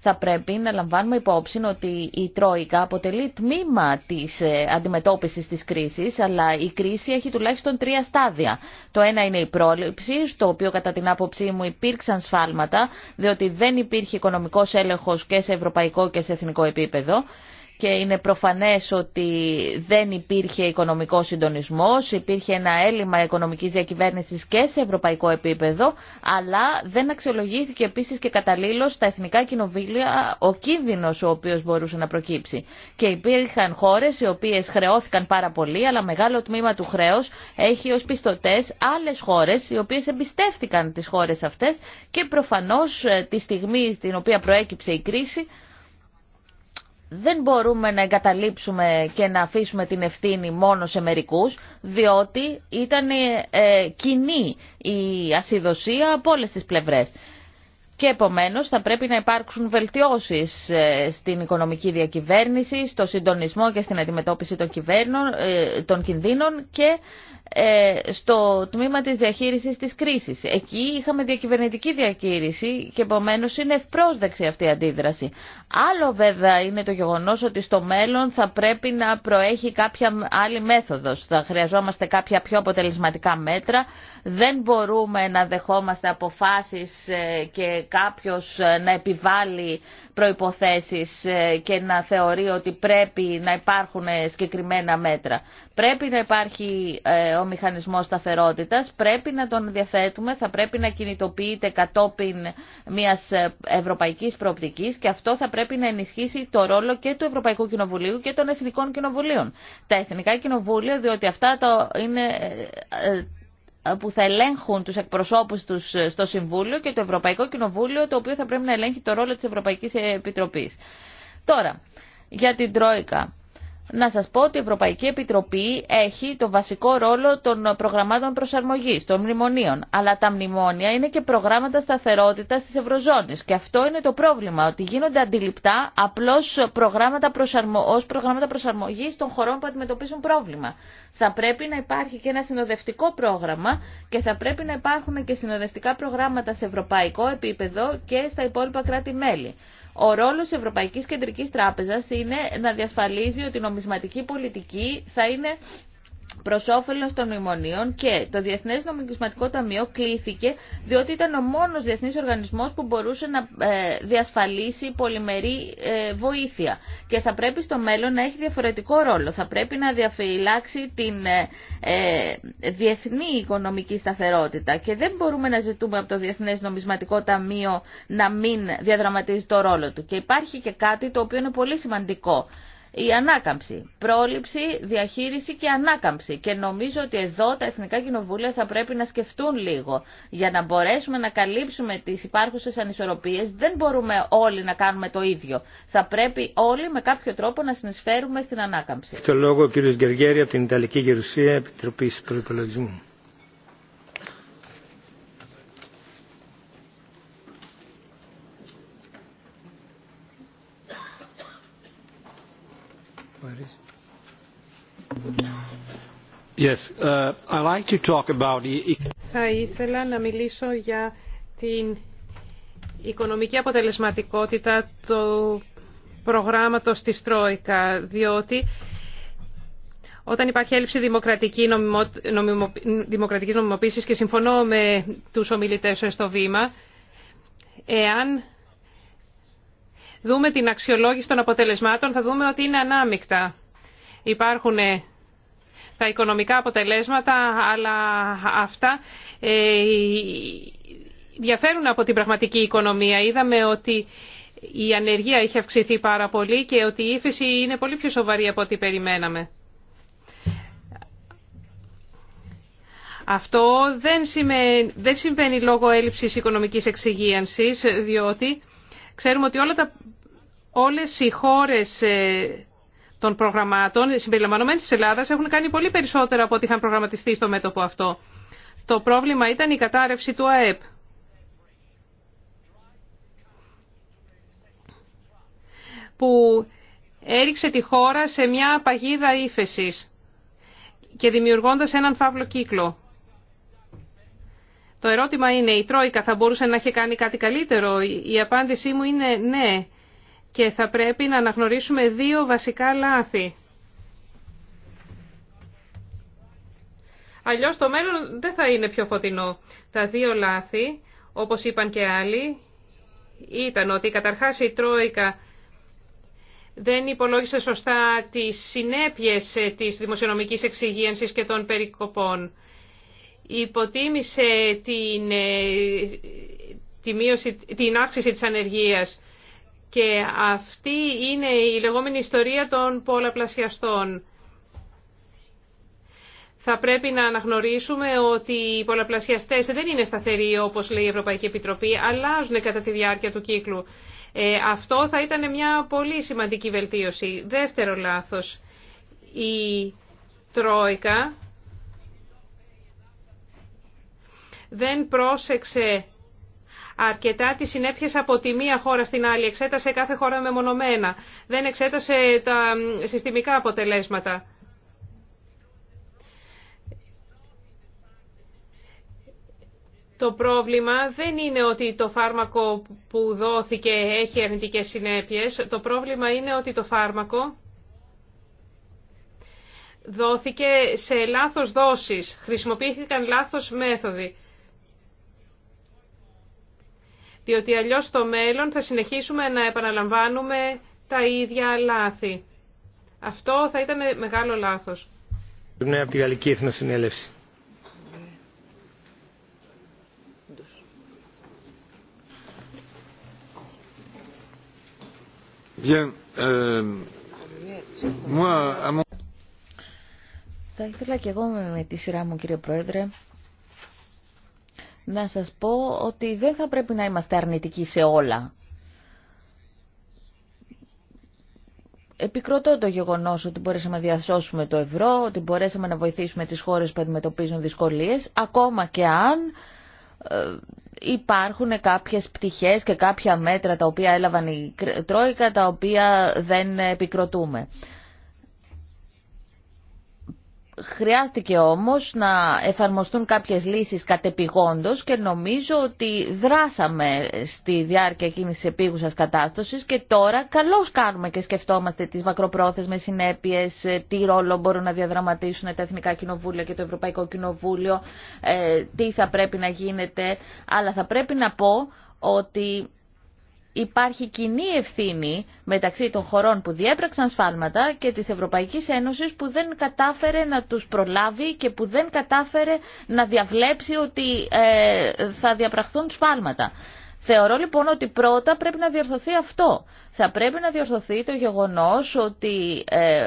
θα πρέπει να λαμβάνουμε υπόψη ότι η Τρόικα αποτελεί τμήμα της ε, αντιμετώπισης της κρίσης, αλλά η κρίση έχει τουλάχιστον τρία στάδια. Το ένα είναι η πρόληψη, στο οποίο κατά την άποψή μου υπήρξαν σφάλματα, διότι δεν υπήρχε οικονομικός έλεγχος και σε ευρωπαϊκό και σε εθνικό επίπεδο και είναι προφανές ότι δεν υπήρχε οικονομικό συντονισμός, υπήρχε ένα έλλειμμα οικονομικής διακυβέρνησης και σε ευρωπαϊκό επίπεδο, αλλά δεν αξιολογήθηκε επίσης και καταλήλως στα εθνικά κοινοβούλια ο κίνδυνος ο οποίος μπορούσε να προκύψει. Και υπήρχαν χώρες οι οποίες χρεώθηκαν πάρα πολύ, αλλά μεγάλο τμήμα του χρέους έχει ως πιστωτές άλλες χώρες οι οποίες εμπιστεύτηκαν τις χώρες αυτές και προφανώς ε, τη στιγμή στην οποία προέκυψε η κρίση δεν μπορούμε να εγκαταλείψουμε και να αφήσουμε την ευθύνη μόνο σε μερικούς, διότι ήταν ε, ε, κοινή η ασυδοσία από όλες τις πλευρές. Και επομένως θα πρέπει να υπάρξουν βελτιώσεις ε, στην οικονομική διακυβέρνηση, στο συντονισμό και στην αντιμετώπιση των, των κινδύνων και ε, στο τμήμα της διαχείρισης της κρίσης. Εκεί είχαμε διακυβερνητική διακήρυξη και επομένω είναι ευπρόσδεξη αυτή η αντίδραση. Άλλο βέβαια είναι το γεγονός ότι στο μέλλον θα πρέπει να προέχει κάποια άλλη μέθοδος. Θα χρειαζόμαστε κάποια πιο αποτελεσματικά μέτρα. Δεν μπορούμε να δεχόμαστε αποφάσεις ε, και κάποιος ε, να επιβάλλει προϋποθέσεις και να θεωρεί ότι πρέπει να υπάρχουν συγκεκριμένα μέτρα. Πρέπει να υπάρχει ο μηχανισμός σταθερότητας, πρέπει να τον διαθέτουμε, θα πρέπει να κινητοποιείται κατόπιν μιας ευρωπαϊκής προοπτικής και αυτό θα πρέπει να ενισχύσει το ρόλο και του Ευρωπαϊκού Κοινοβουλίου και των Εθνικών Κοινοβουλίων. Τα Εθνικά Κοινοβούλια, διότι αυτά το είναι ε, ε, που θα ελέγχουν τους εκπροσώπους τους ε, στο Συμβούλιο και το Ευρωπαϊκό Κοινοβούλιο, το οποίο θα πρέπει να ελέγχει το ρόλο της Ευρωπαϊκής Επιτροπής. Τώρα, για την Τρόικα να σας πω ότι η Ευρωπαϊκή Επιτροπή έχει το βασικό ρόλο των προγραμμάτων προσαρμογής, των μνημονίων. Αλλά τα μνημόνια είναι και προγράμματα σταθερότητας της Ευρωζώνης. Και αυτό είναι το πρόβλημα, ότι γίνονται αντιληπτά απλώς προγράμματα προσαρμο... ως προγράμματα προσαρμογής των χωρών που αντιμετωπίζουν πρόβλημα. Θα πρέπει να υπάρχει και ένα συνοδευτικό πρόγραμμα και θα πρέπει να υπάρχουν και συνοδευτικά προγράμματα σε ευρωπαϊκό επίπεδο και στα υπόλοιπα κράτη-μέλη. Ο ρόλος Ευρωπαϊκής Κεντρικής Τράπεζας είναι να διασφαλίζει ότι η νομισματική πολιτική θα είναι προ όφελο των μνημονίων και το Διεθνέ Νομισματικό Ταμείο κλήθηκε διότι ήταν ο μόνο διεθνή οργανισμό που μπορούσε να ε, διασφαλίσει πολυμερή ε, βοήθεια. Και θα πρέπει στο μέλλον να έχει διαφορετικό ρόλο. Θα πρέπει να διαφυλάξει την ε, διεθνή οικονομική σταθερότητα. Και δεν μπορούμε να ζητούμε από το Διεθνέ Νομισματικό Ταμείο να μην διαδραματίζει το ρόλο του. Και υπάρχει και κάτι το οποίο είναι πολύ σημαντικό η ανάκαμψη. Πρόληψη, διαχείριση και ανάκαμψη. Και νομίζω ότι εδώ τα Εθνικά Κοινοβούλια θα πρέπει να σκεφτούν λίγο. Για να μπορέσουμε να καλύψουμε τις υπάρχουσες ανισορροπίες δεν μπορούμε όλοι να κάνουμε το ίδιο. Θα πρέπει όλοι με κάποιο τρόπο να συνεισφέρουμε στην ανάκαμψη. Στο λόγο ο κ. Γεργέρη από την Ιταλική Γερουσία Επιτροπής Uh, e- θα ήθελα να μιλήσω για την οικονομική αποτελεσματικότητα του προγράμματος της Τρόικα, διότι όταν υπάρχει έλλειψη δημοκρατική νομιμο... δημοκρατικής νομιμοποίησης και συμφωνώ με τους ομιλητές στο βήμα, εάν δούμε την αξιολόγηση των αποτελεσμάτων θα δούμε ότι είναι ανάμεικτα υπάρχουν ε, τα οικονομικά αποτελέσματα, αλλά αυτά ε, διαφέρουν από την πραγματική οικονομία. Είδαμε ότι η ανεργία έχει αυξηθεί πάρα πολύ και ότι η ύφεση είναι πολύ πιο σοβαρή από ό,τι περιμέναμε. Αυτό δεν, σημαίνει, δεν συμβαίνει λόγω έλλειψης οικονομικής εξυγίανσης, διότι ξέρουμε ότι όλα όλες οι χώρες ε, των προγραμμάτων συμπεριλαμβανομένης της Ελλάδας έχουν κάνει πολύ περισσότερα από ό,τι είχαν προγραμματιστεί στο μέτωπο αυτό. Το πρόβλημα ήταν η κατάρρευση του ΑΕΠ. που έριξε τη χώρα σε μια παγίδα ύφεση και δημιουργώντας έναν φαύλο κύκλο. Το ερώτημα είναι, η Τρόικα θα μπορούσε να έχει κάνει κάτι καλύτερο. Η απάντησή μου είναι ναι και θα πρέπει να αναγνωρίσουμε δύο βασικά λάθη. Αλλιώς το μέλλον δεν θα είναι πιο φωτεινό. Τα δύο λάθη, όπως είπαν και άλλοι, ήταν ότι καταρχάς η Τρόικα δεν υπολόγισε σωστά τις συνέπειες ε, της δημοσιονομικής εξυγίανσης και των περικοπών. Υποτίμησε την, ε, τη μείωση, την αύξηση της ανεργίας και αυτή είναι η λεγόμενη ιστορία των πολλαπλασιαστών. Θα πρέπει να αναγνωρίσουμε ότι οι πολλαπλασιαστές δεν είναι σταθεροί όπως λέει η Ευρωπαϊκή Επιτροπή, αλλάζουν κατά τη διάρκεια του κύκλου. Ε, αυτό θα ήταν μια πολύ σημαντική βελτίωση. Δεύτερο λάθος, η Τρόικα δεν πρόσεξε αρκετά τις συνέπειες από τη μία χώρα στην άλλη. Εξέτασε κάθε χώρα μεμονωμένα. Δεν εξέτασε τα συστημικά αποτελέσματα. Το πρόβλημα δεν είναι ότι το φάρμακο που δόθηκε έχει αρνητικές συνέπειες. Το πρόβλημα είναι ότι το φάρμακο δόθηκε σε λάθος δόσεις. Χρησιμοποιήθηκαν λάθος μέθοδοι διότι αλλιώς στο μέλλον θα συνεχίσουμε να επαναλαμβάνουμε τα ίδια λάθη. Αυτό θα ήταν μεγάλο λάθος. από τη Γαλλική Εθνοσυνέλευση. Euh, θα ήθελα και εγώ με τη σειρά μου κύριε Πρόεδρε να σας πω ότι δεν θα πρέπει να είμαστε αρνητικοί σε όλα. Επικροτώ το γεγονός ότι μπορέσαμε να διασώσουμε το ευρώ, ότι μπορέσαμε να βοηθήσουμε τις χώρες που αντιμετωπίζουν δυσκολίες, ακόμα και αν ε, υπάρχουν κάποιες πτυχές και κάποια μέτρα τα οποία έλαβαν οι Τρόικα, τα οποία δεν επικροτούμε. Χρειάστηκε όμως να εφαρμοστούν κάποιες λύσεις κατεπηγόντως και νομίζω ότι δράσαμε στη διάρκεια εκείνης της επίγουσας κατάστασης και τώρα καλώς κάνουμε και σκεφτόμαστε τις μακροπρόθεσμες συνέπειες, ε, τι ρόλο μπορούν να διαδραματίσουν τα Εθνικά Κοινοβούλια και το Ευρωπαϊκό Κοινοβούλιο, ε, τι θα πρέπει να γίνεται, αλλά θα πρέπει να πω ότι υπάρχει κοινή ευθύνη μεταξύ των χωρών που διέπραξαν σφάλματα και της Ευρωπαϊκής Ένωσης που δεν κατάφερε να τους προλάβει και που δεν κατάφερε να διαβλέψει ότι ε, θα διαπραχθούν σφάλματα. Θεωρώ λοιπόν ότι πρώτα πρέπει να διορθωθεί αυτό. Θα πρέπει να διορθωθεί το γεγονός ότι... Ε,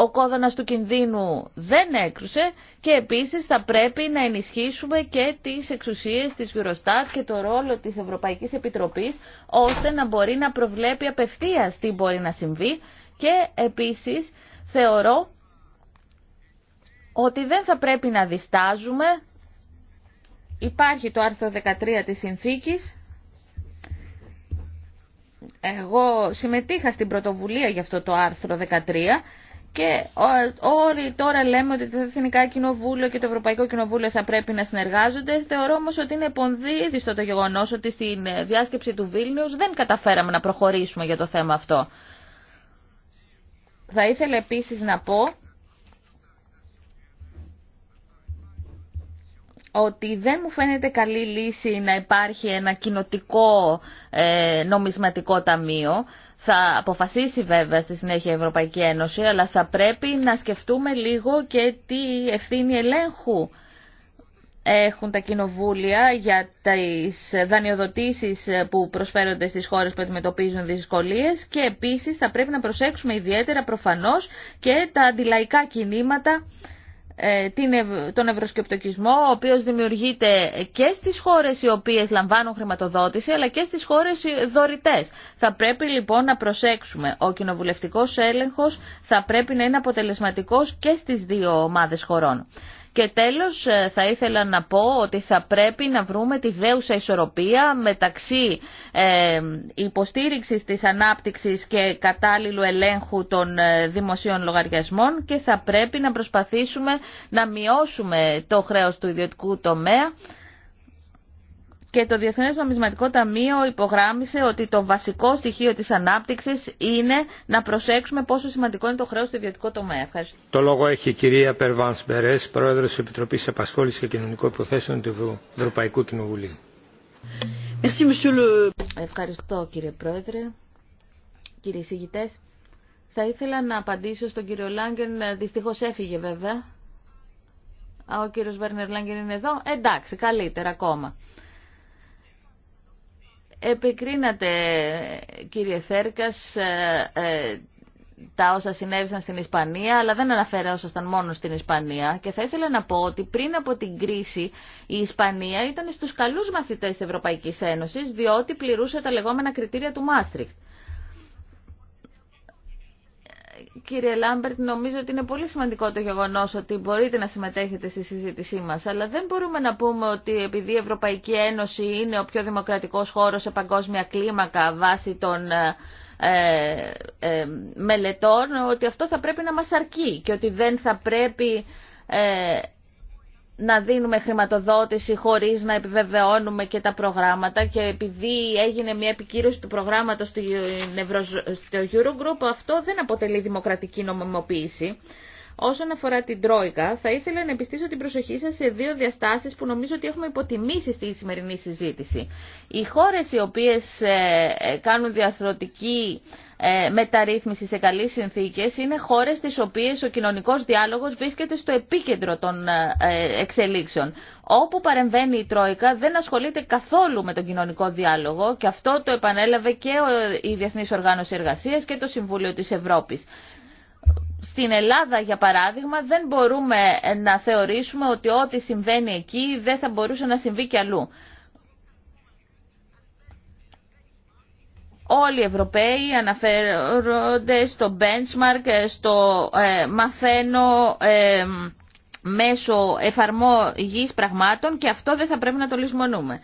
ο κόδωνας του κινδύνου δεν έκρουσε και επίσης θα πρέπει να ενισχύσουμε και τις εξουσίες της Eurostat και το ρόλο της Ευρωπαϊκής Επιτροπής ώστε να μπορεί να προβλέπει απευθείας τι μπορεί να συμβεί και επίσης θεωρώ ότι δεν θα πρέπει να διστάζουμε. Υπάρχει το άρθρο 13 της συνθήκης. Εγώ συμμετείχα στην πρωτοβουλία για αυτό το άρθρο 13 και όλοι τώρα λέμε ότι το Εθνικά Κοινοβούλιο και το Ευρωπαϊκό Κοινοβούλιο θα πρέπει να συνεργάζονται. Θεωρώ όμω ότι είναι πονδύδιστο το γεγονό ότι στην ε, διάσκεψη του Βίλνιου δεν καταφέραμε να προχωρήσουμε για το θέμα αυτό. Θα ήθελα επίσης να πω ότι δεν μου φαίνεται καλή λύση να υπάρχει ένα κοινοτικό ε, νομισματικό ταμείο. Θα αποφασίσει βέβαια στη συνέχεια η Ευρωπαϊκή Ένωση, αλλά θα πρέπει να σκεφτούμε λίγο και τι ευθύνη ελέγχου έχουν τα κοινοβούλια για τις δανειοδοτήσεις που προσφέρονται στις χώρες που αντιμετωπίζουν δυσκολίες και επίσης θα πρέπει να προσέξουμε ιδιαίτερα προφανώς και τα αντιλαϊκά κινήματα ε, τον ευρωσκεπτοκισμό, ο οποίος δημιουργείται και στις χώρες οι οποίες λαμβάνουν χρηματοδότηση, αλλά και στις χώρες δωρητές. Θα πρέπει λοιπόν να προσέξουμε. Ο κοινοβουλευτικός έλεγχος θα πρέπει να είναι αποτελεσματικός και στις δύο ομάδες χωρών. Και τέλος ε, θα ήθελα να πω ότι θα πρέπει να βρούμε τη δέουσα ισορροπία μεταξύ ε, υποστήριξης της ανάπτυξης και κατάλληλου ελέγχου των ε, δημοσίων λογαριασμών και θα πρέπει να προσπαθήσουμε να μειώσουμε το χρέος του ιδιωτικού τομέα και το Διεθνές Νομισματικό Ταμείο υπογράμμισε ότι το βασικό στοιχείο της ανάπτυξης είναι να προσέξουμε πόσο σημαντικό είναι το χρέος στο ιδιωτικό τομέα. Ευχαριστώ. Το λόγο έχει η κυρία Περβάνς Μπερές, Πρόεδρος της Επιτροπής Απασχόλησης και Κοινωνικών Υποθέσεων του Ευρωπαϊκού Κοινοβουλίου. Ευχαριστώ κύριε Πρόεδρε. Κύριοι συγητές, θα ήθελα να απαντήσω στον κύριο Λάγκεν. Δυστυχώς έφυγε βέβαια. Ο κύριος Βέρνερ Λάγκεν είναι εδώ. Εντάξει, καλύτερα ακόμα. Επικρίνατε, κύριε Θέρκας, ε, ε, τα όσα συνέβησαν στην Ισπανία, αλλά δεν ήταν μόνο στην Ισπανία. Και θα ήθελα να πω ότι πριν από την κρίση η Ισπανία ήταν στους καλούς μαθητές της Ευρωπαϊκής Ένωσης, διότι πληρούσε τα λεγόμενα κριτήρια του Μάστριχτ κύριε Λάμπερτ, νομίζω ότι είναι πολύ σημαντικό το γεγονός ότι μπορείτε να συμμετέχετε στη συζήτησή μας, αλλά δεν μπορούμε να πούμε ότι επειδή η Ευρωπαϊκή Ένωση είναι ο πιο δημοκρατικός χώρος σε παγκόσμια κλίμακα βάσει των ε, ε, ε, μελετών, ότι αυτό θα πρέπει να μας αρκεί και ότι δεν θα πρέπει να δίνουμε χρηματοδότηση χωρίς να επιβεβαιώνουμε και τα προγράμματα και επειδή έγινε μια επικύρωση του προγράμματος στο Eurogroup αυτό δεν αποτελεί δημοκρατική νομιμοποίηση. Όσον αφορά την Τρόικα, θα ήθελα να επιστήσω την προσοχή σα σε δύο διαστάσει που νομίζω ότι έχουμε υποτιμήσει στη σημερινή συζήτηση. Οι χώρε οι οποίες ε, ε, κάνουν διαστροτική ε, μεταρρύθμιση σε καλέ συνθήκε, είναι χώρε τις οποίε ο κοινωνικό διάλογο βρίσκεται στο επίκεντρο των εξελίξεων. Όπου παρεμβαίνει η Τρόικα δεν ασχολείται καθόλου με τον κοινωνικό διάλογο και αυτό το επανέλαβε και η Διεθνή Οργάνωση Εργασία και το Συμβούλιο τη Ευρώπη στην Ελλάδα, για παράδειγμα, δεν μπορούμε να θεωρήσουμε ότι ό,τι συμβαίνει εκεί δεν θα μπορούσε να συμβεί και αλλού. Όλοι οι Ευρωπαίοι αναφέρονται στο benchmark, στο ε, μαθαίνω ε, μέσω εφαρμογής πραγμάτων και αυτό δεν θα πρέπει να το λησμονούμε.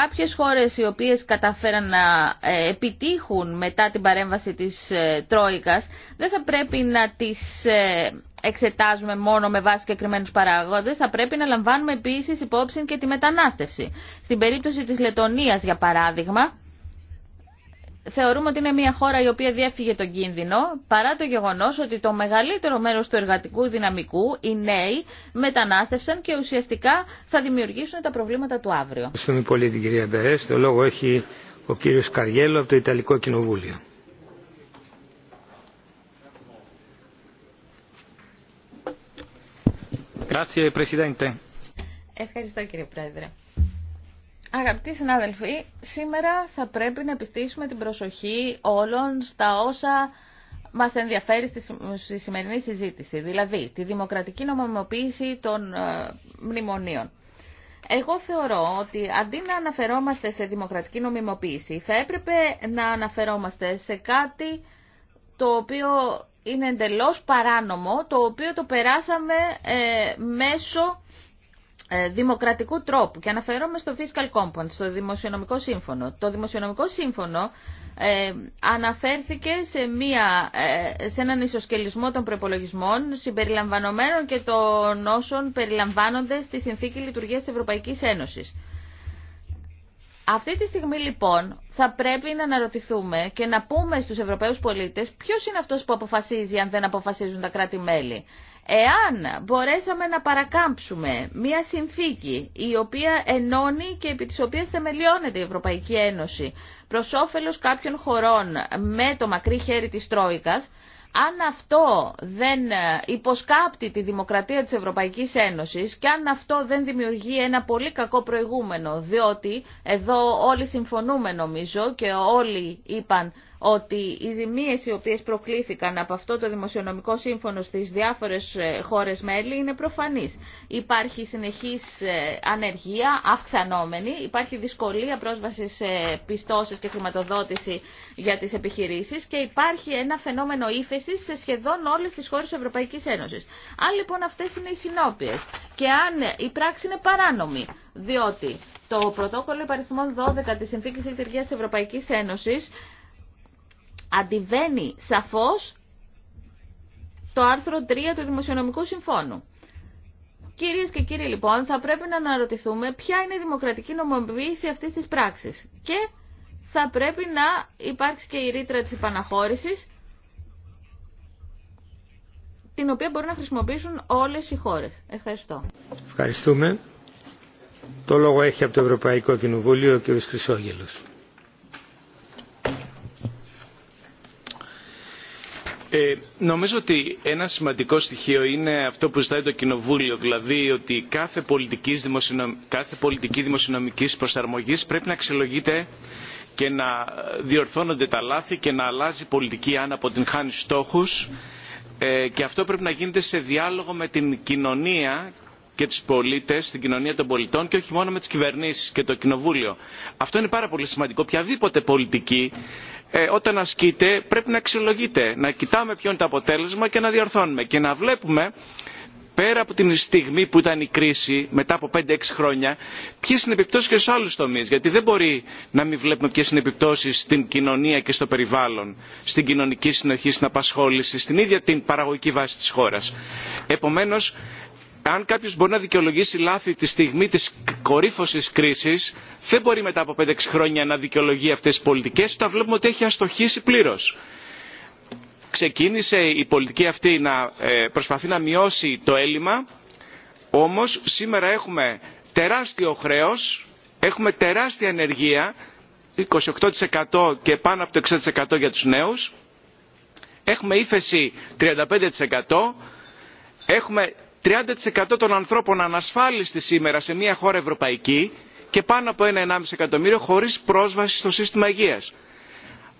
Κάποιες χώρες οι οποίες καταφέραν να ε, επιτύχουν μετά την παρέμβαση της ε, Τρόικας δεν θα πρέπει να τις ε, εξετάζουμε μόνο με βάση συγκεκριμένου παράγοντε, θα πρέπει να λαμβάνουμε επίση υπόψη και τη μετανάστευση. Στην περίπτωση της Λετωνίας, για παράδειγμα, θεωρούμε ότι είναι μια χώρα η οποία διέφυγε τον κίνδυνο, παρά το γεγονός ότι το μεγαλύτερο μέρος του εργατικού δυναμικού, οι νέοι, μετανάστευσαν και ουσιαστικά θα δημιουργήσουν τα προβλήματα του αύριο. Ευχαριστούμε πολύ την κυρία Μπερέ. Το λόγο έχει ο κύριος Καριέλο από το Ιταλικό Κοινοβούλιο. Ευχαριστώ κύριε Πρόεδρε. Αγαπητοί συνάδελφοι, σήμερα θα πρέπει να επιστήσουμε την προσοχή όλων στα όσα μας ενδιαφέρει στη σημερινή συζήτηση, δηλαδή τη δημοκρατική νομιμοποίηση των ε, μνημονίων. Εγώ θεωρώ ότι αντί να αναφερόμαστε σε δημοκρατική νομιμοποίηση, θα έπρεπε να αναφερόμαστε σε κάτι το οποίο είναι εντελώς παράνομο, το οποίο το περάσαμε ε, μέσω ε, δημοκρατικού τρόπου και αναφερόμαι στο Fiscal Compact, στο Δημοσιονομικό Σύμφωνο. Το Δημοσιονομικό Σύμφωνο ε, αναφέρθηκε σε, μία, ε, σε έναν ισοσκελισμό των προπολογισμών συμπεριλαμβανομένων και των όσων περιλαμβάνονται στη Συνθήκη Λειτουργίας της Ευρωπαϊκής Ένωσης. Αυτή τη στιγμή λοιπόν θα πρέπει να αναρωτηθούμε και να πούμε στους Ευρωπαίους πολίτες ποιος είναι αυτός που αποφασίζει αν δεν αποφασίζουν τα κράτη-μέλη. Εάν μπορέσαμε να παρακάμψουμε μία συνθήκη η οποία ενώνει και επί της οποίας θεμελιώνεται η Ευρωπαϊκή Ένωση προς όφελος κάποιων χωρών με το μακρύ χέρι της Τρόικας, αν αυτό δεν υποσκάπτει τη δημοκρατία της Ευρωπαϊκής Ένωσης και αν αυτό δεν δημιουργεί ένα πολύ κακό προηγούμενο, διότι εδώ όλοι συμφωνούμε νομίζω και όλοι είπαν ότι οι ζημίες οι οποίες προκλήθηκαν από αυτό το δημοσιονομικό σύμφωνο στις διάφορες ε, χώρες μέλη είναι προφανείς. Υπάρχει συνεχής ε, ανεργία, αυξανόμενη, υπάρχει δυσκολία πρόσβασης σε πιστώσεις και χρηματοδότηση για τις επιχειρήσεις και υπάρχει ένα φαινόμενο ύφεση σε σχεδόν όλες τις χώρες της Ευρωπαϊκής Ένωσης. Αν λοιπόν αυτές είναι οι συνόπιες και αν η πράξη είναι παράνομη, διότι το πρωτόκολλο υπαριθμών 12 της Συνθήκης Λειτουργίας της Ευρωπαϊκής Ένωσης αντιβαίνει σαφώς το άρθρο 3 του Δημοσιονομικού Συμφώνου. Κυρίες και κύριοι λοιπόν, θα πρέπει να αναρωτηθούμε ποια είναι η δημοκρατική νομοποίηση αυτής της πράξης. Και θα πρέπει να υπάρξει και η ρήτρα της επαναχώρησης, την οποία μπορεί να χρησιμοποιήσουν όλες οι χώρες. Ευχαριστώ. Ευχαριστούμε. Το λόγο έχει από το Ευρωπαϊκό Κοινοβούλιο ο κ. Χρυσόγελος. Ε, νομίζω ότι ένα σημαντικό στοιχείο είναι αυτό που ζητάει το Κοινοβούλιο, δηλαδή ότι κάθε πολιτική, δημοσιονομ... κάθε πολιτική δημοσιονομικής προσαρμογής πρέπει να αξιολογείται και να διορθώνονται τα λάθη και να αλλάζει πολιτική αν αποτυγχάνει στόχους ε, και αυτό πρέπει να γίνεται σε διάλογο με την κοινωνία και τους πολίτες στην κοινωνία των πολιτών και όχι μόνο με τις κυβερνήσεις και το κοινοβούλιο. Αυτό είναι πάρα πολύ σημαντικό. Οποιαδήποτε πολιτική ε, όταν ασκείται πρέπει να αξιολογείται, να κοιτάμε ποιο είναι το αποτέλεσμα και να διορθώνουμε και να βλέπουμε πέρα από την στιγμή που ήταν η κρίση μετά από 5-6 χρόνια ποιες είναι οι επιπτώσεις και στους άλλους τομείς γιατί δεν μπορεί να μην βλέπουμε ποιες είναι οι επιπτώσεις στην κοινωνία και στο περιβάλλον στην κοινωνική συνοχή, στην απασχόληση στην ίδια την παραγωγική βάση της χώρας. Επομένως αν κάποιο μπορεί να δικαιολογήσει λάθη τη στιγμή τη κορύφωση κρίση, δεν μπορεί μετά από 5-6 χρόνια να δικαιολογεί αυτέ τι πολιτικέ, όταν βλέπουμε ότι έχει αστοχήσει πλήρω. Ξεκίνησε η πολιτική αυτή να ε, προσπαθεί να μειώσει το έλλειμμα, Όμω, σήμερα έχουμε τεράστιο χρέο, έχουμε τεράστια ενεργεία, 28% και πάνω από το 60% για τους νέους, έχουμε ύφεση 35%, έχουμε 30% των ανθρώπων ανασφάλιστοι σήμερα σε μια χώρα ευρωπαϊκή και πάνω από 1,5 εκατομμύριο χωρίς πρόσβαση στο σύστημα υγείας.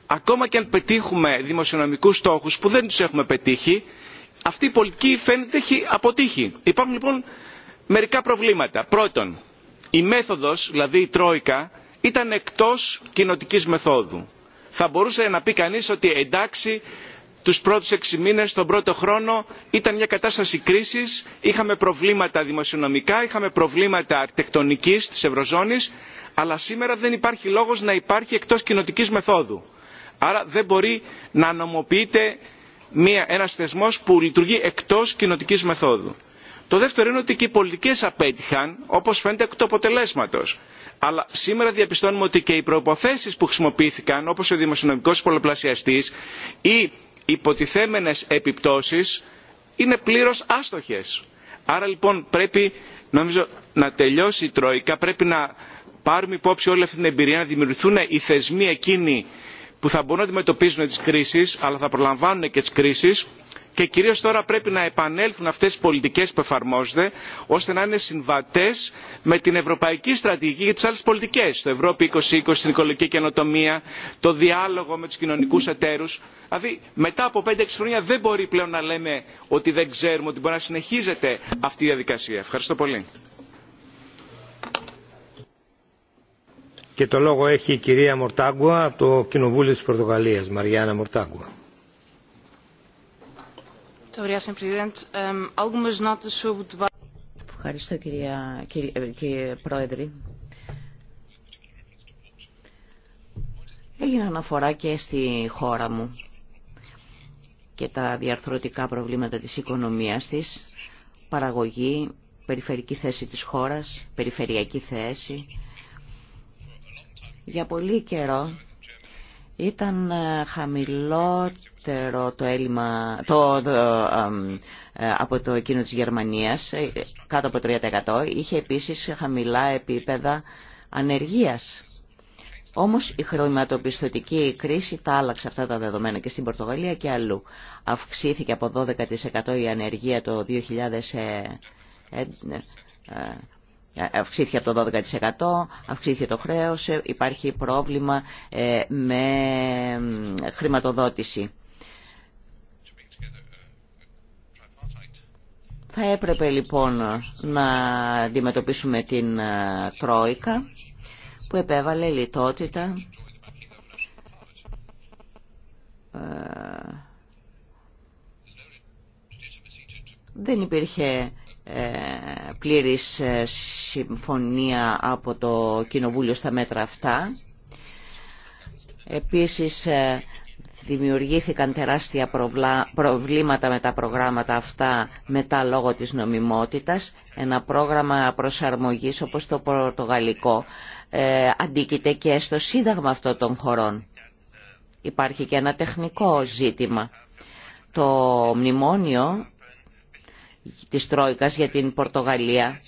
Ακόμα και αν πετύχουμε δημοσιονομικούς στόχους που δεν τους έχουμε πετύχει, αυτή η πολιτική φαίνεται έχει αποτύχει. Υπάρχουν λοιπόν μερικά προβλήματα. Πρώτον, η μέθοδος, δηλαδή η Τρόικα, ήταν εκτός κοινοτική μεθόδου. Θα μπορούσε να πει κανείς ότι εντάξει τους πρώτους έξι μήνες τον πρώτο χρόνο ήταν μια κατάσταση κρίσης είχαμε προβλήματα δημοσιονομικά είχαμε προβλήματα αρχιτεκτονικής της ευρωζώνης αλλά σήμερα δεν υπάρχει λόγος να υπάρχει εκτός κοινοτικής μεθόδου. άρα δεν μπορεί να νομοποιείται μια, ένας θεσμός που λειτουργεί εκτός κοινοτικής μεθόδου. το δεύτερο είναι ότι και οι πολιτικές απέτυχαν όπως φαίνεται εκ του αποτελέσματος αλλά σήμερα διαπιστώνουμε ότι και οι προποθέσει που χρησιμοποιήθηκαν όπως ο δημοσιονομικός πολλαπλασιαστής ή υποτιθέμενες επιπτώσεις είναι πλήρως άστοχες. Άρα λοιπόν πρέπει νομίζω να τελειώσει η Τρόικα, πρέπει να πάρουμε υπόψη όλη αυτή την εμπειρία, να δημιουργηθούν οι θεσμοί εκείνοι που θα μπορούν να αντιμετωπίζουν τις κρίσεις αλλά θα προλαμβάνουν και τις κρίσεις και κυρίως τώρα πρέπει να επανέλθουν αυτές οι πολιτικές που εφαρμόζονται ώστε να είναι συμβατές με την ευρωπαϊκή στρατηγική και τις άλλες πολιτικές το Ευρώπη 2020, την οικολογική καινοτομία, το διάλογο με τους κοινωνικούς εταίρους. Δηλαδή μετά από 5-6 χρόνια δεν μπορεί πλέον να λέμε ότι δεν ξέρουμε ότι μπορεί να συνεχίζεται αυτή η διαδικασία. Ευχαριστώ πολύ. Και το λόγο έχει η κυρία Μορτάγκουα από το Κοινοβούλιο της Πορτογαλίας, Μαριάννα Μορτάγκουα. Um, Ευχαριστώ κυρία, κύριε, ε, κύριε Πρόεδρε. Έγινε αναφορά και στη χώρα μου και τα διαρθρωτικά προβλήματα της οικονομίας της, παραγωγή, περιφερική θέση της χώρας, περιφερειακή θέση. Για πολύ καιρό ήταν ε, χαμηλότερο το έλλειμμα το, ε, από το εκείνο της Γερμανίας, ε, κάτω από 3%. Είχε επίσης χαμηλά επίπεδα ανεργίας. Όμως η χρηματοπιστωτική κρίση τα άλλαξε αυτά τα δεδομένα και στην Πορτογαλία και αλλού. Αυξήθηκε από 12% η ανεργία το 2000, αυξήθηκε από το 12%, αυξήθηκε το χρέος, ε, υπάρχει πρόβλημα ε, με χρηματοδότηση. Θα έπρεπε λοιπόν να αντιμετωπίσουμε την ε, Τρόικα που επέβαλε λιτότητα δεν υπήρχε ε, πλήρης ε, συμφωνία από το Κοινοβούλιο στα μέτρα αυτά. Επίσης ε, δημιουργήθηκαν τεράστια προβλήματα με τα προγράμματα αυτά μετά λόγω της νομιμότητας. Ένα πρόγραμμα προσαρμογής όπως το πρωτογαλλικό αντίκειται και στο σύνταγμα αυτών των χωρών. Υπάρχει και ένα τεχνικό ζήτημα. Το μνημόνιο της Τρόικας για την Πορτογαλία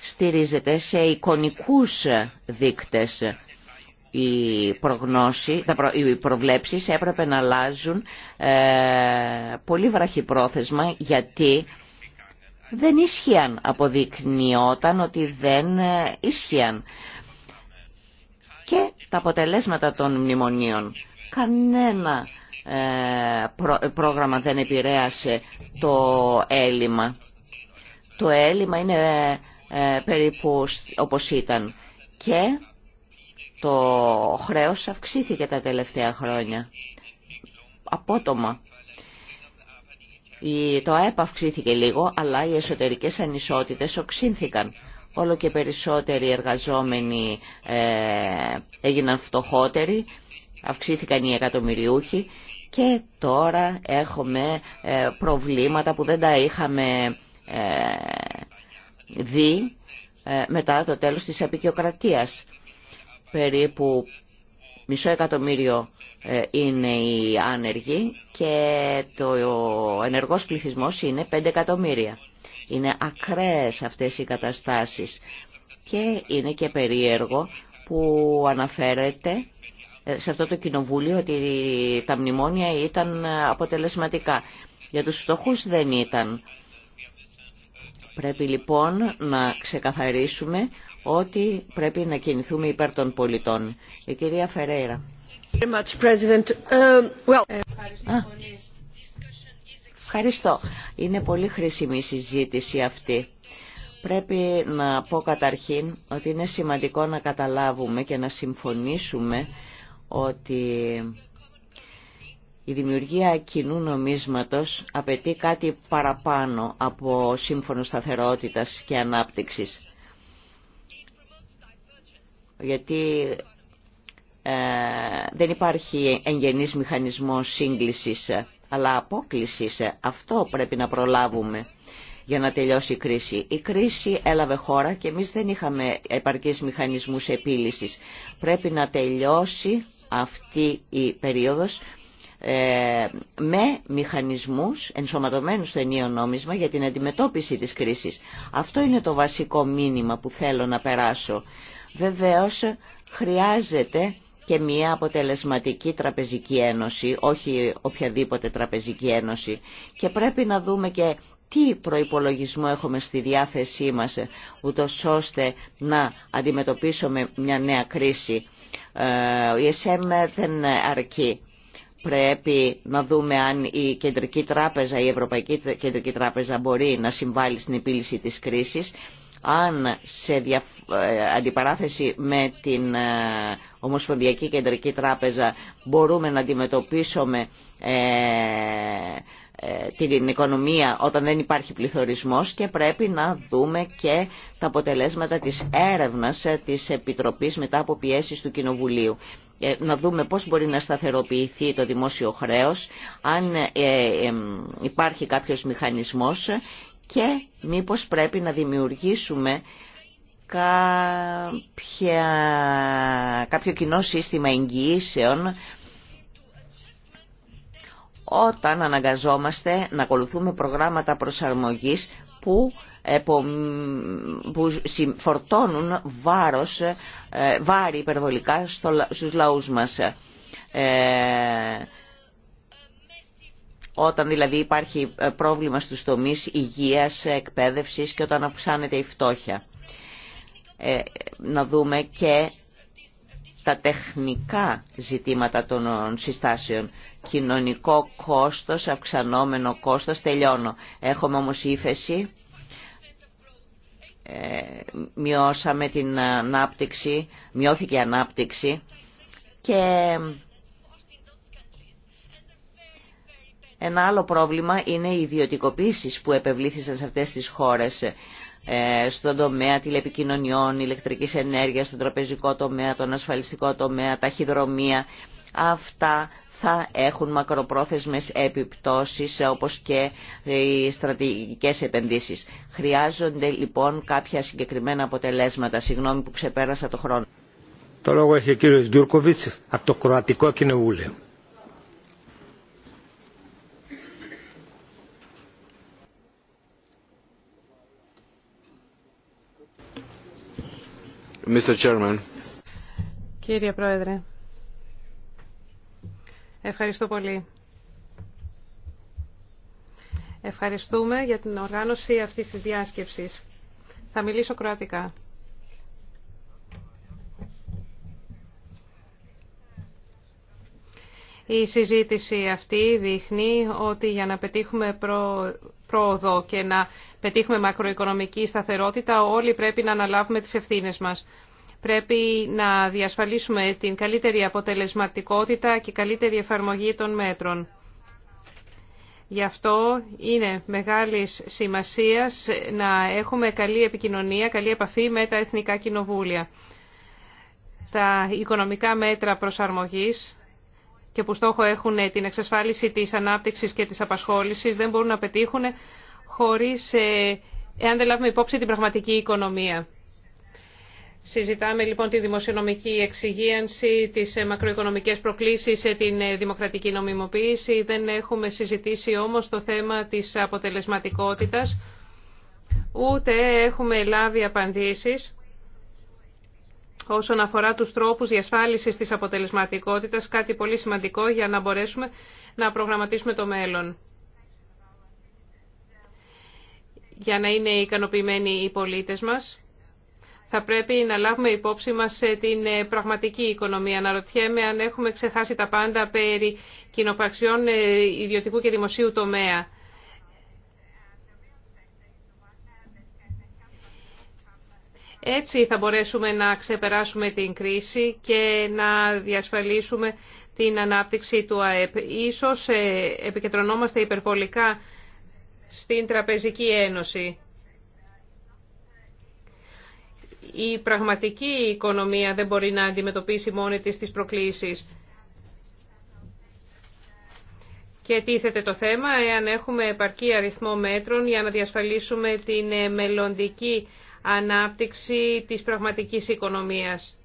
στηρίζεται σε εικονικούς δείκτες. Οι, προγνώση, οι προβλέψεις έπρεπε να αλλάζουν ε, πολύ βραχυπρόθεσμα γιατί δεν ίσχυαν, αποδεικνυόταν ότι δεν ε, ίσχυαν. Και τα αποτελέσματα των μνημονίων. Κανένα ε, πρόγραμμα δεν επηρέασε το έλλειμμα. Το έλλειμμα είναι ε, περίπου όπως ήταν και το χρέος αυξήθηκε τα τελευταία χρόνια. Απότομα. Το ΑΕΠ αυξήθηκε λίγο, αλλά οι εσωτερικές ανισότητες οξύνθηκαν. Όλο και περισσότεροι εργαζόμενοι ε, έγιναν φτωχότεροι, αυξήθηκαν οι εκατομμυριούχοι και τώρα έχουμε ε, προβλήματα που δεν τα είχαμε ε, δει ε, μετά το τέλος της επικιοκρατίας. Περίπου μισό εκατομμύριο είναι οι άνεργοι και το ενεργός πληθυσμός είναι 5 εκατομμύρια. Είναι ακραίες αυτές οι καταστάσεις και είναι και περίεργο που αναφέρεται σε αυτό το κοινοβούλιο ότι τα μνημόνια ήταν αποτελεσματικά. Για τους φτωχούς δεν ήταν. Πρέπει λοιπόν να ξεκαθαρίσουμε ότι πρέπει να κινηθούμε υπέρ των πολιτών. Η κυρία Φερέιρα. Um, Ευχαριστώ. Είναι πολύ χρήσιμη η συζήτηση αυτή. Πρέπει να πω καταρχήν ότι είναι σημαντικό να καταλάβουμε και να συμφωνήσουμε ότι η δημιουργία κοινού νομίσματος απαιτεί κάτι παραπάνω από σύμφωνο σταθερότητας και ανάπτυξης. Γιατί ε, δεν υπάρχει εγγενής μηχανισμός σύγκλησης, αλλά απόκλησης. Αυτό πρέπει να προλάβουμε για να τελειώσει η κρίση. Η κρίση έλαβε χώρα και εμείς δεν είχαμε επαρκείς μηχανισμούς επίλυσης. Πρέπει να τελειώσει αυτή η περίοδος ε, με μηχανισμούς ενσωματωμένους στο ενίο νόμισμα για την αντιμετώπιση της κρίσης. Αυτό είναι το βασικό μήνυμα που θέλω να περάσω. Βεβαίως χρειάζεται και μια αποτελεσματική τραπεζική ένωση, όχι οποιαδήποτε τραπεζική ένωση. Και πρέπει να δούμε και τι προϋπολογισμό έχουμε στη διάθεσή μας, ούτως ώστε να αντιμετωπίσουμε μια νέα κρίση. Ο ε, ESM δεν αρκεί. Πρέπει να δούμε αν η Κεντρική Τράπεζα, η Ευρωπαϊκή Κεντρική Τράπεζα μπορεί να συμβάλλει στην επίλυση της κρίσης αν σε δια... Ε, αντιπαράθεση με την ε, Ομοσπονδιακή Κεντρική Τράπεζα μπορούμε να αντιμετωπίσουμε ε, την οικονομία όταν δεν υπάρχει πληθωρισμός και πρέπει να δούμε και τα αποτελέσματα της έρευνας ε, της Επιτροπής μετά από πιέσεις του Κοινοβουλίου. Ε, να δούμε πώς μπορεί να σταθεροποιηθεί το δημόσιο χρέος, αν υπάρχει κάποιος μηχανισμός και μήπως πρέπει να δημιουργήσουμε κάποιο κοινό σύστημα εγγυήσεων όταν αναγκαζόμαστε να ακολουθούμε προγράμματα προσαρμογής που, που φορτώνουν βάρος, ε, βάρη υπερβολικά στο, στους λαούς μας. Ε, όταν δηλαδή υπάρχει ε, πρόβλημα στους τομείς υγείας, εκπαίδευσης και όταν αυξάνεται η φτώχεια. να δούμε και τα τεχνικά ζητήματα των συστάσεων. Κοινωνικό κόστος, αυξανόμενο κόστος, τελειώνω. Έχουμε όμως ύφεση, ε, μειώσαμε την ανάπτυξη, μειώθηκε η ανάπτυξη και ένα άλλο πρόβλημα είναι οι ιδιωτικοποίησεις που επευλήθησαν σε αυτές τις χώρες ε, στον τομέα τηλεπικοινωνιών, ηλεκτρικής ενέργειας, στον τραπεζικό τομέα, τον ασφαλιστικό τομέα, ταχυδρομεία. Αυτά θα έχουν μακροπρόθεσμες επιπτώσεις όπως και οι στρατηγικές επενδύσεις. Χρειάζονται λοιπόν κάποια συγκεκριμένα αποτελέσματα. Συγγνώμη που ξεπέρασα το χρόνο. Το λόγο έχει ο κύριος από το Κροατικό Κοινοβούλιο. Κύριε Πρόεδρε, ευχαριστώ πολύ. Ευχαριστούμε για την οργάνωση αυτής της διάσκεψης. Θα μιλήσω κροατικά. Η συζήτηση αυτή δείχνει ότι για να πετύχουμε προ πρόοδο και να πετύχουμε μακροοικονομική σταθερότητα, όλοι πρέπει να αναλάβουμε τις ευθύνες μας. Πρέπει να διασφαλίσουμε την καλύτερη αποτελεσματικότητα και καλύτερη εφαρμογή των μέτρων. Γι' αυτό είναι μεγάλης σημασίας να έχουμε καλή επικοινωνία, καλή επαφή με τα Εθνικά Κοινοβούλια. Τα οικονομικά μέτρα προσαρμογής και που στόχο έχουν ε, την εξασφάλιση της ανάπτυξης και της απασχόλησης δεν μπορούν να πετύχουν χωρίς, ε, εάν δεν λάβουμε υπόψη, την πραγματική οικονομία. Συζητάμε λοιπόν τη δημοσιονομική εξυγίανση, τις ε, μακροοικονομικές προκλήσεις, την δημοκρατική νομιμοποίηση. Δεν έχουμε συζητήσει όμως το θέμα της αποτελεσματικότητας, ούτε έχουμε λάβει απαντήσεις όσον αφορά τους τρόπους διασφάλισης της αποτελεσματικότητας, κάτι πολύ σημαντικό για να μπορέσουμε να προγραμματίσουμε το μέλλον. Για να είναι ικανοποιημένοι οι πολίτες μας, θα πρέπει να λάβουμε υπόψη μας ε, την ε, πραγματική οικονομία. Να ρωτιέμαι αν έχουμε ξεχάσει τα πάντα περί κοινοπαξιών ε, ιδιωτικού και δημοσίου τομέα. Έτσι θα μπορέσουμε να ξεπεράσουμε την κρίση και να διασφαλίσουμε την ανάπτυξη του ΑΕΠ. Ίσως ε, επικεντρωνόμαστε υπερβολικά στην Τραπεζική Ένωση. Η πραγματική οικονομία δεν μπορεί να αντιμετωπίσει μόνη της τις προκλήσεις. Και τίθεται το θέμα εάν έχουμε επαρκή αριθμό μέτρων για να διασφαλίσουμε την μελλοντική ανάπτυξη της πραγματικής οικονομίας.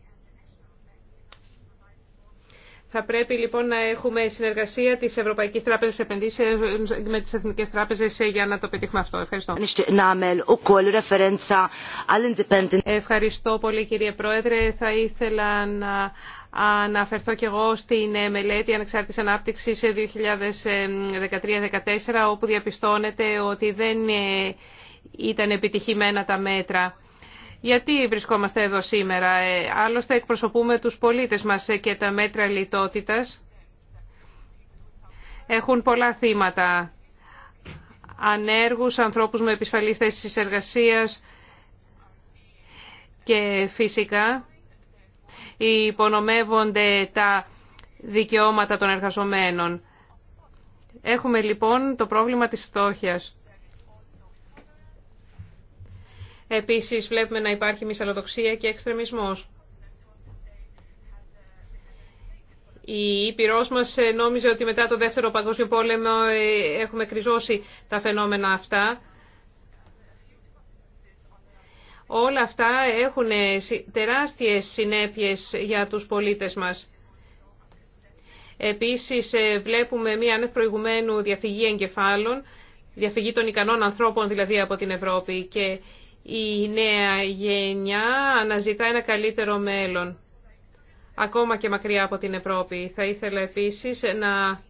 Θα πρέπει λοιπόν να έχουμε συνεργασία της Ευρωπαϊκής Τράπεζας Επενδύσεων με τις Εθνικές Τράπεζες για να το πετύχουμε αυτό. Ευχαριστώ. Ευχαριστώ πολύ κύριε Πρόεδρε. Θα ήθελα να αναφερθώ και εγώ στην μελέτη ανεξάρτητης ανάπτυξης 2013-2014 όπου διαπιστώνεται ότι δεν ήταν επιτυχημένα τα μέτρα. Γιατί βρισκόμαστε εδώ σήμερα. Ε, άλλωστε εκπροσωπούμε τους πολίτες μας ε, και τα μέτρα λιτότητας έχουν πολλά θύματα. Ανέργους, ανθρώπους με επισφαλείς θέσεις εργασίας και φυσικά υπονομεύονται τα δικαιώματα των εργαζομένων. Έχουμε λοιπόν το πρόβλημα της φτώχειας. Επίσης βλέπουμε να υπάρχει μυσαλλοδοξία και εξτρεμισμός. Η Ήπειρός μας νόμιζε ότι μετά το Δεύτερο Παγκόσμιο Πόλεμο ε, έχουμε κρυζώσει τα φαινόμενα αυτά. Όλα αυτά έχουν ε, τεράστιες συνέπειες για τους πολίτες μας. Επίσης ε, βλέπουμε μία προηγουμένου διαφυγή εγκεφάλων, διαφυγή των ικανών ανθρώπων δηλαδή από την Ευρώπη και η νέα γενιά αναζητά ένα καλύτερο μέλλον, ακόμα και μακριά από την Ευρώπη. Θα ήθελα επίσης να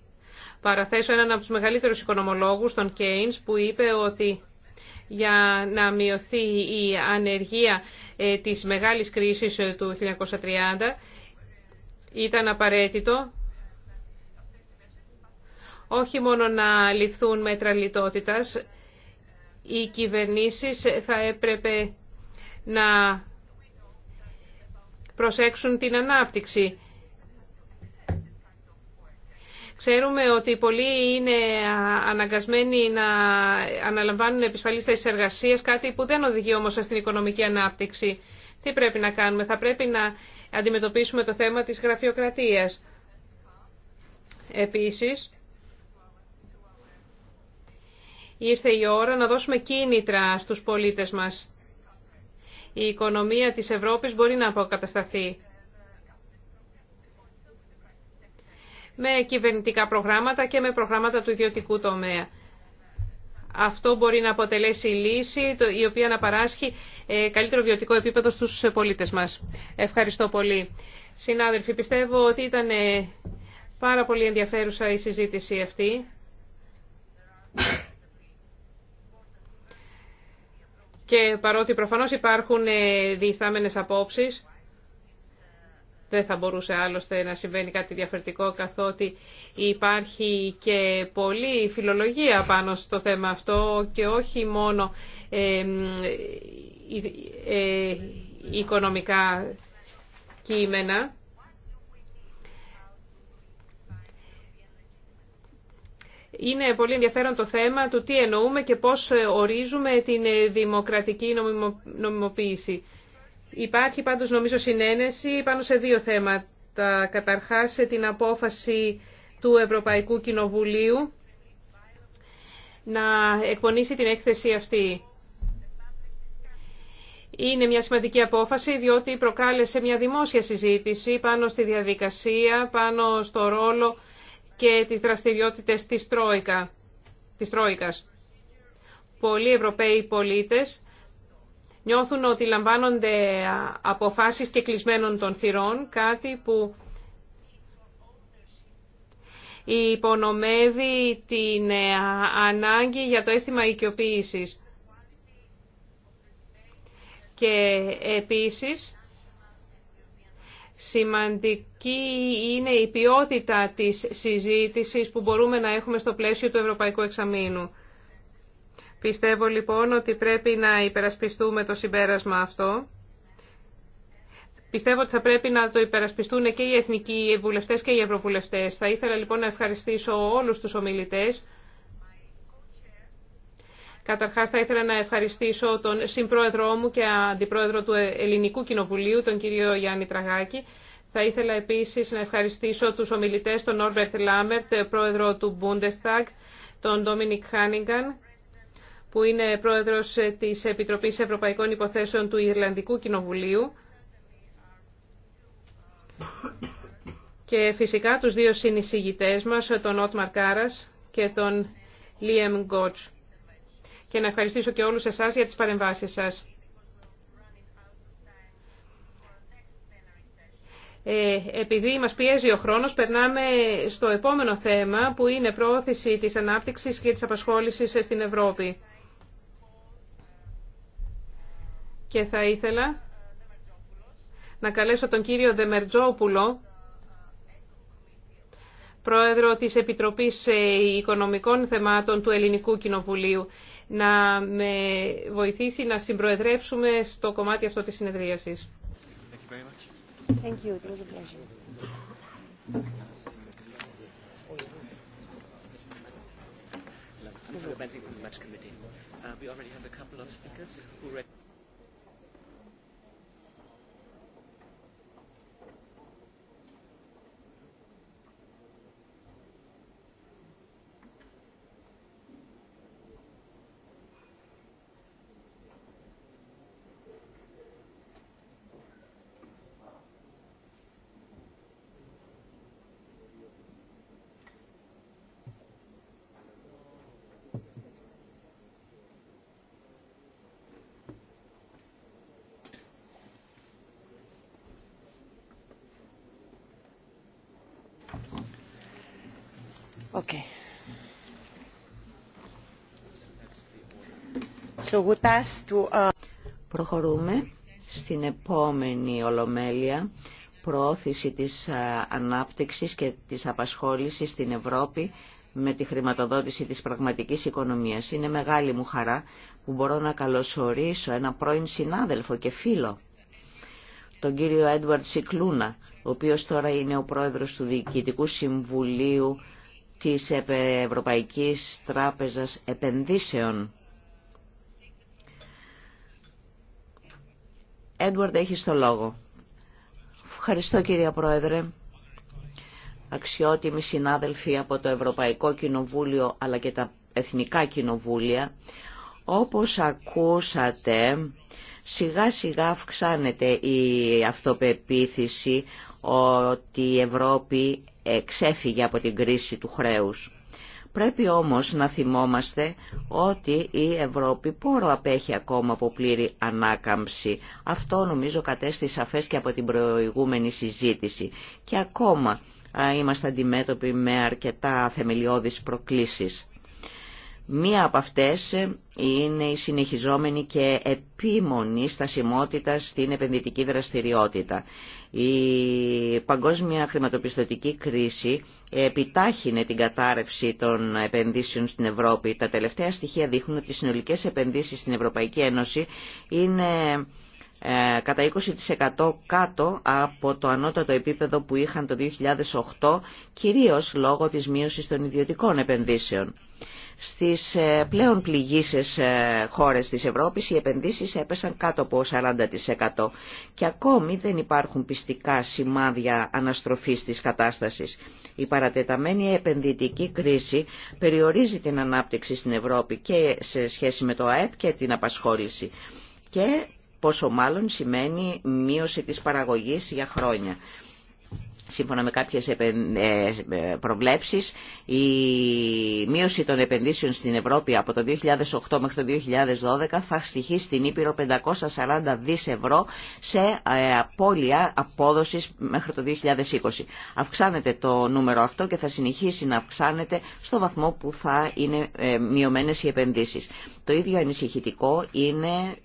παραθέσω έναν από τους μεγαλύτερους οικονομολόγους, τον Κέινς, που είπε ότι για να μειωθεί η ανεργία ε, της μεγάλης κρίσης ε, του 1930 ήταν απαραίτητο όχι μόνο να ληφθούν μέτρα λιτότητας, οι κυβερνήσεις θα έπρεπε να προσέξουν την ανάπτυξη. Ξέρουμε ότι πολλοί είναι αναγκασμένοι να αναλαμβάνουν επισφαλείς θέσεις κάτι που δεν οδηγεί όμως στην οικονομική ανάπτυξη. Τι πρέπει να κάνουμε, θα πρέπει να αντιμετωπίσουμε το θέμα της γραφειοκρατίας. Επίσης, Ήρθε η ώρα να δώσουμε κίνητρα στους πολίτες μας. Η οικονομία της Ευρώπης μπορεί να αποκατασταθεί. Με κυβερνητικά προγράμματα και με προγράμματα του ιδιωτικού τομέα. Αυτό μπορεί να αποτελέσει λύση η οποία να παράσχει ε, καλύτερο βιωτικό επίπεδο στους πολίτες μας. Ευχαριστώ πολύ. Συνάδελφοι, πιστεύω ότι ήταν ε, πάρα πολύ ενδιαφέρουσα η συζήτηση αυτή. και παρότι προφανώς υπάρχουν ε, διεστάμενες απόψεις, δεν θα μπορούσε άλλωστε να συμβαίνει κάτι διαφορετικό καθότι υπάρχει και πολλή φιλολογία πάνω στο θέμα αυτό και όχι μόνο ε, ε, οικονομικά κείμενα. Είναι πολύ ενδιαφέρον το θέμα του τι εννοούμε και πώς ε, ορίζουμε την ε, δημοκρατική νομιμοποίηση. Υπάρχει πάντως νομίζω συνένεση πάνω σε δύο θέματα. Καταρχάς σε την απόφαση του Ευρωπαϊκού Κοινοβουλίου να εκπονήσει την έκθεση αυτή. Είναι μια σημαντική απόφαση διότι προκάλεσε μια δημόσια συζήτηση πάνω στη διαδικασία, πάνω στο ρόλο και τις δραστηριότητες της, Τρόικα, Τρόικας. Πολλοί Ευρωπαίοι πολίτες νιώθουν ότι λαμβάνονται αποφάσεις και κλεισμένων των θυρών, κάτι που υπονομεύει την ε, ανάγκη για το αίσθημα οικειοποίησης. Και επίσης, σημαντικό Ποιοι είναι η ποιότητα της συζήτησης που μπορούμε να έχουμε στο πλαίσιο του Ευρωπαϊκού Εξαμήνου. Πιστεύω λοιπόν ότι πρέπει να υπερασπιστούμε το συμπέρασμα αυτό. Πιστεύω ότι θα πρέπει να το υπερασπιστούν και οι εθνικοί βουλευτέ και οι ευρωβουλευτές. Θα ήθελα λοιπόν να ευχαριστήσω όλους τους ομιλητές. Καταρχάς θα ήθελα να ευχαριστήσω τον συμπρόεδρό μου και αντιπρόεδρο του Ελληνικού Κοινοβουλίου, τον κύριο Γιάννη Τραγάκη. Θα ήθελα επίσης να ευχαριστήσω τους ομιλητές, τον Όρμπερτ Λάμερτ, πρόεδρο του Bundestag, τον Ντόμινικ Χάνιγκαν, που είναι πρόεδρος της Επιτροπής Ευρωπαϊκών Υποθέσεων του Ιρλανδικού Κοινοβουλίου και φυσικά τους δύο συνεισηγητές μας, τον Ότμαρ Κάρας και τον Λίεμ Γκότς. Και να ευχαριστήσω και όλους εσάς για τις παρεμβάσεις σας. Ε, επειδή μας πιέζει ο χρόνος, περνάμε στο επόμενο θέμα που είναι προώθηση της ανάπτυξης και της απασχόλησης στην Ευρώπη. Και θα ήθελα να καλέσω τον κύριο Δεμερτζόπουλο, πρόεδρο της Επιτροπής ε, Οικονομικών Θεμάτων του Ελληνικού Κοινοβουλίου, να με βοηθήσει να συμπροεδρεύσουμε στο κομμάτι αυτό της συνεδρίασης. Thank you. It was a pleasure. Committee. we already have a couple of speakers who Okay. So we to... Uh, Προχωρούμε στην επόμενη ολομέλεια προώθηση της ε, ανάπτυξης και της απασχόλησης στην Ευρώπη με τη χρηματοδότηση της πραγματικής οικονομίας. Είναι μεγάλη μου χαρά που μπορώ να καλωσορίσω ένα πρώην συνάδελφο και φίλο, τον κύριο Έντουαρτ Σικλούνα, ο οποίος τώρα είναι ο πρόεδρος του Διοικητικού Συμβουλίου της Ευρωπαϊκής Τράπεζας Επενδύσεων. Έντουαρντ, έχει το λόγο. Ευχαριστώ κύριε Πρόεδρε. Αξιότιμοι συνάδελφοι από το Ευρωπαϊκό Κοινοβούλιο αλλά και τα Εθνικά Κοινοβούλια, όπως ακούσατε, σιγά σιγά αυξάνεται η αυτοπεποίθηση ότι η Ευρώπη ε, ξέφυγε από την κρίση του χρέους. Πρέπει όμως να θυμόμαστε ότι η Ευρώπη πόρο απέχει ακόμα από πλήρη ανάκαμψη. Αυτό νομίζω κατέστη σαφές και από την προηγούμενη συζήτηση. Και ακόμα είμαστε αντιμέτωποι με αρκετά θεμελιώδεις προκλήσεις. Μία από αυτές ε, είναι η συνεχιζόμενη και επίμονη στασιμότητα στην επενδυτική δραστηριότητα. Η παγκόσμια χρηματοπιστωτική κρίση επιτάχυνε την κατάρρευση των επενδύσεων στην Ευρώπη. Τα τελευταία στοιχεία δείχνουν ότι οι συνολικές επενδύσεις στην Ευρωπαϊκή Ένωση είναι ε, κατά 20% κάτω από το ανώτατο επίπεδο που είχαν το 2008, κυρίως λόγω της μείωσης των ιδιωτικών επενδύσεων. Στις ε, πλέον πληγήσεις ε, χώρες της Ευρώπης οι επενδύσεις έπεσαν κάτω από 40% και ακόμη δεν υπάρχουν πιστικά σημάδια αναστροφής της κατάστασης. Η παρατεταμένη επενδυτική κρίση περιορίζει την ανάπτυξη στην Ευρώπη και σε σχέση με το ΑΕΠ και την απασχόληση και πόσο μάλλον σημαίνει μείωση της παραγωγής για χρόνια σύμφωνα με κάποιες ε, προβλέψεις, η μείωση των επενδύσεων στην Ευρώπη από το 2008 μέχρι το 2012 θα στοιχεί στην Ήπειρο 540 δις ευρώ σε ε, απώλεια απόδοσης μέχρι το 2020. Αυξάνεται το νούμερο αυτό και θα συνεχίσει να αυξάνεται στο βαθμό που θα είναι ε, μειωμένες οι επενδύσεις. Το ίδιο ανησυχητικό είναι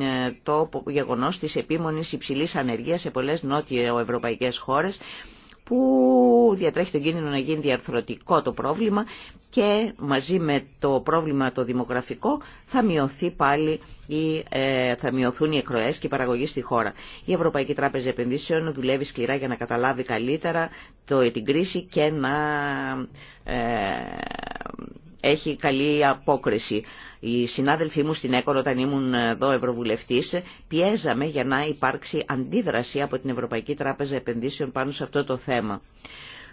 ε, το γεγονός της επίμονης υψηλής ανεργίας σε πολλές νότιο-ευρωπαϊκές χώρες που διατρέχει τον κίνδυνο να γίνει διαρθρωτικό το πρόβλημα και μαζί με το πρόβλημα το δημογραφικό θα, μειωθεί πάλι η, ε, θα μειωθούν οι εκροές και η παραγωγή στη χώρα. Η Ευρωπαϊκή Τράπεζα Επενδύσεων δουλεύει σκληρά για να καταλάβει καλύτερα το, την κρίση και να ε, έχει καλή απόκριση. Οι συνάδελφοί μου στην ΕΚΟΡ όταν ήμουν εδώ Ευρωβουλευτής πιέζαμε για να υπάρξει αντίδραση από την Ευρωπαϊκή Τράπεζα Επενδύσεων πάνω σε αυτό το θέμα.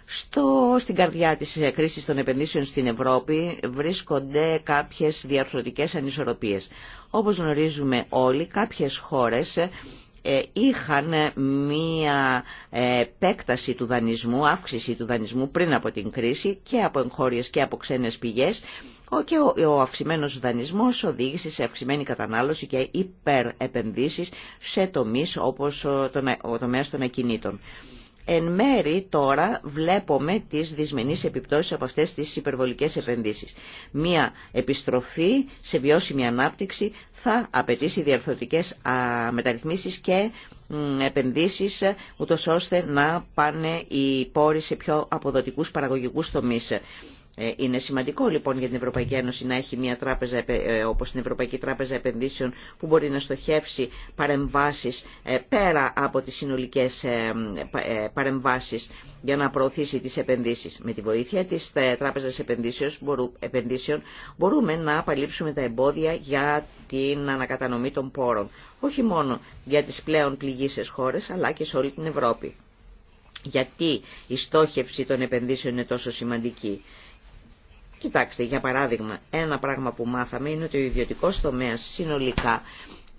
Στο, στην καρδιά της κρίσης των επενδύσεων στην Ευρώπη βρίσκονται κάποιες διαρθρωτικές ανισορροπίες. Όπως γνωρίζουμε όλοι, κάποιες χώρες ε, είχαν μία επέκταση του δανεισμού, αύξηση του δανεισμού πριν από την κρίση και από εγχώριες και από ξένες πηγές και ο, αυξημένος δανεισμός οδήγησε σε αυξημένη κατανάλωση και υπερεπενδύσεις σε τομείς όπως ο, το, ο τομέας των ακινήτων. Εν μέρη τώρα βλέπουμε τις δυσμενείς επιπτώσεις από αυτές τις υπερβολικές επενδύσεις. Μία επιστροφή σε βιώσιμη ανάπτυξη θα απαιτήσει διαρθρωτικές μεταρρυθμίσεις και επενδύσεις ούτως ώστε να πάνε οι πόροι σε πιο αποδοτικούς παραγωγικούς τομείς. Ε, είναι σημαντικό λοιπόν για την Ευρωπαϊκή Ένωση να έχει μια τράπεζα ε, όπως την Ευρωπαϊκή Τράπεζα Επενδύσεων που μπορεί να στοχεύσει παρεμβάσεις ε, πέρα από τις συνολικές παρεμβάσεις για να προωθήσει τις επενδύσεις. Με τη βοήθεια της Τράπεζας Επενδύσεων μπορούμε να απαλείψουμε τα εμπόδια για την ανακατανομή των πόρων. Όχι μόνο για τις πλέον πληγήσεις χώρες αλλά και σε όλη την Ευρώπη. Γιατί η στόχευση των επενδύσεων είναι τόσο σημαντική. Κοιτάξτε, για παράδειγμα, ένα πράγμα που μάθαμε είναι ότι ο ιδιωτικό τομέα συνολικά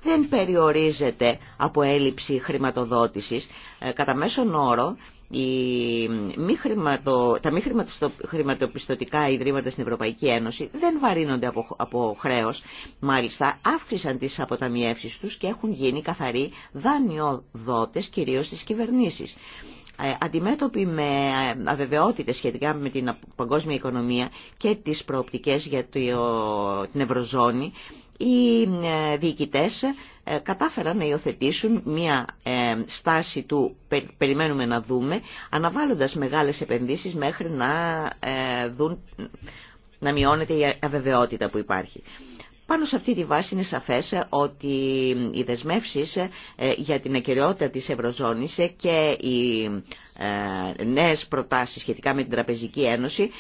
δεν περιορίζεται από έλλειψη χρηματοδότησης. Ε, κατά μέσον όρο, η μη χρηματο, τα μη χρηματοπιστωτικά ιδρύματα στην Ευρωπαϊκή Ένωση δεν βαρύνονται από, από χρέος. Μάλιστα, αύξησαν τις αποταμιεύσεις τους και έχουν γίνει καθαροί δανειοδότες, κυρίως στις κυβερνήσεις. Ε, αντιμέτωποι με ε, αβεβαιότητες σχετικά με την παγκόσμια οικονομία και τις προοπτικές για την Ευρωζώνη, οι ε, διοικητές κατάφεραν να υιοθετήσουν μια στάση του περιμένουμε να δούμε, αναβάλλοντας μεγάλες επενδύσεις μέχρι να δουν να μειώνεται η αβεβαιότητα που υπάρχει. Πάνω σε αυτή τη βάση είναι σαφές ε, ότι οι δεσμεύσεις ε, για την ακυριότητα της Ευρωζώνης ε, και οι νέες προτάσεις σχετικά με την Τραπεζική Ένωση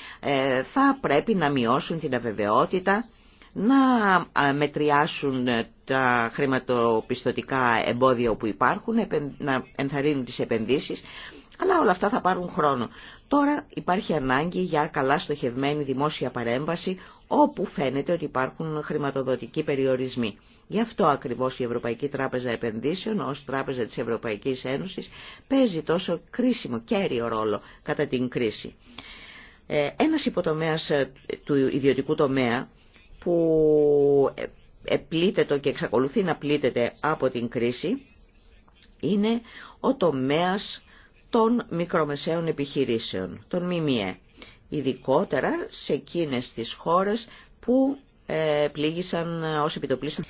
θα πρέπει να μειώσουν την αβεβαιότητα, να μετριάσουν τα χρηματοπιστωτικά εμπόδια που υπάρχουν, να ενθαρρύνουν τις επενδύσεις, αλλά όλα αυτά θα πάρουν χρόνο. Τώρα υπάρχει ανάγκη για καλά στοχευμένη δημόσια παρέμβαση όπου φαίνεται ότι υπάρχουν χρηματοδοτικοί περιορισμοί. Γι' αυτό ακριβώς η Ευρωπαϊκή Τράπεζα Επενδύσεων ως Τράπεζα της Ευρωπαϊκής Ένωσης παίζει τόσο κρίσιμο κέριο ρόλο κατά την κρίση. Ε, ένας υποτομέας ε, του ιδιωτικού τομέα που ε, επλήτεται και εξακολουθεί να πλήτεται από την κρίση είναι ο τομέας των μικρομεσαίων επιχειρήσεων, των ΜΜΕ, ειδικότερα σε εκείνες τις χώρες που ε, πλήγησαν ε, ως επιτοπλίστων.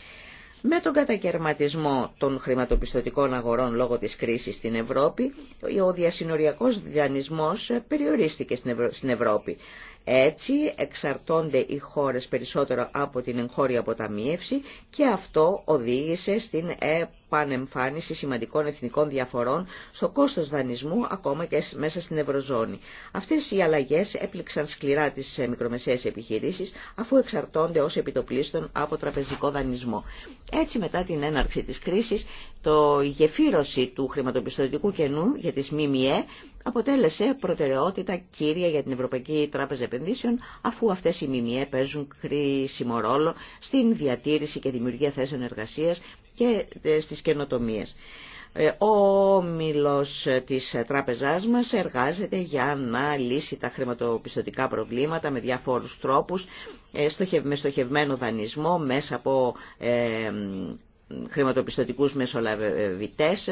Με τον κατακαιρματισμό των χρηματοπιστωτικών αγορών λόγω της κρίσης στην Ευρώπη, ο διασυνοριακός διδανισμός ε, περιορίστηκε στην Ευρώπη. Έτσι εξαρτώνται οι χώρες περισσότερο από την εγχώρια αποταμίευση και αυτό οδήγησε στην πανεμφάνιση σημαντικών εθνικών διαφορών στο κόστος δανεισμού ακόμα και μέσα στην Ευρωζώνη. Αυτές οι αλλαγές έπληξαν σκληρά τις ε, μικρομεσαίες επιχειρήσεις αφού εξαρτώνται ως επιτοπλίστων από τραπεζικό δανεισμό. Έτσι μετά την έναρξη της κρίσης το γεφύρωση του χρηματοπιστωτικού κενού για τις ΜΜΕ αποτέλεσε προτεραιότητα κύρια για την Ευρωπαϊκή Τράπεζα Επενδύσεων αφού αυτές οι ΜΜΕ παίζουν κρίσιμο ρόλο στην διατήρηση και δημιουργία θέσεων εργασίας και ε, στις καινοτομίες. Ε, ο όμιλος της τράπεζάς μας εργάζεται για να λύσει τα χρηματοπιστωτικά προβλήματα με διάφορους τρόπους, ε, με στοχευμένο δανεισμό μέσα από χρηματοπιστωτικούς μεσολαβητές,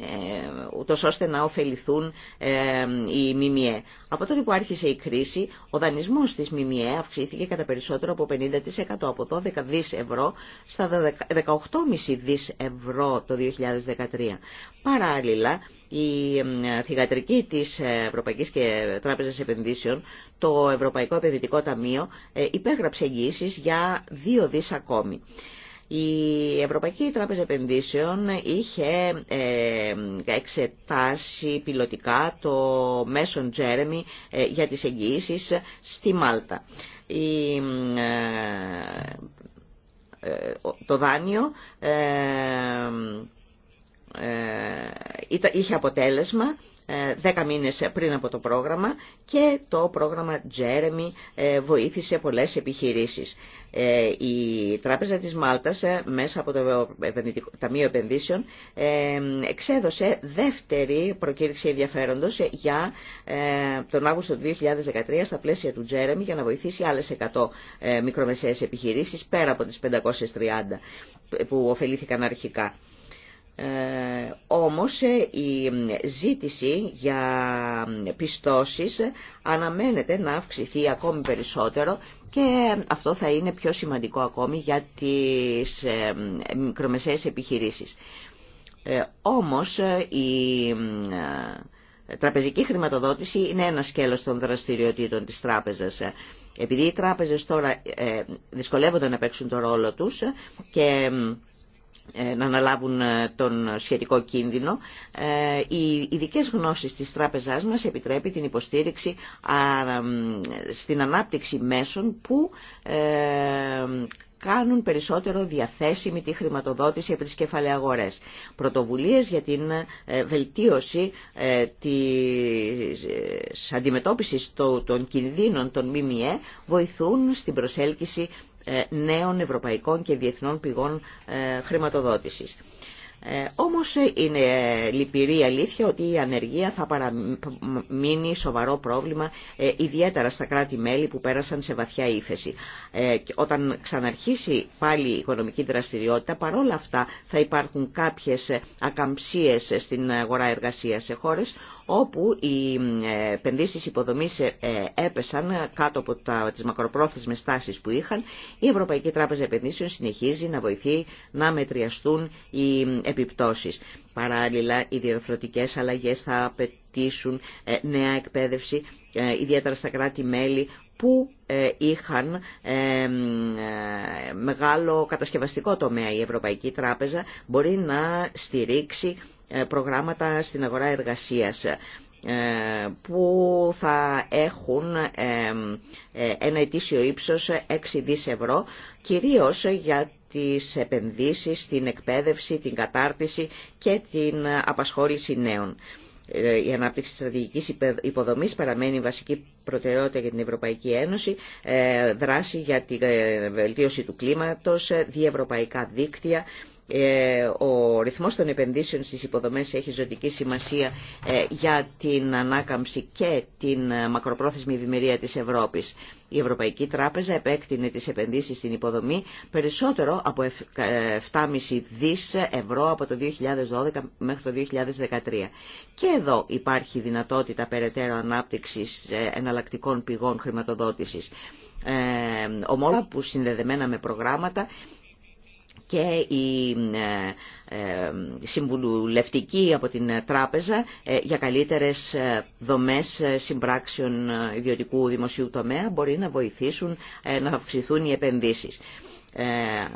ε, ούτως ώστε να ωφεληθούν ε, οι ΜΜΕ. Από τότε που άρχισε η κρίση, ο δανεισμός της ΜΜΕ αυξήθηκε κατά περισσότερο από 50% από 12 δις ευρώ στα 18,5 δις ευρώ το 2013. Παράλληλα, η ε, θηγατρική της Ευρωπαϊκής και Τράπεζας Επενδύσεων, το Ευρωπαϊκό Επενδυτικό Ταμείο, υπέγραψε εγγύησεις για 2 δις ακόμη. Η Ευρωπαϊκή Τράπεζα Επενδύσεων είχε ε, εξετάσει πιλωτικά το μέσον Τζέρεμι για τις εγγυήσεις στη Μάλτα. Ε, ε, το δάνειο είχε αποτέλεσμα 10 μήνες πριν από το πρόγραμμα και το πρόγραμμα Jeremy ε, βοήθησε πολλές επιχειρήσεις. Ε, η Τράπεζα της Μάλτας ε, μέσα από το Ταμείο Επενδύσεων εξέδωσε δεύτερη προκήρυξη ενδιαφέροντος για τον Αύγουστο 2013 στα πλαίσια του Jeremy για να βοηθήσει άλλες 100 μικρομεσαίες επιχειρήσεις πέρα από τις 530 που ωφελήθηκαν αρχικά. Ε, όμως ε, η ζήτηση για πιστώσεις αναμένεται να αυξηθεί ακόμη περισσότερο και αυτό θα είναι πιο σημαντικό ακόμη για τις ε, μικρομεσαίες επιχειρήσεις. Ε, όμως ε, η τραπεζική χρηματοδότηση είναι ένα σκέλος των δραστηριοτήτων της τράπεζας. Επειδή οι τράπεζες τώρα δυσκολεύονται να παίξουν το ρόλο τους και ε, να αναλάβουν ε, τον σχετικό κίνδυνο. Ε, οι ειδικέ γνώσεις της τράπεζάς μας επιτρέπει την υποστήριξη στην ανάπτυξη μέσων που κάνουν περισσότερο διαθέσιμη τη χρηματοδότηση από τις κεφαλαίες Πρωτοβουλίες για την βελτίωση της αντιμετώπισης των κινδύνων των ΜΜΕ βοηθούν στην προσέλκυση ε, νέων ευρωπαϊκών και διεθνών πηγών ε, χρηματοδότησης. Ε, όμως είναι λυπηρή αλήθεια ότι η ανεργία θα παραμείνει σοβαρό πρόβλημα ιδιαίτερα στα κράτη-μέλη που πέρασαν σε βαθιά ύφεση. Όταν ξαναρχίσει πάλι η οικονομική δραστηριότητα παρόλα αυτά θα υπάρχουν κάποιες ακαμψίες στην αγορά εργασίας σε χώρες όπου οι ε, επενδύσεις υποδομής ε, ε, έπεσαν κάτω από τις μακροπρόθεσμες τάσεις που είχαν, η Ευρωπαϊκή Τράπεζα Επενδύσεων συνεχίζει να βοηθεί να μετριαστούν οι επιπτώσεις. Παράλληλα, οι διορθωτικές αλλαγές θα απαιτήσουν νέα εκπαίδευση, ιδιαίτερα στα κράτη-μέλη που είχαν μεγάλο κατασκευαστικό τομέα. Η Ευρωπαϊκή Τράπεζα μπορεί να στηρίξει ε, προγράμματα στην αγορά εργασίας ε, που θα έχουν ε, ένα ετήσιο ύψος 6 δις ευρώ, κυρίως για τις επενδύσεις, την εκπαίδευση, την κατάρτιση και την απασχόληση νέων. Η ανάπτυξη της στρατηγικής υποδομής παραμένει βασική προτεραιότητα για την Ευρωπαϊκή Ένωση, δράση για τη βελτίωση του κλίματος, διευρωπαϊκά δίκτυα, ε, ο ρυθμός των επενδύσεων στις υποδομές έχει ζωτική σημασία ε, για την ανάκαμψη και την ε, μακροπρόθεσμη ευημερία της Ευρώπης. Η Ευρωπαϊκή Τράπεζα επέκτηνε τις επενδύσεις στην υποδομή περισσότερο από 7,5 δις ευρώ από το 2012 μέχρι το 2013. Και εδώ υπάρχει δυνατότητα περαιτέρω ανάπτυξης εναλλακτικών πηγών χρηματοδότησης. Ε, ομόλογα που συνδεδεμένα με προγράμματα και η ε, ε, συμβουλευτική από την τράπεζα ε, για καλύτερες δομές συμπράξεων ιδιωτικού δημοσίου τομέα μπορεί να βοηθήσουν να αυξηθούν οι επενδύσεις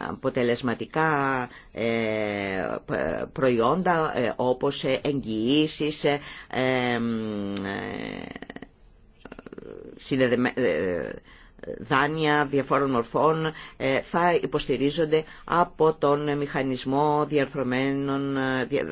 αποτελεσματικά προϊόντα όπως εγγυήσεις, δάνεια διαφόρων μορφών ε, θα υποστηρίζονται από τον μηχανισμό ε,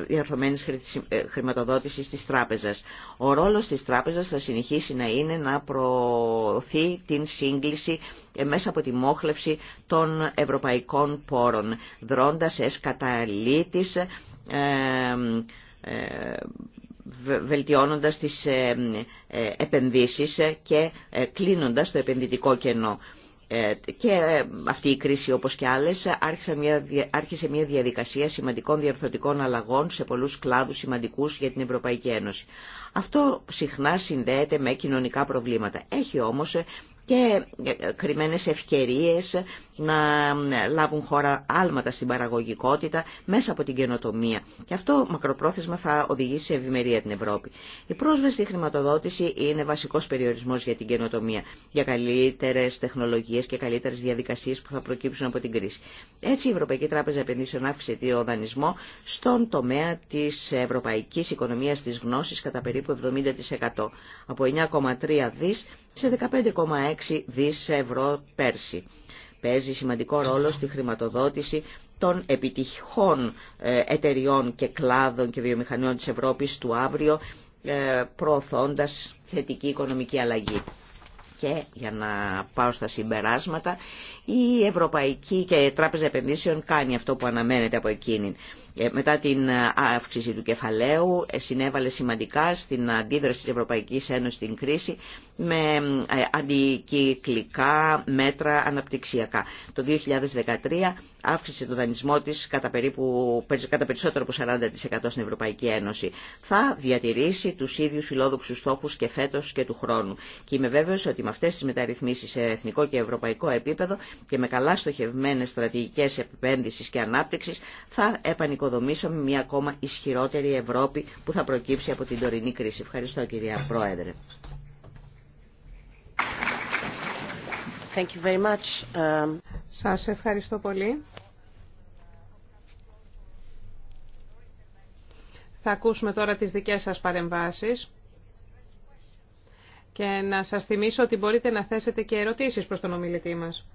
διαρθρωμένης ε, χρηματοδότησης της τράπεζας. Ο ρόλος της τράπεζας θα συνεχίσει να είναι να προωθεί την σύγκληση μέσα από τη μόχλευση των ευρωπαϊκών πόρων, δρώντας ες καταλήτης βελτιώνοντας τις ε, ε, επενδύσεις ε, και κλείνοντας το επενδυτικό κενό. Και αυτή η κρίση όπως και άλλες άρχισε μια διαδικασία σημαντικών διαρθωτικών αλλαγών σε πολλούς κλάδους σημαντικούς για την Ευρωπαϊκή Ένωση. Αυτό συχνά συνδέεται με κοινωνικά προβλήματα. Έχει όμως και ε, κρυμμένες ευκαιρίες να λάβουν χώρα άλματα στην παραγωγικότητα μέσα από την καινοτομία. Και αυτό μακροπρόθεσμα θα οδηγήσει σε ευημερία την Ευρώπη. Η πρόσβαση στη χρηματοδότηση είναι βασικός περιορισμός για την καινοτομία, για καλύτερες τεχνολογίες και καλύτερες διαδικασίες που θα προκύψουν από την κρίση. Έτσι η Ευρωπαϊκή Τράπεζα Επενδύσεων άφησε τη οδανισμό στον τομέα της ευρωπαϊκής οικονομίας της γνώσης κατά περίπου 70%. Από 9,3 δις σε 15,6 δις ευρώ πέρσι. Παίζει σημαντικό ρόλο στη χρηματοδότηση των επιτυχών ε, εταιριών και κλάδων και βιομηχανιών της Ευρώπης του αύριο, ε, προωθώντας θετική οικονομική αλλαγή. Και για να πάω στα συμπεράσματα, η Ευρωπαϊκή και η Τράπεζα Επενδύσεων κάνει αυτό που αναμένεται από εκείνη. Ε, μετά την ε, αύξηση του κεφαλαίου ε, συνέβαλε σημαντικά στην αντίδραση της Ευρωπαϊκής Ένωσης στην κρίση με αντικυκλικά μέτρα αναπτυξιακά. Το 2013 αύξησε το δανεισμό της κατά, περίπου, κατά περισσότερο από 40% στην Ευρωπαϊκή Ένωση. Θα διατηρήσει τους ίδιους φιλόδοξους στόχους και φέτος και του χρόνου. Και είμαι βέβαιος ότι με αυτές τις μεταρρυθμίσεις σε εθνικό και ευρωπαϊκό επίπεδο και με καλά στοχευμένες στρατηγικές επένδυσεις και ανάπτυξης θα επανοικοδομήσουμε μια ακόμα ισχυρότερη Ευρώπη που θα προκύψει από την τωρινή κρίση. Ευχαριστώ κυρία Πρόεδρε. Thank you very much. Um, σας ευχαριστώ πολύ. Θα ακούσουμε τώρα τις δικές σας παρεμβάσεις και να σας θυμίσω ότι μπορείτε να θέσετε και ερωτήσεις προς τον ομιλητή μας.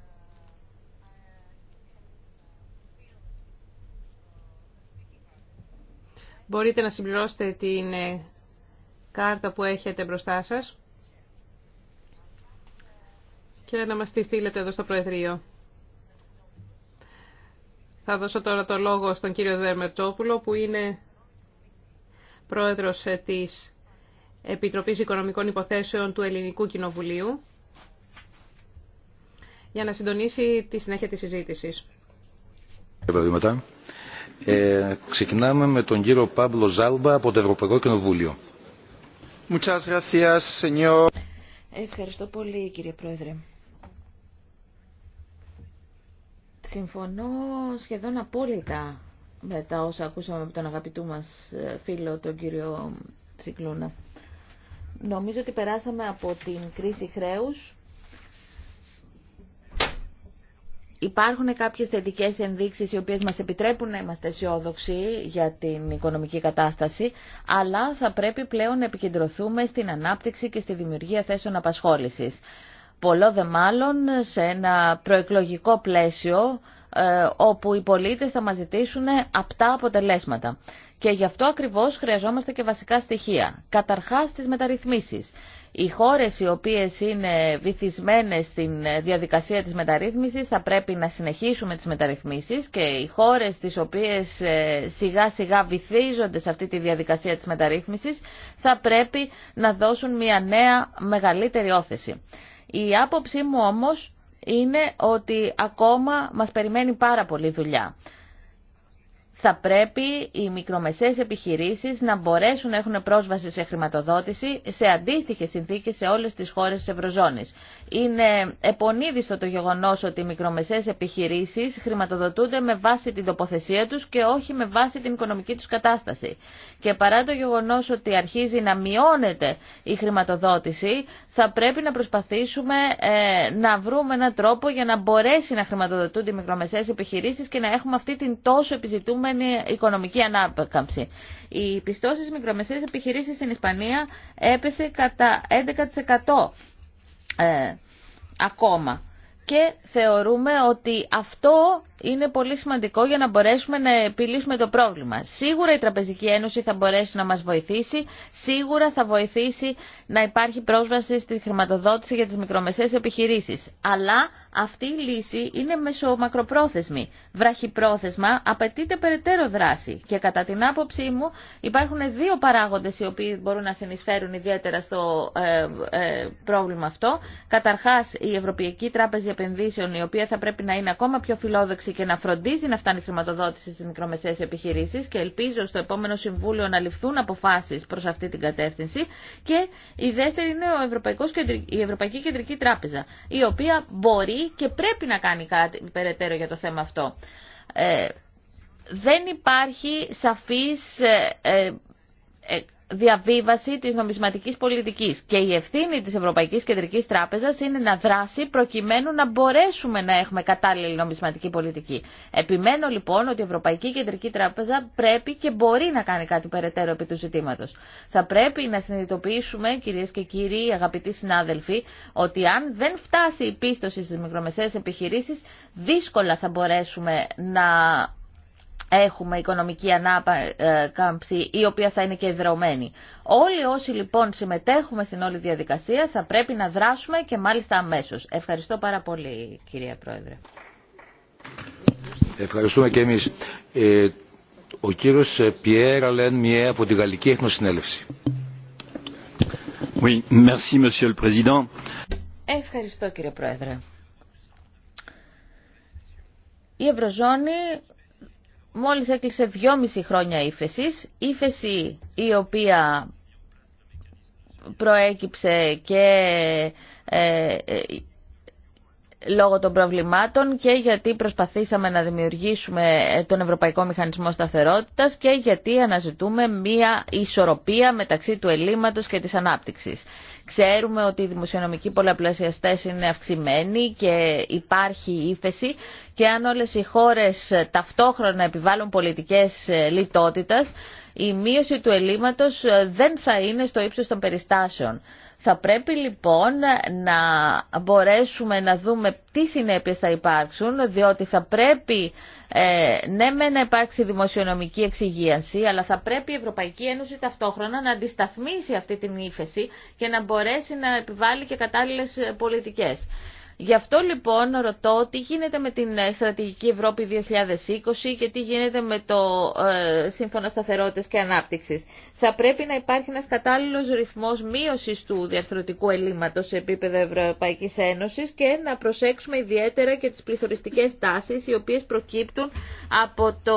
Μπορείτε να συμπληρώσετε την ε, κάρτα που έχετε μπροστά σας και να μας τη στείλετε εδώ στο Προεδρείο. Θα δώσω τώρα το λόγο στον κύριο Δερμερτσόπουλο που είναι πρόεδρος ε, της Επιτροπής Οικονομικών Υποθέσεων του Ελληνικού Κοινοβουλίου για να συντονίσει τη συνέχεια της συζήτησης. Ε, ξεκινάμε με τον κύριο Πάμπλο Ζάλμπα από το Ευρωπαϊκό Κοινοβούλιο. Ευχαριστώ πολύ κύριε Πρόεδρε. Συμφωνώ σχεδόν απόλυτα με τα όσα ακούσαμε από τον αγαπητού μας ε, φίλο τον κύριο Τσικλούνα. Νομίζω ότι περάσαμε από την κρίση χρέους Υπάρχουν κάποιες θετικές ενδείξεις οι οποίες μας επιτρέπουν να είμαστε αισιόδοξοι για την οικονομική κατάσταση, αλλά θα πρέπει πλέον να επικεντρωθούμε στην ανάπτυξη και στη δημιουργία θέσεων απασχόλησης. Πολλό δε μάλλον σε ένα προεκλογικό πλαίσιο ε, όπου οι πολίτες θα μας ζητήσουν απτά αποτελέσματα. Και γι' αυτό ακριβώς χρειαζόμαστε και βασικά στοιχεία. Καταρχάς τις μεταρρυθμίσεις. Οι χώρες οι οποίες είναι βυθισμένες στην διαδικασία της μεταρρύθμισης θα πρέπει να συνεχίσουμε τις μεταρρυθμίσεις και οι χώρες τις οποίες ε, σιγά σιγά βυθίζονται σε αυτή τη διαδικασία της μεταρρύθμισης θα πρέπει να δώσουν μια νέα μεγαλύτερη όθεση. Η άποψή μου όμως είναι ότι ακόμα μας περιμένει πάρα πολλή δουλειά θα πρέπει οι μικρομεσαίες επιχειρήσεις να μπορέσουν να έχουν πρόσβαση σε χρηματοδότηση σε αντίστοιχες συνθήκες σε όλες τις χώρες της Ευρωζώνης. Είναι επονίδιστο το γεγονός ότι οι μικρομεσαίες επιχειρήσεις χρηματοδοτούνται με βάση την τοποθεσία τους και όχι με βάση την οικονομική τους κατάσταση. Και παρά το γεγονός ότι αρχίζει να μειώνεται η χρηματοδότηση, θα πρέπει να προσπαθήσουμε ε, να βρούμε έναν τρόπο για να μπορέσει να χρηματοδοτούνται οι μικρομεσαίες επιχειρήσεις και να έχουμε αυτή την τόσο επιζητούμενη οικονομική ανάκαμψη. Οι πιστώσεις μικρομεσαίες επιχειρήσεις στην Ισπανία έπεσε κατά 11%. Ε, ακόμα και θεωρούμε ότι αυτό είναι πολύ σημαντικό για να μπορέσουμε να επιλύσουμε το πρόβλημα. Σίγουρα η Τραπεζική Ένωση θα μπορέσει να μας βοηθήσει, σίγουρα θα βοηθήσει να υπάρχει πρόσβαση στη χρηματοδότηση για τις μικρομεσαίες επιχειρήσεις. Αλλά αυτή η λύση είναι μεσομακροπρόθεσμη. Βραχυπρόθεσμα απαιτείται περαιτέρω δράση και κατά την άποψή μου υπάρχουν δύο παράγοντες οι οποίοι μπορούν να συνεισφέρουν ιδιαίτερα στο ε, ε, πρόβλημα αυτό. Καταρχάς η Ευρωπαϊκή Τράπεζα επενδύσεων, η οποία θα πρέπει να είναι ακόμα πιο φιλόδοξη και να φροντίζει να φτάνει η χρηματοδότηση στι μικρομεσαίε επιχειρήσει και ελπίζω στο επόμενο Συμβούλιο να ληφθούν αποφάσει προ αυτή την κατεύθυνση. Και η δεύτερη είναι ο Ευρωπαϊκός, η Ευρωπαϊκή Κεντρική Τράπεζα, η οποία μπορεί και πρέπει να κάνει κάτι περαιτέρω για το θέμα αυτό. Ε, δεν υπάρχει σαφής ε, ε, ε, διαβίβαση της νομισματικής πολιτικής και η ευθύνη της Ευρωπαϊκής Κεντρικής Τράπεζας είναι να δράσει προκειμένου να μπορέσουμε να έχουμε κατάλληλη νομισματική πολιτική. Επιμένω λοιπόν ότι η Ευρωπαϊκή Κεντρική Τράπεζα πρέπει και μπορεί να κάνει κάτι περαιτέρω επί του ζητήματος. Θα πρέπει να συνειδητοποιήσουμε κυρίες και κύριοι αγαπητοί συνάδελφοι ότι αν δεν φτάσει η πίστοση στις μικρομεσαίες επιχειρήσεις δύσκολα θα μπορέσουμε να έχουμε οικονομική ανάκαμψη η οποία θα είναι και εδρωμένη. Όλοι όσοι λοιπόν συμμετέχουμε στην όλη διαδικασία θα πρέπει να δράσουμε και μάλιστα αμέσως. Ευχαριστώ πάρα πολύ κυρία Πρόεδρε. Ευχαριστούμε και εμείς. Ε, ο κύριος ε, Πιέρ Αλέν Μιέ από τη Γαλλική Εθνοσυνέλευση. Oui, merci, le Ευχαριστώ κύριε Πρόεδρε. Η Ευρωζώνη μόλις έκλεισε 2,5 χρόνια ύφεσης, ύφεση η οποία προέκυψε και ε, ε λόγω των προβλημάτων και γιατί προσπαθήσαμε να δημιουργήσουμε τον Ευρωπαϊκό Μηχανισμό Σταθερότητας και γιατί αναζητούμε μία ισορροπία μεταξύ του ελλείμματος και της ανάπτυξης. Ξέρουμε ότι οι δημοσιονομικοί πολλαπλασιαστές είναι αυξημένοι και υπάρχει ύφεση και αν όλες οι χώρες ταυτόχρονα επιβάλλουν πολιτικές λιτότητας, η μείωση του ελλείμματος δεν θα είναι στο ύψος των περιστάσεων. Θα πρέπει λοιπόν να μπορέσουμε να δούμε τι συνέπειες θα υπάρξουν, διότι θα πρέπει ε, ναι με να υπάρξει δημοσιονομική εξυγίαση αλλά θα πρέπει η Ευρωπαϊκή Ένωση ταυτόχρονα να αντισταθμίσει αυτή την ύφεση και να μπορέσει να επιβάλλει και κατάλληλες πολιτικές. Γι' αυτό λοιπόν ρωτώ τι γίνεται με την ε, Στρατηγική Ευρώπη 2020 και τι γίνεται με το ε, Σύμφωνο Σταθερότητας και Ανάπτυξης. Θα πρέπει να υπάρχει ένας κατάλληλος ρυθμός μείωσης του διαρθρωτικού ελλείμματος σε επίπεδο Ευρωπαϊκής Ένωσης και να προσέξουμε ιδιαίτερα και τις πληθωριστικές τάσεις οι οποίες προκύπτουν από, το,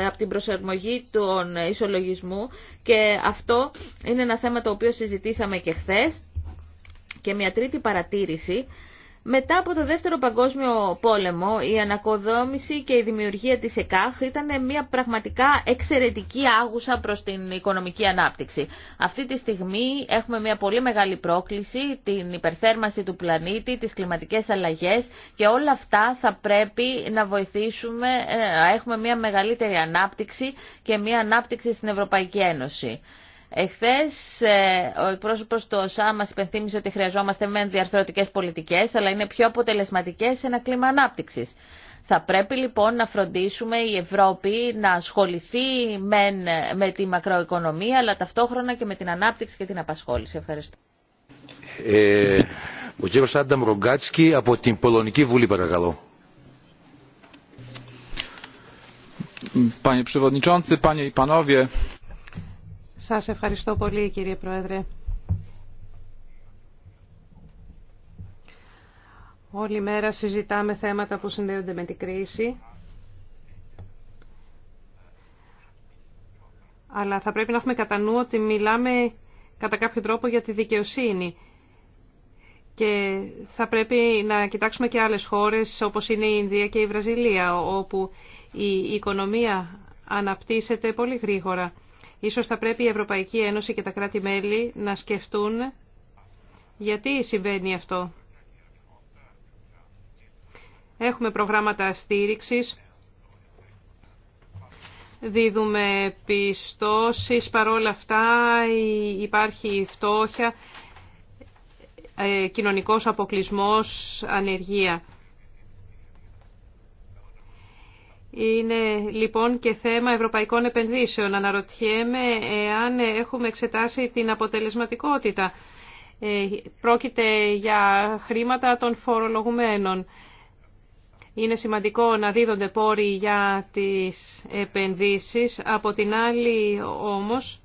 ε, από την προσαρμογή των ισολογισμού και αυτό είναι ένα θέμα το οποίο συζητήσαμε και χθες. Και μια τρίτη παρατήρηση μετά από το Δεύτερο Παγκόσμιο Πόλεμο, η ανακοδόμηση και η δημιουργία της ΕΚΑΧ ήταν μια πραγματικά εξαιρετική άγουσα προς την οικονομική ανάπτυξη. Αυτή τη στιγμή έχουμε μια πολύ μεγάλη πρόκληση, την υπερθέρμανση του πλανήτη, τις κλιματικές αλλαγές και όλα αυτά θα πρέπει να βοηθήσουμε ε, να έχουμε μια μεγαλύτερη ανάπτυξη και μια ανάπτυξη στην Ευρωπαϊκή Ένωση. Εχθές ε, ο πρόσωπος του ΩΣΑ μας υπενθύμισε ότι χρειαζόμαστε μεν διαρθρωτικές πολιτικές, αλλά είναι πιο αποτελεσματικές σε ένα κλίμα ανάπτυξης. Θα πρέπει λοιπόν να φροντίσουμε η Ευρώπη να ασχοληθεί με, με τη μακροοικονομία, αλλά ταυτόχρονα και με την ανάπτυξη και την απασχόληση. Ευχαριστώ. Ε, ο κύριος από την Πολωνική Βουλή, παρακαλώ. Panie Przewodniczący, Panie i Panowie, σας ευχαριστώ πολύ κύριε Πρόεδρε. Όλη μέρα συζητάμε θέματα που συνδέονται με την κρίση. Αλλά θα πρέπει να έχουμε κατά νου ότι μιλάμε κατά κάποιο τρόπο για τη δικαιοσύνη. Και θα πρέπει να κοιτάξουμε και άλλες χώρες όπως είναι η Ινδία και η Βραζιλία, όπου η οικονομία αναπτύσσεται πολύ γρήγορα. Ίσως θα πρέπει η Ευρωπαϊκή Ένωση και τα κράτη-μέλη να σκεφτούν γιατί συμβαίνει αυτό. Έχουμε προγράμματα στήριξης, δίδουμε πιστώσεις, παρόλα αυτά υπάρχει φτώχεια, ε, κοινωνικός αποκλεισμός, ανεργία. Είναι λοιπόν και θέμα ευρωπαϊκών επενδύσεων. Αναρωτιέμαι εάν έχουμε εξετάσει την αποτελεσματικότητα. Ε, πρόκειται για χρήματα των φορολογουμένων. Είναι σημαντικό να δίδονται πόροι για τις επενδύσεις. Από την άλλη όμως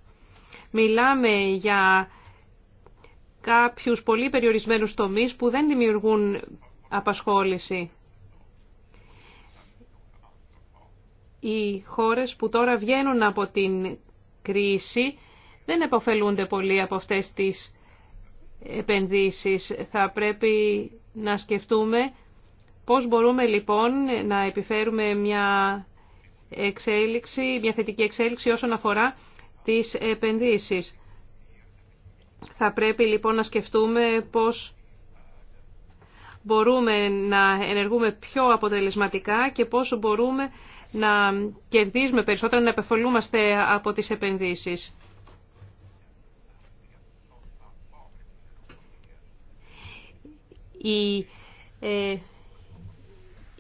μιλάμε για κάποιους πολύ περιορισμένους τομείς που δεν δημιουργούν απασχόληση. οι χώρες που τώρα βγαίνουν από την κρίση δεν επωφελούνται πολύ από αυτές τις επενδύσεις. Θα πρέπει να σκεφτούμε πώς μπορούμε λοιπόν να επιφέρουμε μια, εξέλιξη, μια θετική εξέλιξη όσον αφορά τις επενδύσεις. Θα πρέπει λοιπόν να σκεφτούμε πώς μπορούμε να ενεργούμε πιο αποτελεσματικά και πώς μπορούμε να κερδίζουμε περισσότερα, να επεφολούμαστε από τις επενδύσεις. Η, ε,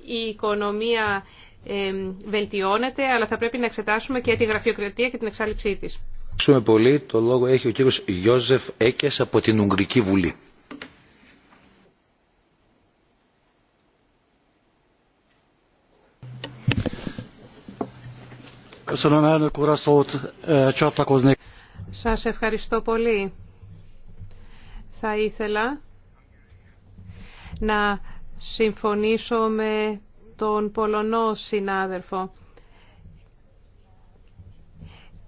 η οικονομία ε, βελτιώνεται, αλλά θα πρέπει να εξετάσουμε και τη γραφειοκρατία και την εξάλληψή της. Ευχαριστούμε πολύ. Το λόγο έχει ο κύριος Γιώζεφ Έκες από την Ουγγρική Βουλή. Σας ευχαριστώ πολύ. Θα ήθελα να συμφωνήσω με τον Πολωνό συνάδελφο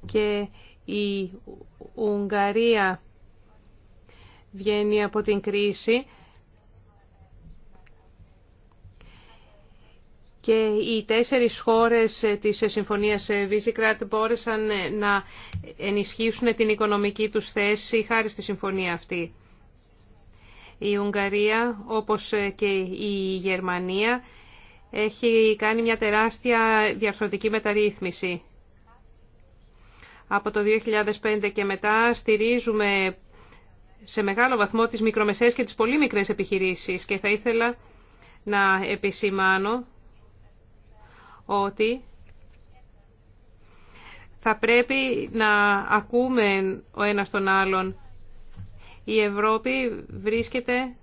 και η Ουγγαρία βγαίνει από την κρίση και οι τέσσερις χώρες της Συμφωνίας Βίζικρατ μπόρεσαν να ενισχύσουν την οικονομική τους θέση χάρη στη συμφωνία αυτή. Η Ουγγαρία, όπως και η Γερμανία, έχει κάνει μια τεράστια διαρθρωτική μεταρρύθμιση. Από το 2005 και μετά στηρίζουμε σε μεγάλο βαθμό τις μικρομεσαίες και τις πολύ μικρές επιχειρήσεις και θα ήθελα να επισημάνω ότι θα πρέπει να ακούμε ο ένας τον άλλον. Η Ευρώπη βρίσκεται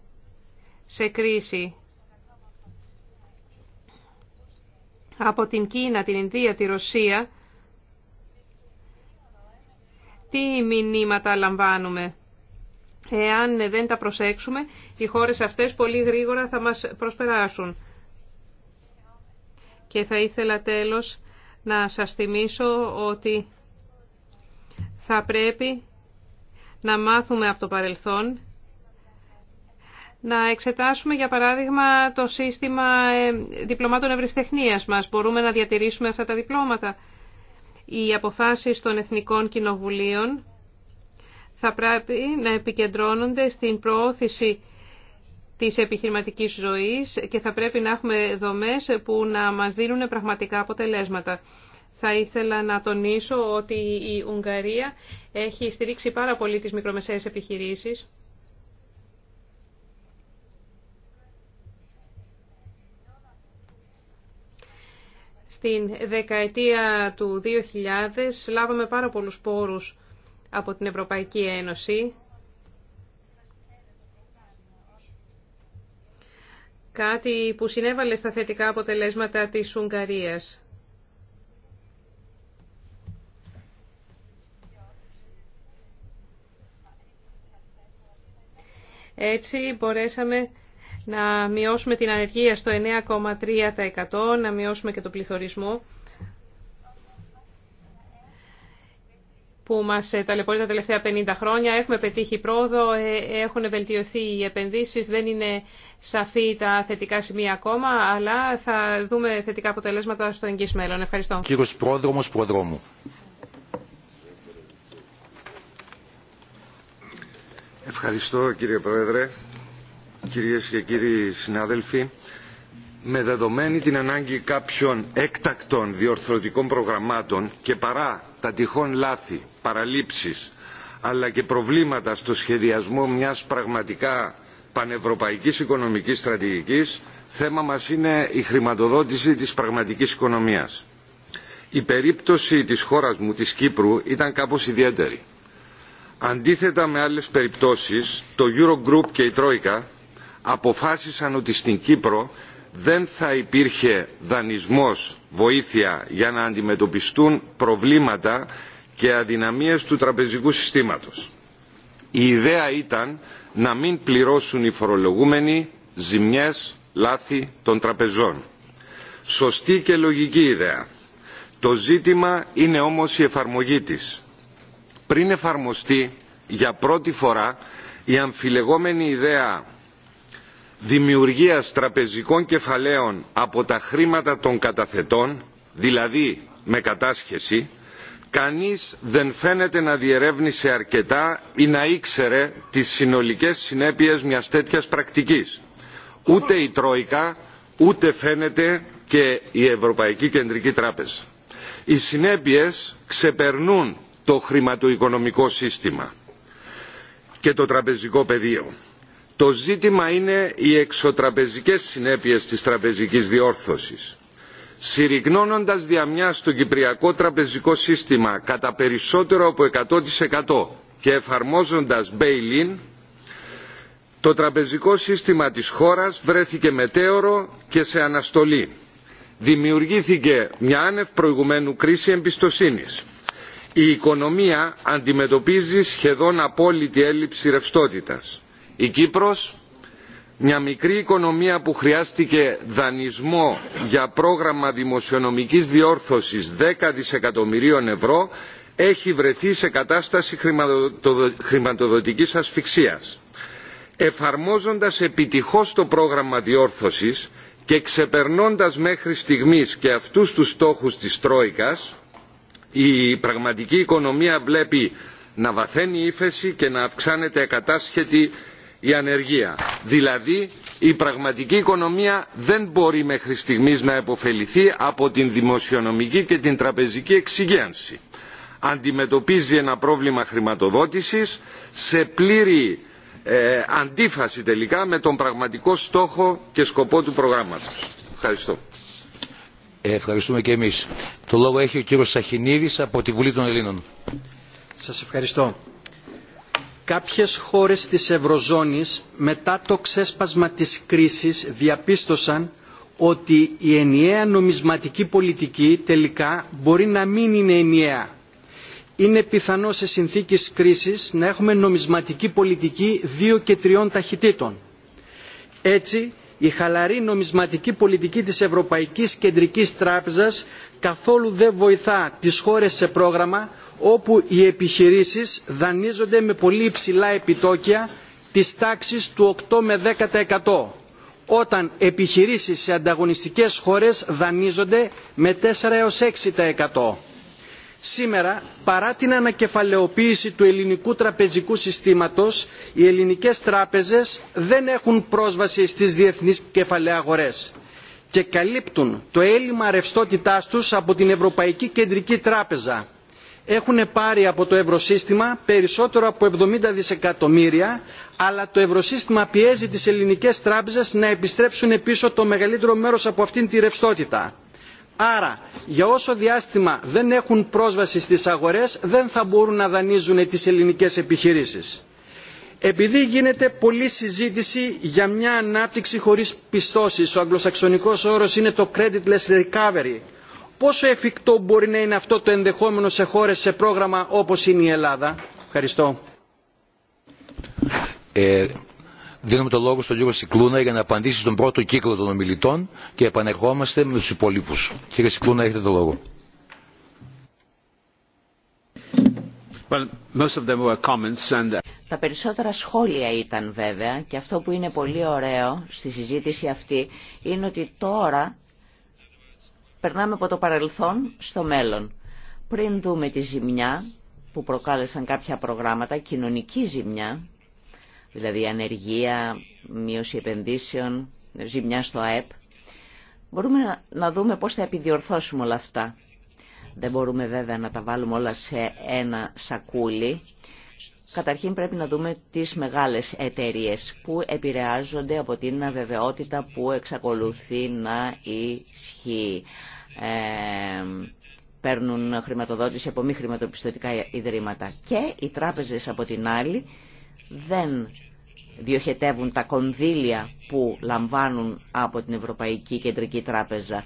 σε κρίση. Από την Κίνα, την Ινδία, τη Ρωσία, τι μηνύματα λαμβάνουμε. Εάν δεν τα προσέξουμε, οι χώρες αυτές πολύ γρήγορα θα μας προσπεράσουν. Και θα ήθελα τέλος να σας θυμίσω ότι θα πρέπει να μάθουμε από το παρελθόν, να εξετάσουμε για παράδειγμα το σύστημα ε, διπλωμάτων ευρυστεχνίας μας. Μπορούμε να διατηρήσουμε αυτά τα διπλώματα. Οι αποφάσει των Εθνικών Κοινοβουλίων θα πρέπει να επικεντρώνονται στην προώθηση της επιχειρηματικής ζωής και θα πρέπει να έχουμε δομές που να μας δίνουν πραγματικά αποτελέσματα. Θα ήθελα να τονίσω ότι η Ουγγαρία έχει στηρίξει πάρα πολύ τις μικρομεσαίες επιχειρήσεις. Στην δεκαετία του 2000 λάβαμε πάρα πολλούς πόρους από την Ευρωπαϊκή Ένωση κάτι που συνέβαλε στα θετικά αποτελέσματα της Ουγγαρίας. Έτσι μπορέσαμε να μειώσουμε την ανεργία στο 9,3%, να μειώσουμε και το πληθωρισμό. που μας ε, ταλαιπωρεί τα τελευταία 50 χρόνια. Έχουμε πετύχει πρόοδο, ε, έχουν βελτιωθεί οι επενδύσεις, δεν είναι σαφή τα θετικά σημεία ακόμα, αλλά θα δούμε θετικά αποτελέσματα στο εγγύς μέλλον. Ευχαριστώ. Κύριος Πρόδρομος Προδρόμου. Ευχαριστώ κύριε Πρόεδρε, κυρίες και κύριοι συνάδελφοι. Με δεδομένη την ανάγκη κάποιων έκτακτων διορθωτικών προγραμμάτων και παρά τα τυχόν λάθη παραλήψεις αλλά και προβλήματα στο σχεδιασμό μιας πραγματικά πανευρωπαϊκής οικονομικής στρατηγικής θέμα μας είναι η χρηματοδότηση της πραγματικής οικονομίας. Η περίπτωση της χώρας μου, της Κύπρου, ήταν κάπως ιδιαίτερη. Αντίθετα με άλλες περιπτώσεις, το Eurogroup και η Τρόικα αποφάσισαν ότι στην Κύπρο δεν θα υπήρχε δανεισμός, βοήθεια για να αντιμετωπιστούν προβλήματα και αδυναμίες του τραπεζικού συστήματος. Η ιδέα ήταν να μην πληρώσουν οι φορολογούμενοι ζημιές, λάθη των τραπεζών. Σωστή και λογική ιδέα. Το ζήτημα είναι όμως η εφαρμογή της. Πριν εφαρμοστεί για πρώτη φορά η αμφιλεγόμενη ιδέα δημιουργίας τραπεζικών κεφαλαίων από τα χρήματα των καταθετών, δηλαδή με κατάσχεση, κανείς δεν φαίνεται να διερεύνησε αρκετά ή να ήξερε τις συνολικές συνέπειες μιας τέτοιας πρακτικής. Ούτε η Τρόικα, ούτε φαίνεται και η Ευρωπαϊκή Κεντρική Τράπεζα. Οι συνέπειες ξεπερνούν το χρηματοοικονομικό σύστημα και το τραπεζικό πεδίο. Το ζήτημα είναι οι εξωτραπεζικές συνέπειες της τραπεζικής διόρθωσης συριγνώνοντας διαμιά το κυπριακό τραπεζικό σύστημα κατά περισσότερο από 100% και εφαρμόζοντας bail in το τραπεζικό σύστημα της χώρας βρέθηκε μετέωρο και σε αναστολή. Δημιουργήθηκε μια άνευ προηγουμένου κρίση εμπιστοσύνης. Η οικονομία αντιμετωπίζει σχεδόν απόλυτη έλλειψη ρευστότητας. Η Κύπρος μια μικρή οικονομία που χρειάστηκε δανεισμό για πρόγραμμα δημοσιονομικής διόρθωσης δέκα δισεκατομμυρίων ευρώ έχει βρεθεί σε κατάσταση χρηματοδοτικής ασφυξίας. Εφαρμόζοντας επιτυχώς το πρόγραμμα διόρθωσης και ξεπερνώντας μέχρι στιγμής και αυτούς τους στόχους της Τρόικας, η πραγματική οικονομία βλέπει να βαθαίνει ύφεση και να αυξάνεται ακατάσχετη η ανεργία. Δηλαδή η πραγματική οικονομία δεν μπορεί μέχρι στιγμής να επωφεληθεί από την δημοσιονομική και την τραπεζική εξυγίανση. Αντιμετωπίζει ένα πρόβλημα χρηματοδότησης σε πλήρη ε, αντίφαση τελικά με τον πραγματικό στόχο και σκοπό του προγράμματος. Ευχαριστώ. Ε, ευχαριστούμε και εμείς. Το λόγο έχει ο κύριος Σαχινίδης από τη Βουλή των Ελλήνων. Σας ευχαριστώ κάποιες χώρες της Ευρωζώνης μετά το ξέσπασμα της κρίσης διαπίστωσαν ότι η ενιαία νομισματική πολιτική τελικά μπορεί να μην είναι ενιαία. Είναι πιθανό σε συνθήκες κρίσης να έχουμε νομισματική πολιτική δύο και τριών ταχυτήτων. Έτσι, η χαλαρή νομισματική πολιτική της Ευρωπαϊκής Κεντρικής Τράπεζας καθόλου δεν βοηθά τις χώρες σε πρόγραμμα όπου οι επιχειρήσεις δανείζονται με πολύ υψηλά επιτόκια της τάξης του 8 με 10% όταν επιχειρήσεις σε ανταγωνιστικές χώρες δανείζονται με 4 έως 6%. Σήμερα, παρά την ανακεφαλαιοποίηση του ελληνικού τραπεζικού συστήματος, οι ελληνικές τράπεζες δεν έχουν πρόσβαση στις διεθνείς κεφαλαιαγορές και καλύπτουν το έλλειμμα ρευστότητάς τους από την Ευρωπαϊκή Κεντρική Τράπεζα έχουν πάρει από το ευρωσύστημα περισσότερο από 70 δισεκατομμύρια αλλά το ευρωσύστημα πιέζει τις ελληνικές τράπεζες να επιστρέψουν πίσω το μεγαλύτερο μέρος από αυτήν τη ρευστότητα. Άρα, για όσο διάστημα δεν έχουν πρόσβαση στις αγορές, δεν θα μπορούν να δανείζουν τις ελληνικές επιχειρήσεις. Επειδή γίνεται πολλή συζήτηση για μια ανάπτυξη χωρίς πιστώσεις, ο αγγλοσαξονικός όρος είναι το creditless recovery, πόσο εφικτό μπορεί να είναι αυτό το ενδεχόμενο σε χώρες σε πρόγραμμα όπως είναι η Ελλάδα. Ευχαριστώ. Ε, δίνουμε το λόγο στον κύριο Σικλούνα για να απαντήσει στον πρώτο κύκλο των ομιλητών και επανερχόμαστε με τους υπολείπους. Κύριε Σικλούνα, έχετε το λόγο. Well, most of them were comments and... Uh, Τα περισσότερα σχόλια ήταν βέβαια και αυτό που είναι πολύ ωραίο στη συζήτηση αυτή είναι ότι τώρα περνάμε από το παρελθόν στο μέλλον. Πριν δούμε τη ζημιά που προκάλεσαν κάποια προγράμματα, κοινωνική ζημιά, δηλαδή ανεργία, μείωση επενδύσεων, ζημιά στο ΑΕΠ, μπορούμε να δούμε πώς θα επιδιορθώσουμε όλα αυτά. Δεν μπορούμε βέβαια να τα βάλουμε όλα σε ένα σακούλι. Καταρχήν πρέπει να δούμε τις μεγάλες εταιρείες που επηρεάζονται από την αβεβαιότητα που εξακολουθεί να ισχύει. Ε, παίρνουν χρηματοδότηση από μη χρηματοπιστωτικά ιδρύματα. Και οι τράπεζες από την άλλη δεν διοχετεύουν τα κονδύλια που λαμβάνουν από την Ευρωπαϊκή Κεντρική Τράπεζα.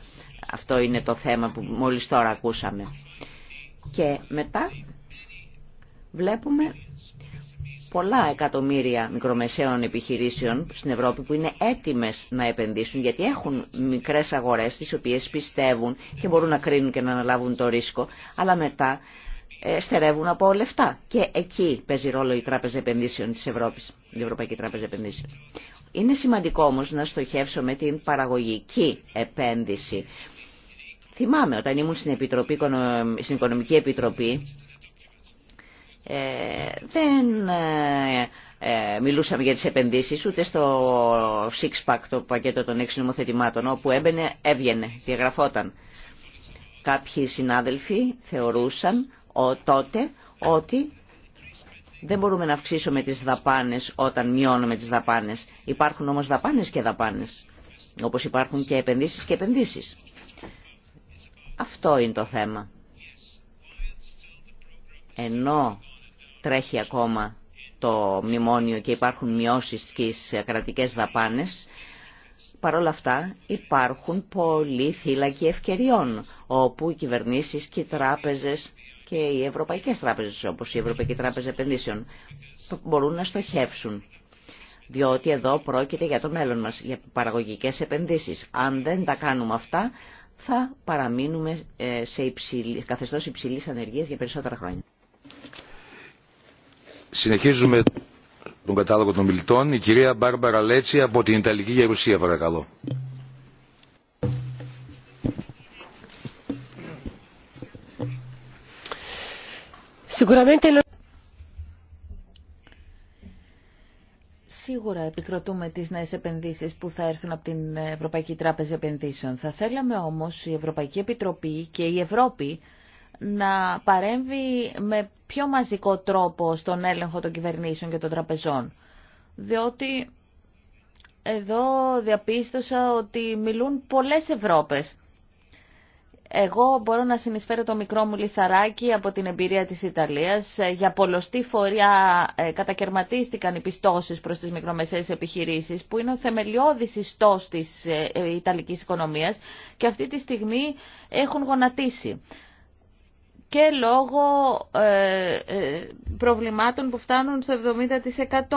Αυτό είναι το θέμα που μόλις τώρα ακούσαμε. Και μετά βλέπουμε πολλά εκατομμύρια μικρομεσαίων επιχειρήσεων στην Ευρώπη που είναι έτοιμες να επενδύσουν γιατί έχουν μικρές αγορές τις οποίες πιστεύουν και μπορούν να κρίνουν και να αναλάβουν το ρίσκο αλλά μετά ε, στερεύουν από λεφτά και εκεί παίζει ρόλο η Τράπεζα Επενδύσεων της Ευρώπης, η Ευρωπαϊκή Τράπεζα Επενδύσεων. Είναι σημαντικό όμως να στοχεύσουμε την παραγωγική επένδυση. Θυμάμαι όταν ήμουν στην, Επιτροπή, στην Οικονομική Επιτροπή ε, δεν ε, ε, μιλούσαμε για τις επενδύσεις ούτε στο six-pack το πακέτο των έξι νομοθετημάτων όπου έμπαινε, έβγαινε, διαγραφόταν. Κάποιοι συνάδελφοι θεωρούσαν ο, τότε ότι δεν μπορούμε να αυξήσουμε τις δαπάνες όταν μειώνουμε τις δαπάνες. Υπάρχουν όμως δαπάνες και δαπάνες, όπως υπάρχουν και επενδύσεις και επενδύσεις. Αυτό είναι το θέμα. Ενώ τρέχει ακόμα το μνημόνιο και υπάρχουν μειώσεις στις κρατικές δαπάνες. Παρ' όλα αυτά υπάρχουν πολλοί θύλακοι ευκαιριών όπου οι κυβερνήσεις και οι τράπεζες και οι ευρωπαϊκές τράπεζες όπως η Ευρωπαϊκή Τράπεζα Επενδύσεων μπορούν να στοχεύσουν. Διότι εδώ πρόκειται για το μέλλον μας, για παραγωγικές επενδύσεις. Αν δεν τα κάνουμε αυτά θα παραμείνουμε ε, σε υψηλή, καθεστώς υψηλής ανεργίας για περισσότερα χρόνια. Συνεχίζουμε τον κατάλογο των μιλητών. Η κυρία Μπάρμπαρα Λέτσι από την Ιταλική Γερουσία, παρακαλώ. Σίγουρα επικροτούμε τις νέες επενδύσεις που θα έρθουν από την Ευρωπαϊκή Τράπεζα Επενδύσεων. Θα θέλαμε όμως η Ευρωπαϊκή Επιτροπή και η Ευρώπη να παρέμβει με πιο μαζικό τρόπο στον έλεγχο των κυβερνήσεων και των τραπεζών. Διότι εδώ διαπίστωσα ότι μιλούν πολλές Ευρώπες. Εγώ μπορώ να συνεισφέρω το μικρό μου λιθαράκι από την εμπειρία της Ιταλίας. Ε, για πολλωστή φορία ε, κατακαιρματίστηκαν οι πιστώσεις προς τις μικρομεσαίες επιχειρήσεις, που είναι ο θεμελιώδης ιστός της ε, Ιταλικής οικονομίας και αυτή τη στιγμή έχουν γονατίσει και λόγω ε, ε, προβλημάτων που φτάνουν στο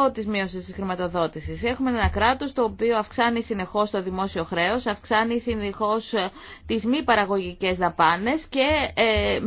70% της μείωσης της χρηματοδότησης. Έχουμε ένα κράτος το οποίο αυξάνει συνεχώς το δημόσιο χρέος, αυξάνει συνεχώς ε, τις μη παραγωγικές δαπάνες και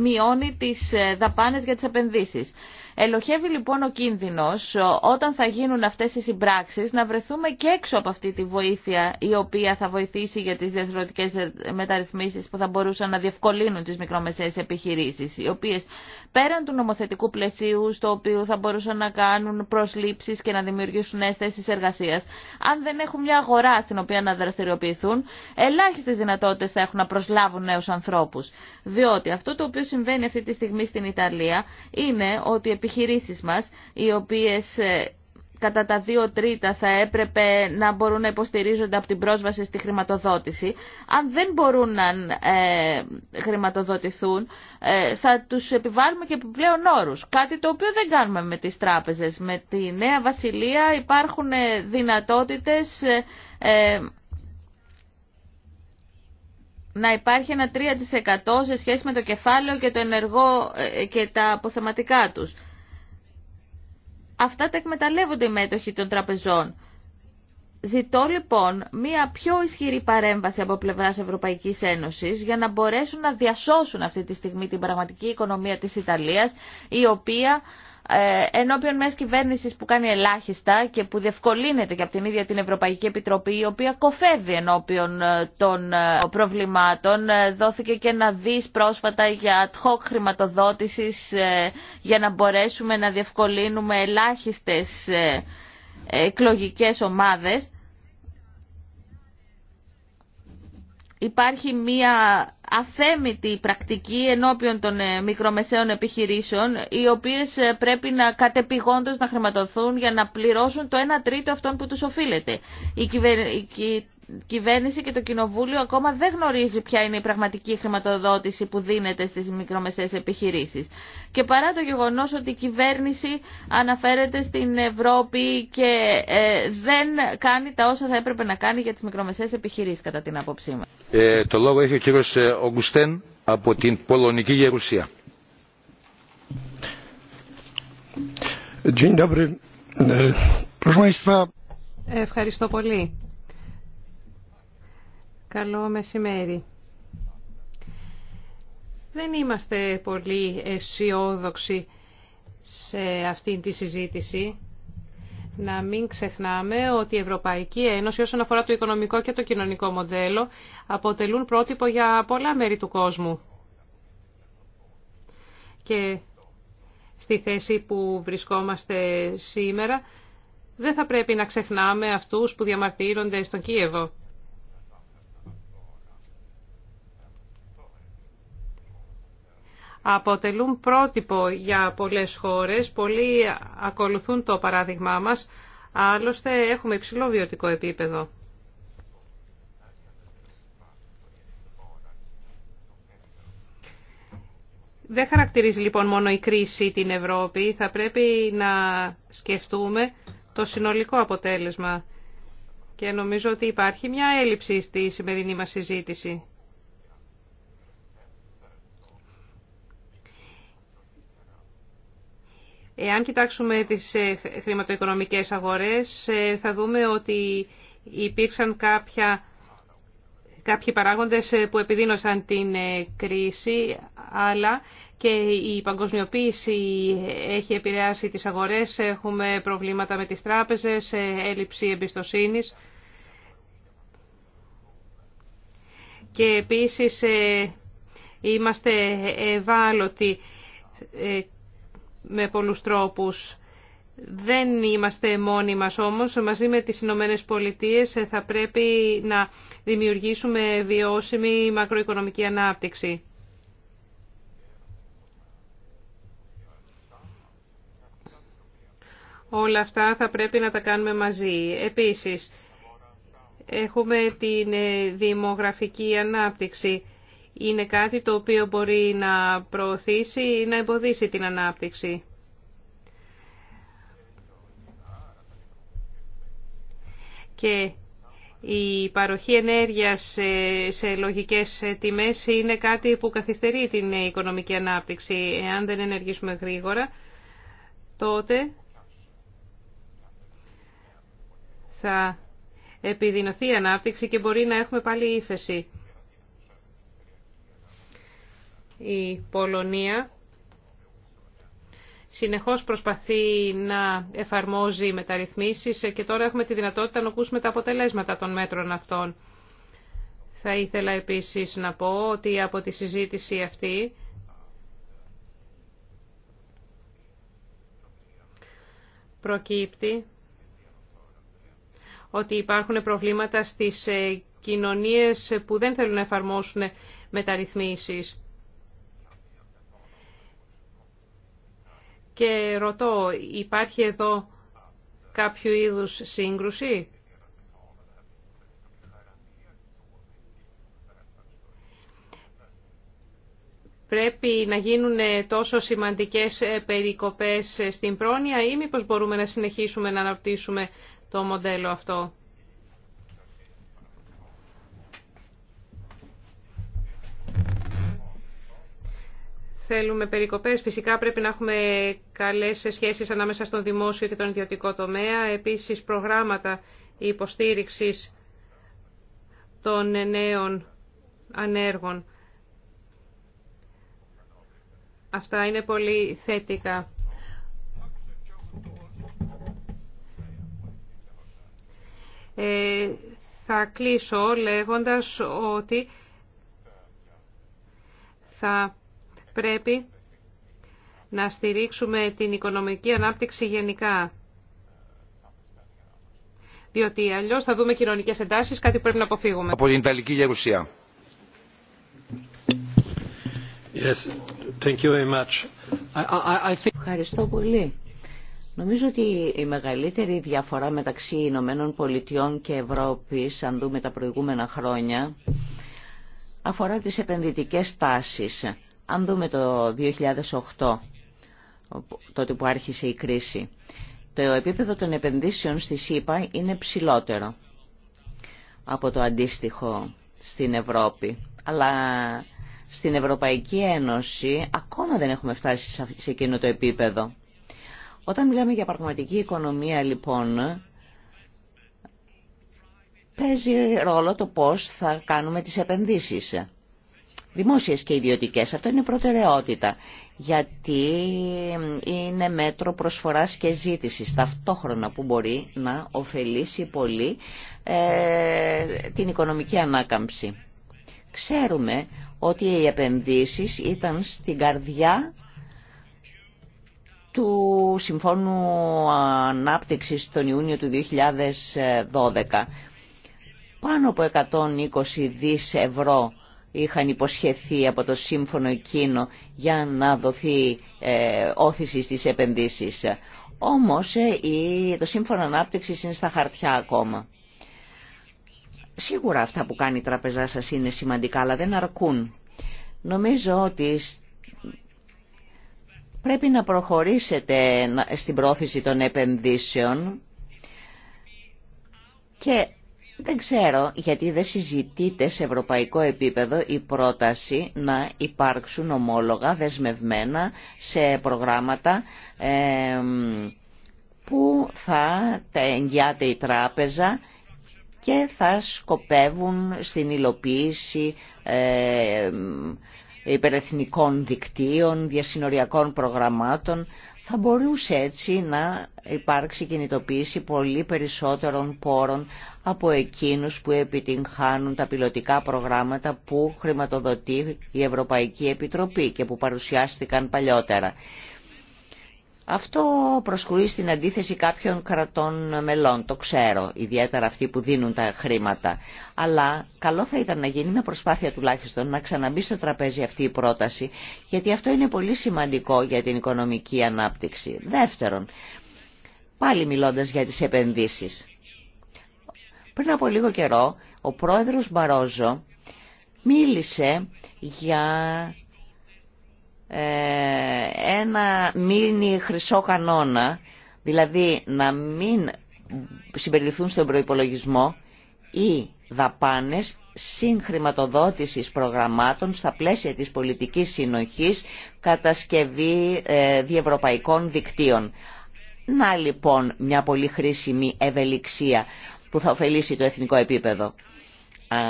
μειώνει τις δαπάνες για τις επενδύσεις. Ελοχεύει λοιπόν ο κίνδυνος όταν θα γίνουν αυτές οι συμπράξεις να βρεθούμε και έξω από αυτή τη βοήθεια η οποία θα βοηθήσει για τις διαθροτικές ε, μεταρρυθμίσεις που θα μπορούσαν να διευκολύνουν τις μικρομεσαίες επιχειρήσεις οι οποίες πέραν του νομοθετικού πλαισίου στο οποίο θα μπορούσαν να κάνουν προσλήψεις και να δημιουργήσουν νέες θέσεις εργασίας αν δεν έχουν μια αγορά στην οποία να δραστηριοποιηθούν ελάχιστες δυνατότητες θα έχουν να προσλάβουν νέους ανθρώπους διότι αυτό το οποίο συμβαίνει αυτή τη στιγμή στην Ιταλία είναι ότι επιχειρήσεις μας, οι οποίες ε, κατά τα δύο τρίτα θα έπρεπε να μπορούν να υποστηρίζονται από την πρόσβαση στη χρηματοδότηση. Αν δεν μπορούν να ε, χρηματοδοτηθούν, ε, θα τους επιβάλλουμε και επιπλέον όρους. Κάτι το οποίο δεν κάνουμε με τις τράπεζες. Με τη Νέα Βασιλεία υπάρχουν ε, δυνατότητες... να υπάρχει ένα 3% σε σχέση με το κεφάλαιο και, το ενεργό, και τα αποθεματικά τους. Αυτά τα εκμεταλλεύονται οι μέτοχοι των τραπεζών. Ζητώ λοιπόν μία πιο ισχυρή παρέμβαση από πλευρά Ευρωπαϊκή Ένωση για να μπορέσουν να διασώσουν αυτή τη στιγμή την πραγματική οικονομία της Ιταλίας η οποία ε, ενώπιον μια κυβέρνηση που κάνει ελάχιστα και που διευκολύνεται και από την ίδια την Ευρωπαϊκή Επιτροπή η οποία κοφεύει ενώπιον ε, των ε, προβλημάτων. Δόθηκε και ένα δις πρόσφατα για ad hoc για να μπορέσουμε να διευκολύνουμε ελάχιστες εκλογικέ ομάδες. Υπάρχει μία αθέμητη πρακτική ενώπιον των ε, μικρομεσαίων επιχειρήσεων, οι οποίες ε, πρέπει να κατεπηγόντως να χρηματοδοθούν για να πληρώσουν το 1 τρίτο αυτών που τους οφείλεται. Η, κυβερ κυβέρνηση και το κοινοβούλιο ακόμα δεν γνωρίζει ποια είναι η πραγματική χρηματοδότηση που δίνεται στις μικρομεσαίες επιχειρήσεις. Και παρά το γεγονός ότι η κυβέρνηση αναφέρεται στην Ευρώπη και ε, δεν κάνει τα όσα θα έπρεπε να κάνει για τις μικρομεσαίες επιχειρήσεις κατά την άποψή μας. Ε, το λόγο έχει ο ε, Ογκουστέν από την Πολωνική Γερουσία. Ε, Ευχαριστώ πολύ. Καλό μεσημέρι. Δεν είμαστε πολύ αισιόδοξοι σε αυτή τη συζήτηση. Να μην ξεχνάμε ότι η Ευρωπαϊκή Ένωση όσον αφορά το οικονομικό και το κοινωνικό μοντέλο αποτελούν πρότυπο για πολλά μέρη του κόσμου. Και στη θέση που βρισκόμαστε σήμερα δεν θα πρέπει να ξεχνάμε αυτούς που διαμαρτύρονται στον Κίεβο. αποτελούν πρότυπο για πολλές χώρες. Πολλοί ακολουθούν το παράδειγμά μας. Άλλωστε έχουμε υψηλό βιωτικό επίπεδο. Δεν χαρακτηρίζει λοιπόν μόνο η κρίση την Ευρώπη. Θα πρέπει να σκεφτούμε το συνολικό αποτέλεσμα. Και νομίζω ότι υπάρχει μια έλλειψη στη σημερινή μας συζήτηση. Εάν κοιτάξουμε τις ε, χρηματοοικονομικές αγορές, ε, θα δούμε ότι υπήρξαν κάποια, κάποιοι παράγοντες ε, που επιδίνωσαν την κρίση, αλλά και η παγκοσμιοποίηση έχει επηρεάσει τις αγορές. Έχουμε προβλήματα με τις τράπεζες, έλλειψη εμπιστοσύνης. Και επίσης είμαστε ευάλωτοι με πολλούς τρόπους. Δεν είμαστε μόνοι μας όμως, μαζί με τις Ηνωμένε Πολιτείε θα πρέπει να δημιουργήσουμε βιώσιμη μακροοικονομική ανάπτυξη. Όλα αυτά θα πρέπει να τα κάνουμε μαζί. Επίσης, έχουμε την δημογραφική ανάπτυξη είναι κάτι το οποίο μπορεί να προωθήσει ή να εμποδίσει την ανάπτυξη. Και η παροχή ενέργειας σε λογικές τιμές είναι κάτι που καθυστερεί την οικονομική ανάπτυξη. Εάν δεν ενεργήσουμε γρήγορα, τότε θα επιδεινωθεί η ανάπτυξη και μπορεί να έχουμε πάλι ύφεση. Η Πολωνία συνεχώς προσπαθεί να εφαρμόζει μεταρρυθμίσεις και τώρα έχουμε τη δυνατότητα να ακούσουμε τα αποτελέσματα των μέτρων αυτών. Θα ήθελα επίσης να πω ότι από τη συζήτηση αυτή προκύπτει ότι υπάρχουν προβλήματα στις κοινωνίες που δεν θέλουν να εφαρμόσουν μεταρρυθμίσεις. Και ρωτώ, υπάρχει εδώ κάποιο είδους σύγκρουση. Πρέπει να γίνουν τόσο σημαντικές περικοπές στην πρόνοια ή μήπως μπορούμε να συνεχίσουμε να αναπτύσσουμε το μοντέλο αυτό. θέλουμε περικοπές. Φυσικά πρέπει να έχουμε καλές σχέσεις ανάμεσα στον δημόσιο και τον ιδιωτικό τομέα. Επίσης προγράμματα υποστήριξης των νέων ανέργων. Αυτά είναι πολύ θετικά. Ε, θα κλείσω λέγοντας ότι θα πρέπει να στηρίξουμε την οικονομική ανάπτυξη γενικά. Διότι αλλιώς θα δούμε κοινωνικές εντάσεις, κάτι πρέπει να αποφύγουμε. Από την Ιταλική Yes, Ευχαριστώ πολύ. Νομίζω ότι η μεγαλύτερη διαφορά μεταξύ Ηνωμένων Πολιτειών και Ευρώπης, αν δούμε τα προηγούμενα χρόνια, αφορά τις επενδυτικές τάσεις. Αν δούμε το 2008, τότε που άρχισε η κρίση, το επίπεδο των επενδύσεων στη ΣΥΠΑ είναι ψηλότερο από το αντίστοιχο στην Ευρώπη. Αλλά στην Ευρωπαϊκή Ένωση ακόμα δεν έχουμε φτάσει σε εκείνο το επίπεδο. Όταν μιλάμε για πραγματική οικονομία λοιπόν, παίζει ρόλο το πώς θα κάνουμε τις επενδύσεις δημόσιες και ιδιωτικές. Αυτό είναι προτεραιότητα, γιατί ε, είναι μέτρο προσφοράς και ζήτησης, ταυτόχρονα που μπορεί να ωφελήσει πολύ ε, την οικονομική ανάκαμψη. Ξέρουμε ότι οι επενδύσεις ήταν στην καρδιά του Συμφώνου Ανάπτυξης τον Ιούνιο του 2012. Πάνω από 120 δις ευρώ είχαν υποσχεθεί από το σύμφωνο εκείνο για να δοθεί ε, όθηση στις επενδύσεις. Όμως ε, το σύμφωνο ανάπτυξης είναι στα χαρτιά ακόμα. Σίγουρα αυτά που κάνει η τραπεζά σας είναι σημαντικά, αλλά δεν αρκούν. Νομίζω ότι πρέπει να προχωρήσετε στην πρόθεση των επενδύσεων και δεν ξέρω γιατί δεν συζητείται σε ευρωπαϊκό επίπεδο η πρόταση να υπάρξουν ομόλογα δεσμευμένα σε προγράμματα που θα τα εγγυάται η τράπεζα και θα σκοπεύουν στην υλοποίηση υπερεθνικών δικτύων, διασυνοριακών προγραμμάτων θα μπορούσε έτσι να υπάρξει κινητοποίηση πολύ περισσότερων πόρων από εκείνους που επιτυγχάνουν τα πιλωτικά προγράμματα που χρηματοδοτεί η Ευρωπαϊκή Επιτροπή και που παρουσιάστηκαν παλιότερα. Αυτό προσκουρεί στην αντίθεση κάποιων κρατών μελών, το ξέρω, ιδιαίτερα αυτοί που δίνουν τα χρήματα. Αλλά καλό θα ήταν να γίνει με προσπάθεια τουλάχιστον να ξαναμπεί στο τραπέζι αυτή η πρόταση, γιατί αυτό είναι πολύ σημαντικό για την οικονομική ανάπτυξη. Δεύτερον, πάλι μιλώντας για τις επενδύσεις. Πριν από λίγο καιρό, ο πρόεδρος Μπαρόζο μίλησε για ε, ένα μήνυ χρυσό κανόνα, δηλαδή να μην συμπεριληφθούν στον προϋπολογισμό ή δαπάνες συγχρηματοδότησης προγραμμάτων στα πλαίσια της πολιτικής συνοχής κατασκευή ε, διευρωπαϊκών δικτύων. Να λοιπόν μια πολύ χρήσιμη ευελιξία που θα ωφελήσει το εθνικό επίπεδο. Α,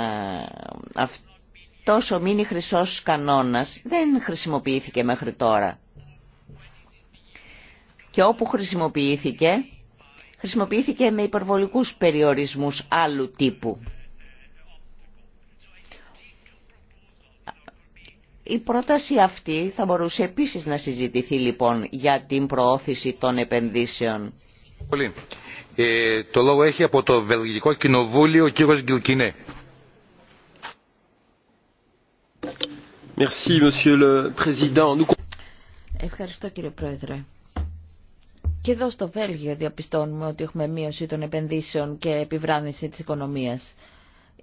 τόσο ο μήνυ χρυσός κανόνας δεν χρησιμοποιήθηκε μέχρι τώρα. Και όπου χρησιμοποιήθηκε, χρησιμοποιήθηκε με υπερβολικούς περιορισμούς άλλου τύπου. Η πρόταση αυτή θα μπορούσε επίσης να συζητηθεί λοιπόν για την προώθηση των επενδύσεων. Πολύ. Ε, το λόγο έχει από το Βελγικό Κοινοβούλιο ο κύριος Ευχαριστώ κύριε Πρόεδρε. Και εδώ στο Βέλγιο διαπιστώνουμε ότι έχουμε μείωση των επενδύσεων και επιβράδυνση της οικονομίας.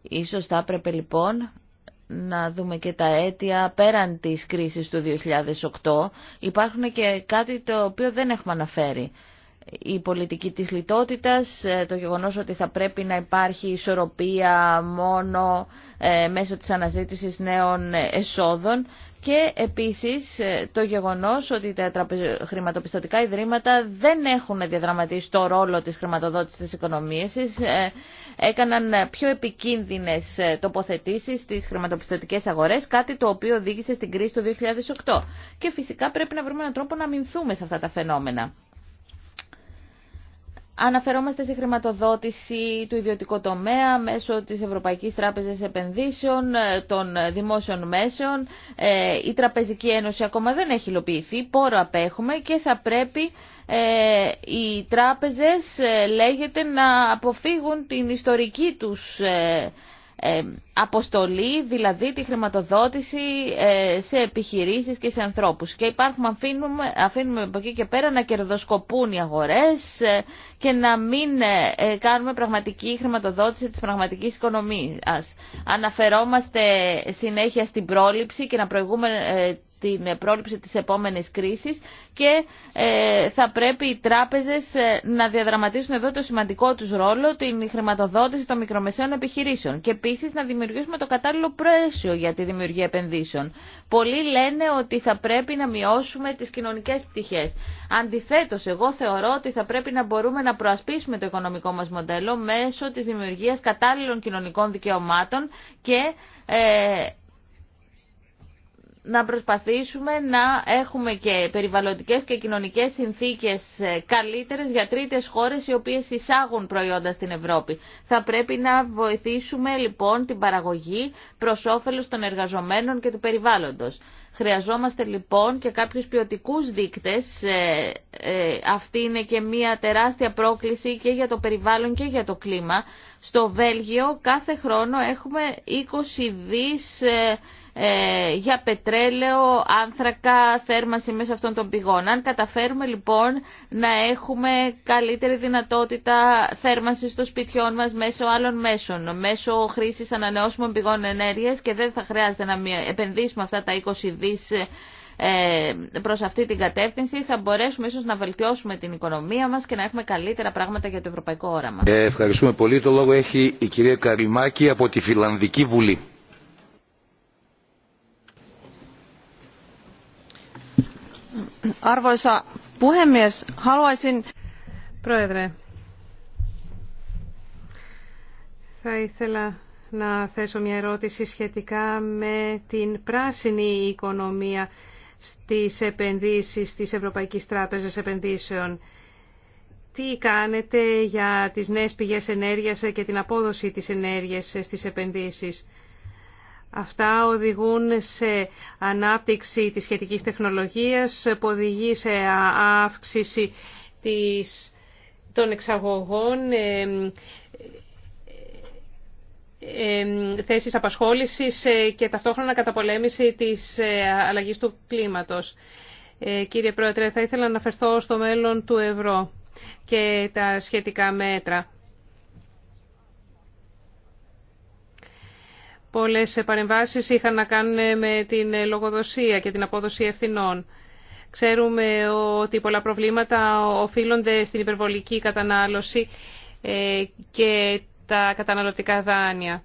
Ίσως θα έπρεπε λοιπόν να δούμε και τα αίτια πέραν της κρίσης του 2008. Υπάρχουν και κάτι το οποίο δεν έχουμε αναφέρει η πολιτική της λιτότητας, ε, το γεγονός ότι θα πρέπει να υπάρχει ισορροπία μόνο ε, μέσω της αναζήτησης νέων εσόδων και επίσης ε, το γεγονός ότι τα χρηματοπιστωτικά ιδρύματα δεν έχουν διαδραματίσει το ρόλο της χρηματοδότησης της οικονομίας έκαναν πιο επικίνδυνες τοποθετήσεις στις χρηματοπιστωτικές αγορές, κάτι το οποίο οδήγησε στην κρίση του 2008. Και φυσικά πρέπει να βρούμε έναν τρόπο να μηνθούμε σε αυτά τα φαινόμενα. Αναφερόμαστε στη χρηματοδότηση του ιδιωτικού τομέα μέσω της Ευρωπαϊκής Τράπεζας Επενδύσεων, ε, των δημόσιων μέσεων. Ε, η Τραπεζική Ένωση ακόμα δεν έχει υλοποιηθεί, πόρο απέχουμε και θα πρέπει ε, οι τράπεζες, λέγεται, να αποφύγουν την ιστορική τους αποστολή, δηλαδή τη χρηματοδότηση ε, σε επιχειρήσεις και σε ανθρώπους. Και υπάρχουμε, αφήνουμε, αφήνουμε από εκεί και πέρα να κερδοσκοπούν οι αγορές ε, και να μην ε, κάνουμε πραγματική χρηματοδότηση της πραγματικής οικονομίας. Αναφερόμαστε συνέχεια στην πρόληψη και να προηγούμε την πρόληψη της επόμενης κρίσης και θα πρέπει οι τράπεζες να διαδραματίσουν εδώ το σημαντικό τους ρόλο, την χρηματοδότηση των μικρομεσαίων επιχειρήσεων και επίσης να δημιουργήσουν δημιουργήσουμε το κατάλληλο πρόέσιο για τη δημιουργία επενδύσεων. Πολλοί λένε ότι θα πρέπει να μειώσουμε τις κοινωνικές πτυχές. Αντιθέτως, εγώ θεωρώ ότι θα πρέπει να μπορούμε να προασπίσουμε το οικονομικό μας μοντέλο μέσω της δημιουργίας κατάλληλων κοινωνικών δικαιωμάτων και ε, να προσπαθήσουμε να έχουμε και περιβαλλοντικές και κοινωνικές συνθήκες ε, καλύτερες για τρίτες χώρες οι οποίες εισάγουν προϊόντα στην Ευρώπη. Θα πρέπει να βοηθήσουμε λοιπόν την παραγωγή προς όφελος των εργαζομένων και του περιβάλλοντος. Χρειαζόμαστε λοιπόν και κάποιους ποιοτικού δείκτες. Ε, ε, αυτή είναι και μια τεράστια πρόκληση και για το περιβάλλον και για το κλίμα. Στο Βέλγιο κάθε χρόνο έχουμε 20 δις ε, για πετρέλαιο, άνθρακα, θέρμανση μέσα αυτών των πηγών. Αν καταφέρουμε λοιπόν να έχουμε καλύτερη δυνατότητα θέρμανσης των σπιτιών μας μέσω άλλων μέσων, μέσω χρήσης ανανεώσιμων πηγών ενέργειας και δεν θα χρειάζεται να επενδύσουμε αυτά τα 20 δις ε, προς αυτή την κατεύθυνση θα μπορέσουμε ίσως να βελτιώσουμε την οικονομία μας και να έχουμε καλύτερα πράγματα για το ευρωπαϊκό όραμα. Ε, ευχαριστούμε πολύ. Το λόγο έχει η κυρία Καριμάκη από τη Φιλανδική Βουλή. Arvoisa Πρόεδρε, θα ήθελα να θέσω μια ερώτηση σχετικά με την πράσινη οικονομία στις επενδύσεις της Ευρωπαϊκής Τράπεζας Επενδύσεων. Τι κάνετε για τις νέες πηγές ενέργειας και την απόδοση της ενέργειας στις επενδύσεις. Αυτά οδηγούν σε ανάπτυξη της σχετικής τεχνολογίας που οδηγεί σε αύξηση της, των εξαγωγών, θέσεις απασχόλησης ε, και ταυτόχρονα καταπολέμηση της ε, αλλαγής του κλίματος. Ε, κύριε Πρόεδρε, θα ήθελα να αναφερθώ στο μέλλον του ευρώ και τα σχετικά μέτρα. Πολλές παρεμβάσεις είχαν να κάνουν με την λογοδοσία και την απόδοση ευθυνών. Ξέρουμε ότι πολλά προβλήματα οφείλονται στην υπερβολική κατανάλωση ε, και τα καταναλωτικά δάνεια.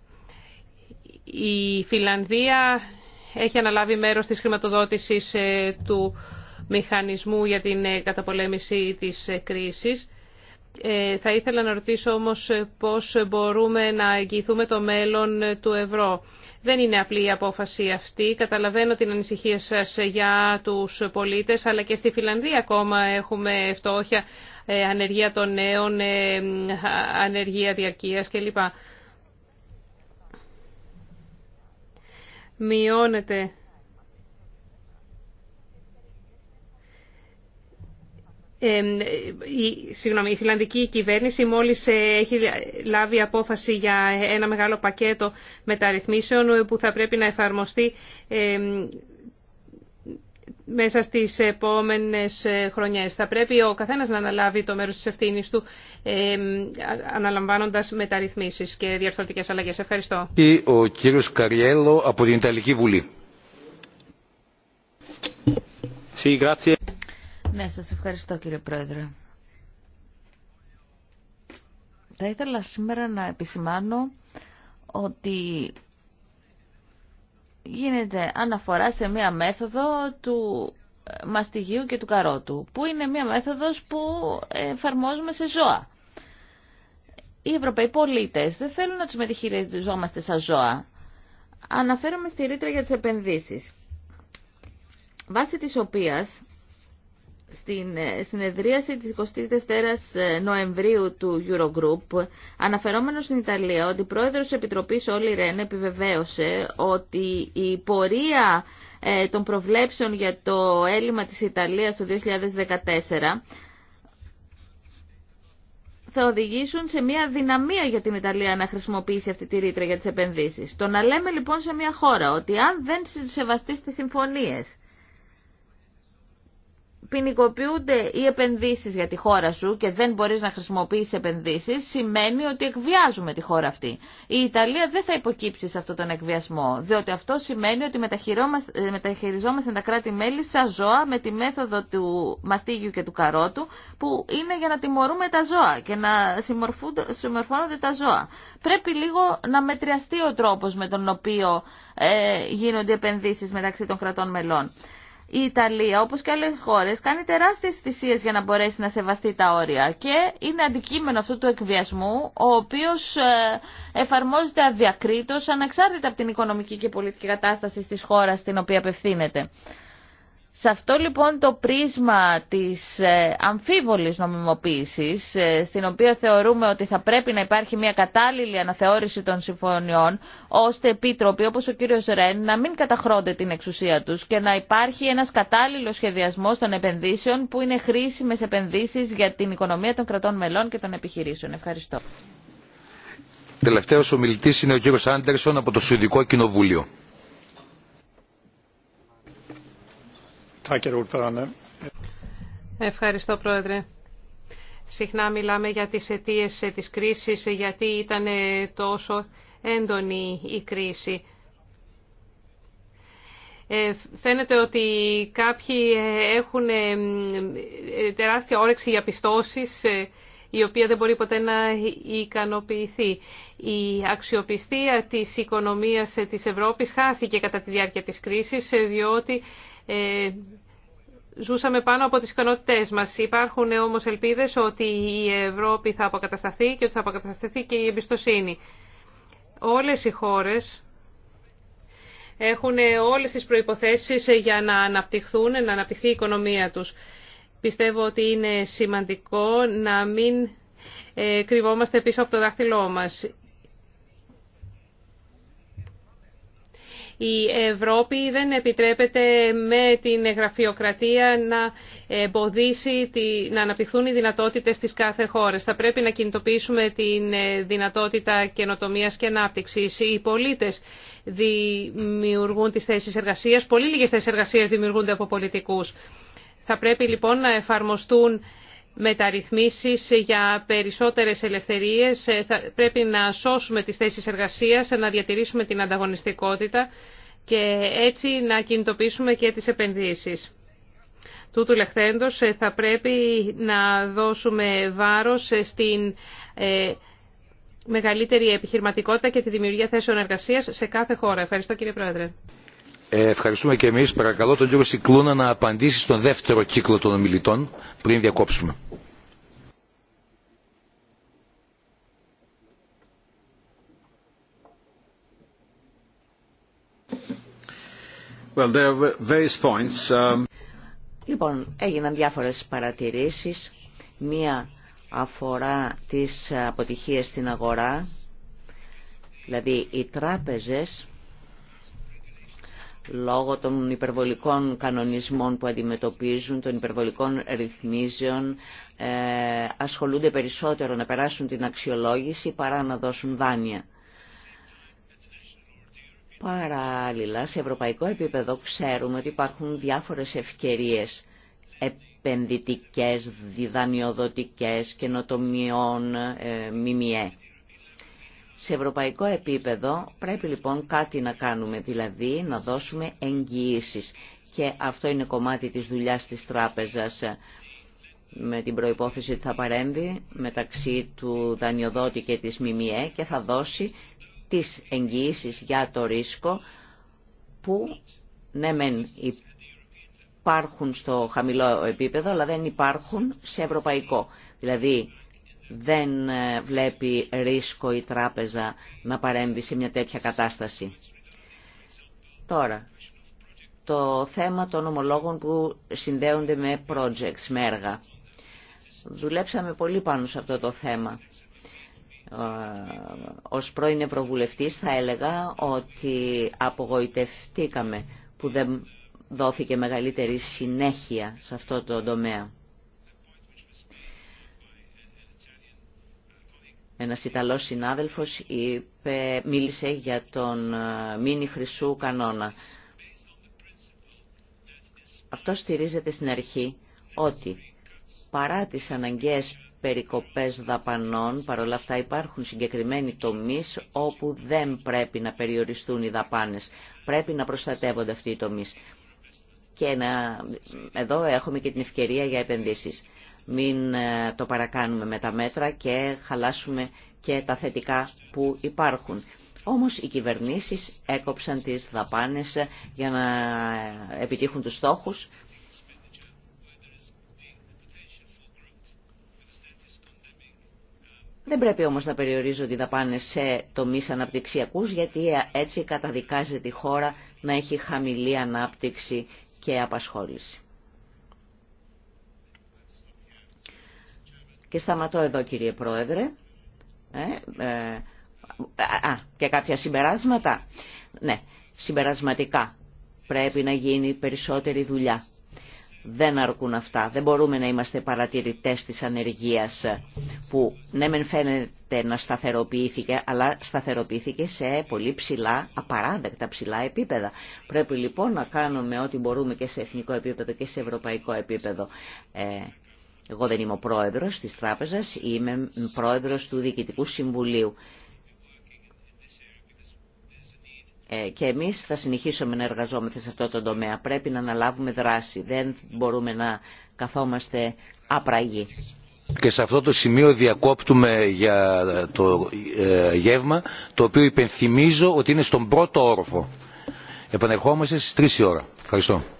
Η Φιλανδία έχει αναλάβει μέρος της χρηματοδότησης ε, του μηχανισμού για την ε, καταπολέμηση της κρίσης ε, θα ήθελα να ρωτήσω όμως ε, πώς μπορούμε να εγγυηθούμε το μέλλον ε, του ευρώ. Δεν είναι απλή η απόφαση αυτή. Καταλαβαίνω την ανησυχία σας για τους πολίτες, αλλά και στη Φιλανδία ακόμα έχουμε φτώχεια, ανεργία των νέων, ανεργία διαρκείας κλπ. Μειώνεται η, συγγνώμη, η φιλανδική κυβέρνηση μόλις ε, έχει λάβει απόφαση για ένα μεγάλο πακέτο μεταρρυθμίσεων ε, που θα πρέπει να εφαρμοστεί μέσα στις επόμενες ε, χρονιές. Θα πρέπει ο καθένας να αναλάβει το μέρος της ευθύνης του αναλαμβάνοντας μεταρρυθμίσεις και διαρθρωτικές αλλαγές. Ευχαριστώ. Ο κύριος Καριέλο από την ναι, σας ευχαριστώ κύριε Πρόεδρε. Θα ήθελα σήμερα να επισημάνω ότι γίνεται αναφορά σε μία μέθοδο του μαστιγίου και του καρότου, που είναι μία μέθοδος που εφαρμόζουμε σε ζώα. Οι Ευρωπαίοι πολίτες δεν θέλουν να τους μετεχειριζόμαστε σαν ζώα. Αναφέρομαι στη ρήτρα για τις επενδύσεις, βάσει της οποίας στην ε, συνεδρίαση της 22ης ε, Νοεμβρίου του Eurogroup, αναφερόμενος στην Ιταλία ότι η πρόεδρος της Επιτροπής Όλη Ρεν επιβεβαίωσε ότι η πορεία ε, των προβλέψεων για το έλλειμμα της Ιταλίας το 2014 θα οδηγήσουν σε μια δυναμία για την Ιταλία να χρησιμοποιήσει αυτή τη ρήτρα για τις επενδύσεις. Το να λέμε λοιπόν σε μια χώρα ότι αν δεν σεβαστεί τις συμφωνίες ποινικοποιούνται οι επενδύσεις για τη χώρα σου και δεν μπορείς να χρησιμοποιήσεις επενδύσεις, σημαίνει ότι εκβιάζουμε τη χώρα αυτή. Η Ιταλία δεν θα υποκύψει σε αυτόν τον εκβιασμό, διότι αυτό σημαίνει ότι ε, μεταχειριζόμαστε τα κράτη-μέλη σαν ζώα με τη μέθοδο του μαστίγιου και του καρότου, που είναι για να τιμωρούμε τα ζώα και να συμμορφώνονται τα ζώα. Πρέπει λίγο να μετριαστεί ο τρόπος με τον οποίο ε, γίνονται επενδύσεις μεταξύ των κρατών μελών η Ιταλία, όπως και άλλες χώρες, κάνει τεράστιες θυσίε για να μπορέσει να σεβαστεί τα όρια και είναι αντικείμενο αυτού του εκβιασμού, ο οποίος ε, εφαρμόζεται αδιακρίτω, ανεξάρτητα από την οικονομική και πολιτική κατάσταση τη χώρα στην οποία απευθύνεται. Σε αυτό λοιπόν το πρίσμα της ε, αμφίβολης νομιμοποίησης, ε, στην οποία θεωρούμε ότι θα πρέπει να υπάρχει μια κατάλληλη αναθεώρηση των συμφωνιών, ώστε επίτροποι όπως ο κύριος Ρέν να μην καταχρώνται την εξουσία τους και να υπάρχει ένας κατάλληλος σχεδιασμός των επενδύσεων που είναι χρήσιμες επενδύσεις για την οικονομία των κρατών μελών και των επιχειρήσεων. Ευχαριστώ. Τελευταίος ομιλητής είναι ο κύριος Άντερσον από το Σουηδικό Κοινοβούλιο. Ευχαριστώ, Πρόεδρε. Συχνά μιλάμε για τις αιτίε ε, της κρίσης, ε, γιατί ήταν ε, τόσο έντονη η κρίση. Φαίνεται ότι κάποιοι έχουν τεράστια όρεξη για πιστώσεις, η οποία δεν μπορεί ποτέ να ικανοποιηθεί. Η αξιοπιστία της οικονομίας της Ευρώπης χάθηκε κατά τη διάρκεια της κρίσης, διότι ε, ζούσαμε πάνω από τις ικανότητές μας. Υπάρχουν όμως ελπίδες ότι η Ευρώπη θα αποκατασταθεί και ότι θα αποκατασταθεί και η εμπιστοσύνη. Όλες οι χώρες έχουν όλες τις προϋποθέσεις για να αναπτυχθούν, να αναπτυχθεί η οικονομία τους. Πιστεύω ότι είναι σημαντικό να μην ε, κρυβόμαστε πίσω από το δάχτυλό μας. Η Ευρώπη δεν επιτρέπεται με την γραφειοκρατία να εμποδίσει, να αναπτυχθούν οι δυνατότητες της κάθε χώρας. Θα πρέπει να κινητοποιήσουμε την δυνατότητα καινοτομίας και ανάπτυξης. Οι πολίτες δημιουργούν τις θέσεις εργασίας. Πολύ λίγες θέσεις εργασίας δημιουργούνται από πολιτικούς. Θα πρέπει λοιπόν να εφαρμοστούν μεταρρυθμίσεις για περισσότερες ελευθερίες. Ε, θα πρέπει να σώσουμε τις θέσεις εργασίας, να διατηρήσουμε την ανταγωνιστικότητα και έτσι να κινητοποιήσουμε και τις επενδύσεις. Τούτου λεχθέντος ε, θα πρέπει να δώσουμε βάρος ε, στην μεγαλύτερη επιχειρηματικότητα και τη δημιουργία θέσεων εργασίας σε κάθε χώρα. Ευχαριστώ κύριε Πρόεδρε. Ε, ευχαριστούμε και εμείς. Παρακαλώ τον κύριο Σικλούνα να απαντήσει στον δεύτερο κύκλο των ομιλητών πριν διακόψουμε. Um, λοιπόν, έγιναν διάφορες παρατηρήσεις. Μία αφορά τις αποτυχίες στην αγορά, δηλαδή οι τράπεζες λόγω των υπερβολικών κανονισμών που αντιμετωπίζουν, των υπερβολικών ρυθμίζεων, ε, ασχολούνται περισσότερο να περάσουν την αξιολόγηση παρά να δώσουν δάνεια. Παράλληλα, σε ευρωπαϊκό επίπεδο ξέρουμε ότι υπάρχουν διάφορες ευκαιρίες επενδυτικές, διδανειοδοτικές, καινοτομιών, ε, σε ευρωπαϊκό επίπεδο πρέπει λοιπόν κάτι να κάνουμε, δηλαδή να δώσουμε εγγυήσεις. Και αυτό είναι κομμάτι της δουλειάς της τράπεζας ε, με την προϋπόθεση ότι θα παρέμβει μεταξύ του δανειοδότη και της ΜΜΕ και θα δώσει τις εγγυήσεις για το ρίσκο που ναι μεν υπάρχουν στο χαμηλό επίπεδο αλλά δεν υπάρχουν σε ευρωπαϊκό. Δηλαδή, δεν ε, βλέπει ρίσκο η τράπεζα να παρέμβει σε μια τέτοια κατάσταση. Τώρα, το θέμα των ομολόγων που συνδέονται με projects, με έργα. Δουλέψαμε πολύ πάνω σε αυτό το θέμα. Ε, ως πρώην Ευρωβουλευτής θα έλεγα ότι απογοητευτήκαμε που δεν δόθηκε μεγαλύτερη συνέχεια σε αυτό το τομέα. Ένας Ιταλός συνάδελφος είπε, μίλησε για τον ε, μήνυ χρυσού κανόνα. Αυτό στηρίζεται στην αρχή ότι παρά τις αναγκαίες περικοπές δαπανών, παρόλα αυτά υπάρχουν συγκεκριμένοι τομείς όπου δεν πρέπει να περιοριστούν οι δαπάνες. Πρέπει να προστατεύονται αυτοί οι τομείς. Και εδώ έχουμε και την ευκαιρία για επενδύσεις μην ε, το παρακάνουμε με τα μέτρα και χαλάσουμε και τα θετικά που υπάρχουν. Όμως οι κυβερνήσεις έκοψαν τις δαπάνες ε, για να ε, επιτύχουν τους στόχους. Δεν πρέπει όμως να περιορίζονται οι δαπάνες σε τομείς αναπτυξιακούς, γιατί έτσι καταδικάζεται η χώρα να έχει χαμηλή ανάπτυξη και απασχόληση. Και σταματώ εδώ κύριε Πρόεδρε. Ε, ε, α, και κάποια συμπεράσματα. Ναι, συμπερασματικά πρέπει να γίνει περισσότερη δουλειά. Δεν αρκούν αυτά. Δεν μπορούμε να είμαστε παρατηρητές της ανεργίας που ναι μεν φαίνεται να σταθεροποιήθηκε αλλά σταθεροποιήθηκε σε πολύ ψηλά, απαράδεκτα ψηλά επίπεδα. Πρέπει λοιπόν να κάνουμε ό,τι μπορούμε και σε εθνικό επίπεδο και σε ευρωπαϊκό επίπεδο. Ε, εγώ δεν είμαι ο πρόεδρος της τράπεζας, είμαι πρόεδρος του Διοικητικού Συμβουλίου. Ε, και εμείς θα συνεχίσουμε να εργαζόμαστε σε αυτό το τομέα. Πρέπει να αναλάβουμε δράση. Δεν μπορούμε να καθόμαστε άπραγοι. Και σε αυτό το σημείο διακόπτουμε για το ε, γεύμα, το οποίο υπενθυμίζω ότι είναι στον πρώτο όροφο. Επανερχόμαστε στις 3 η ώρα. Ευχαριστώ.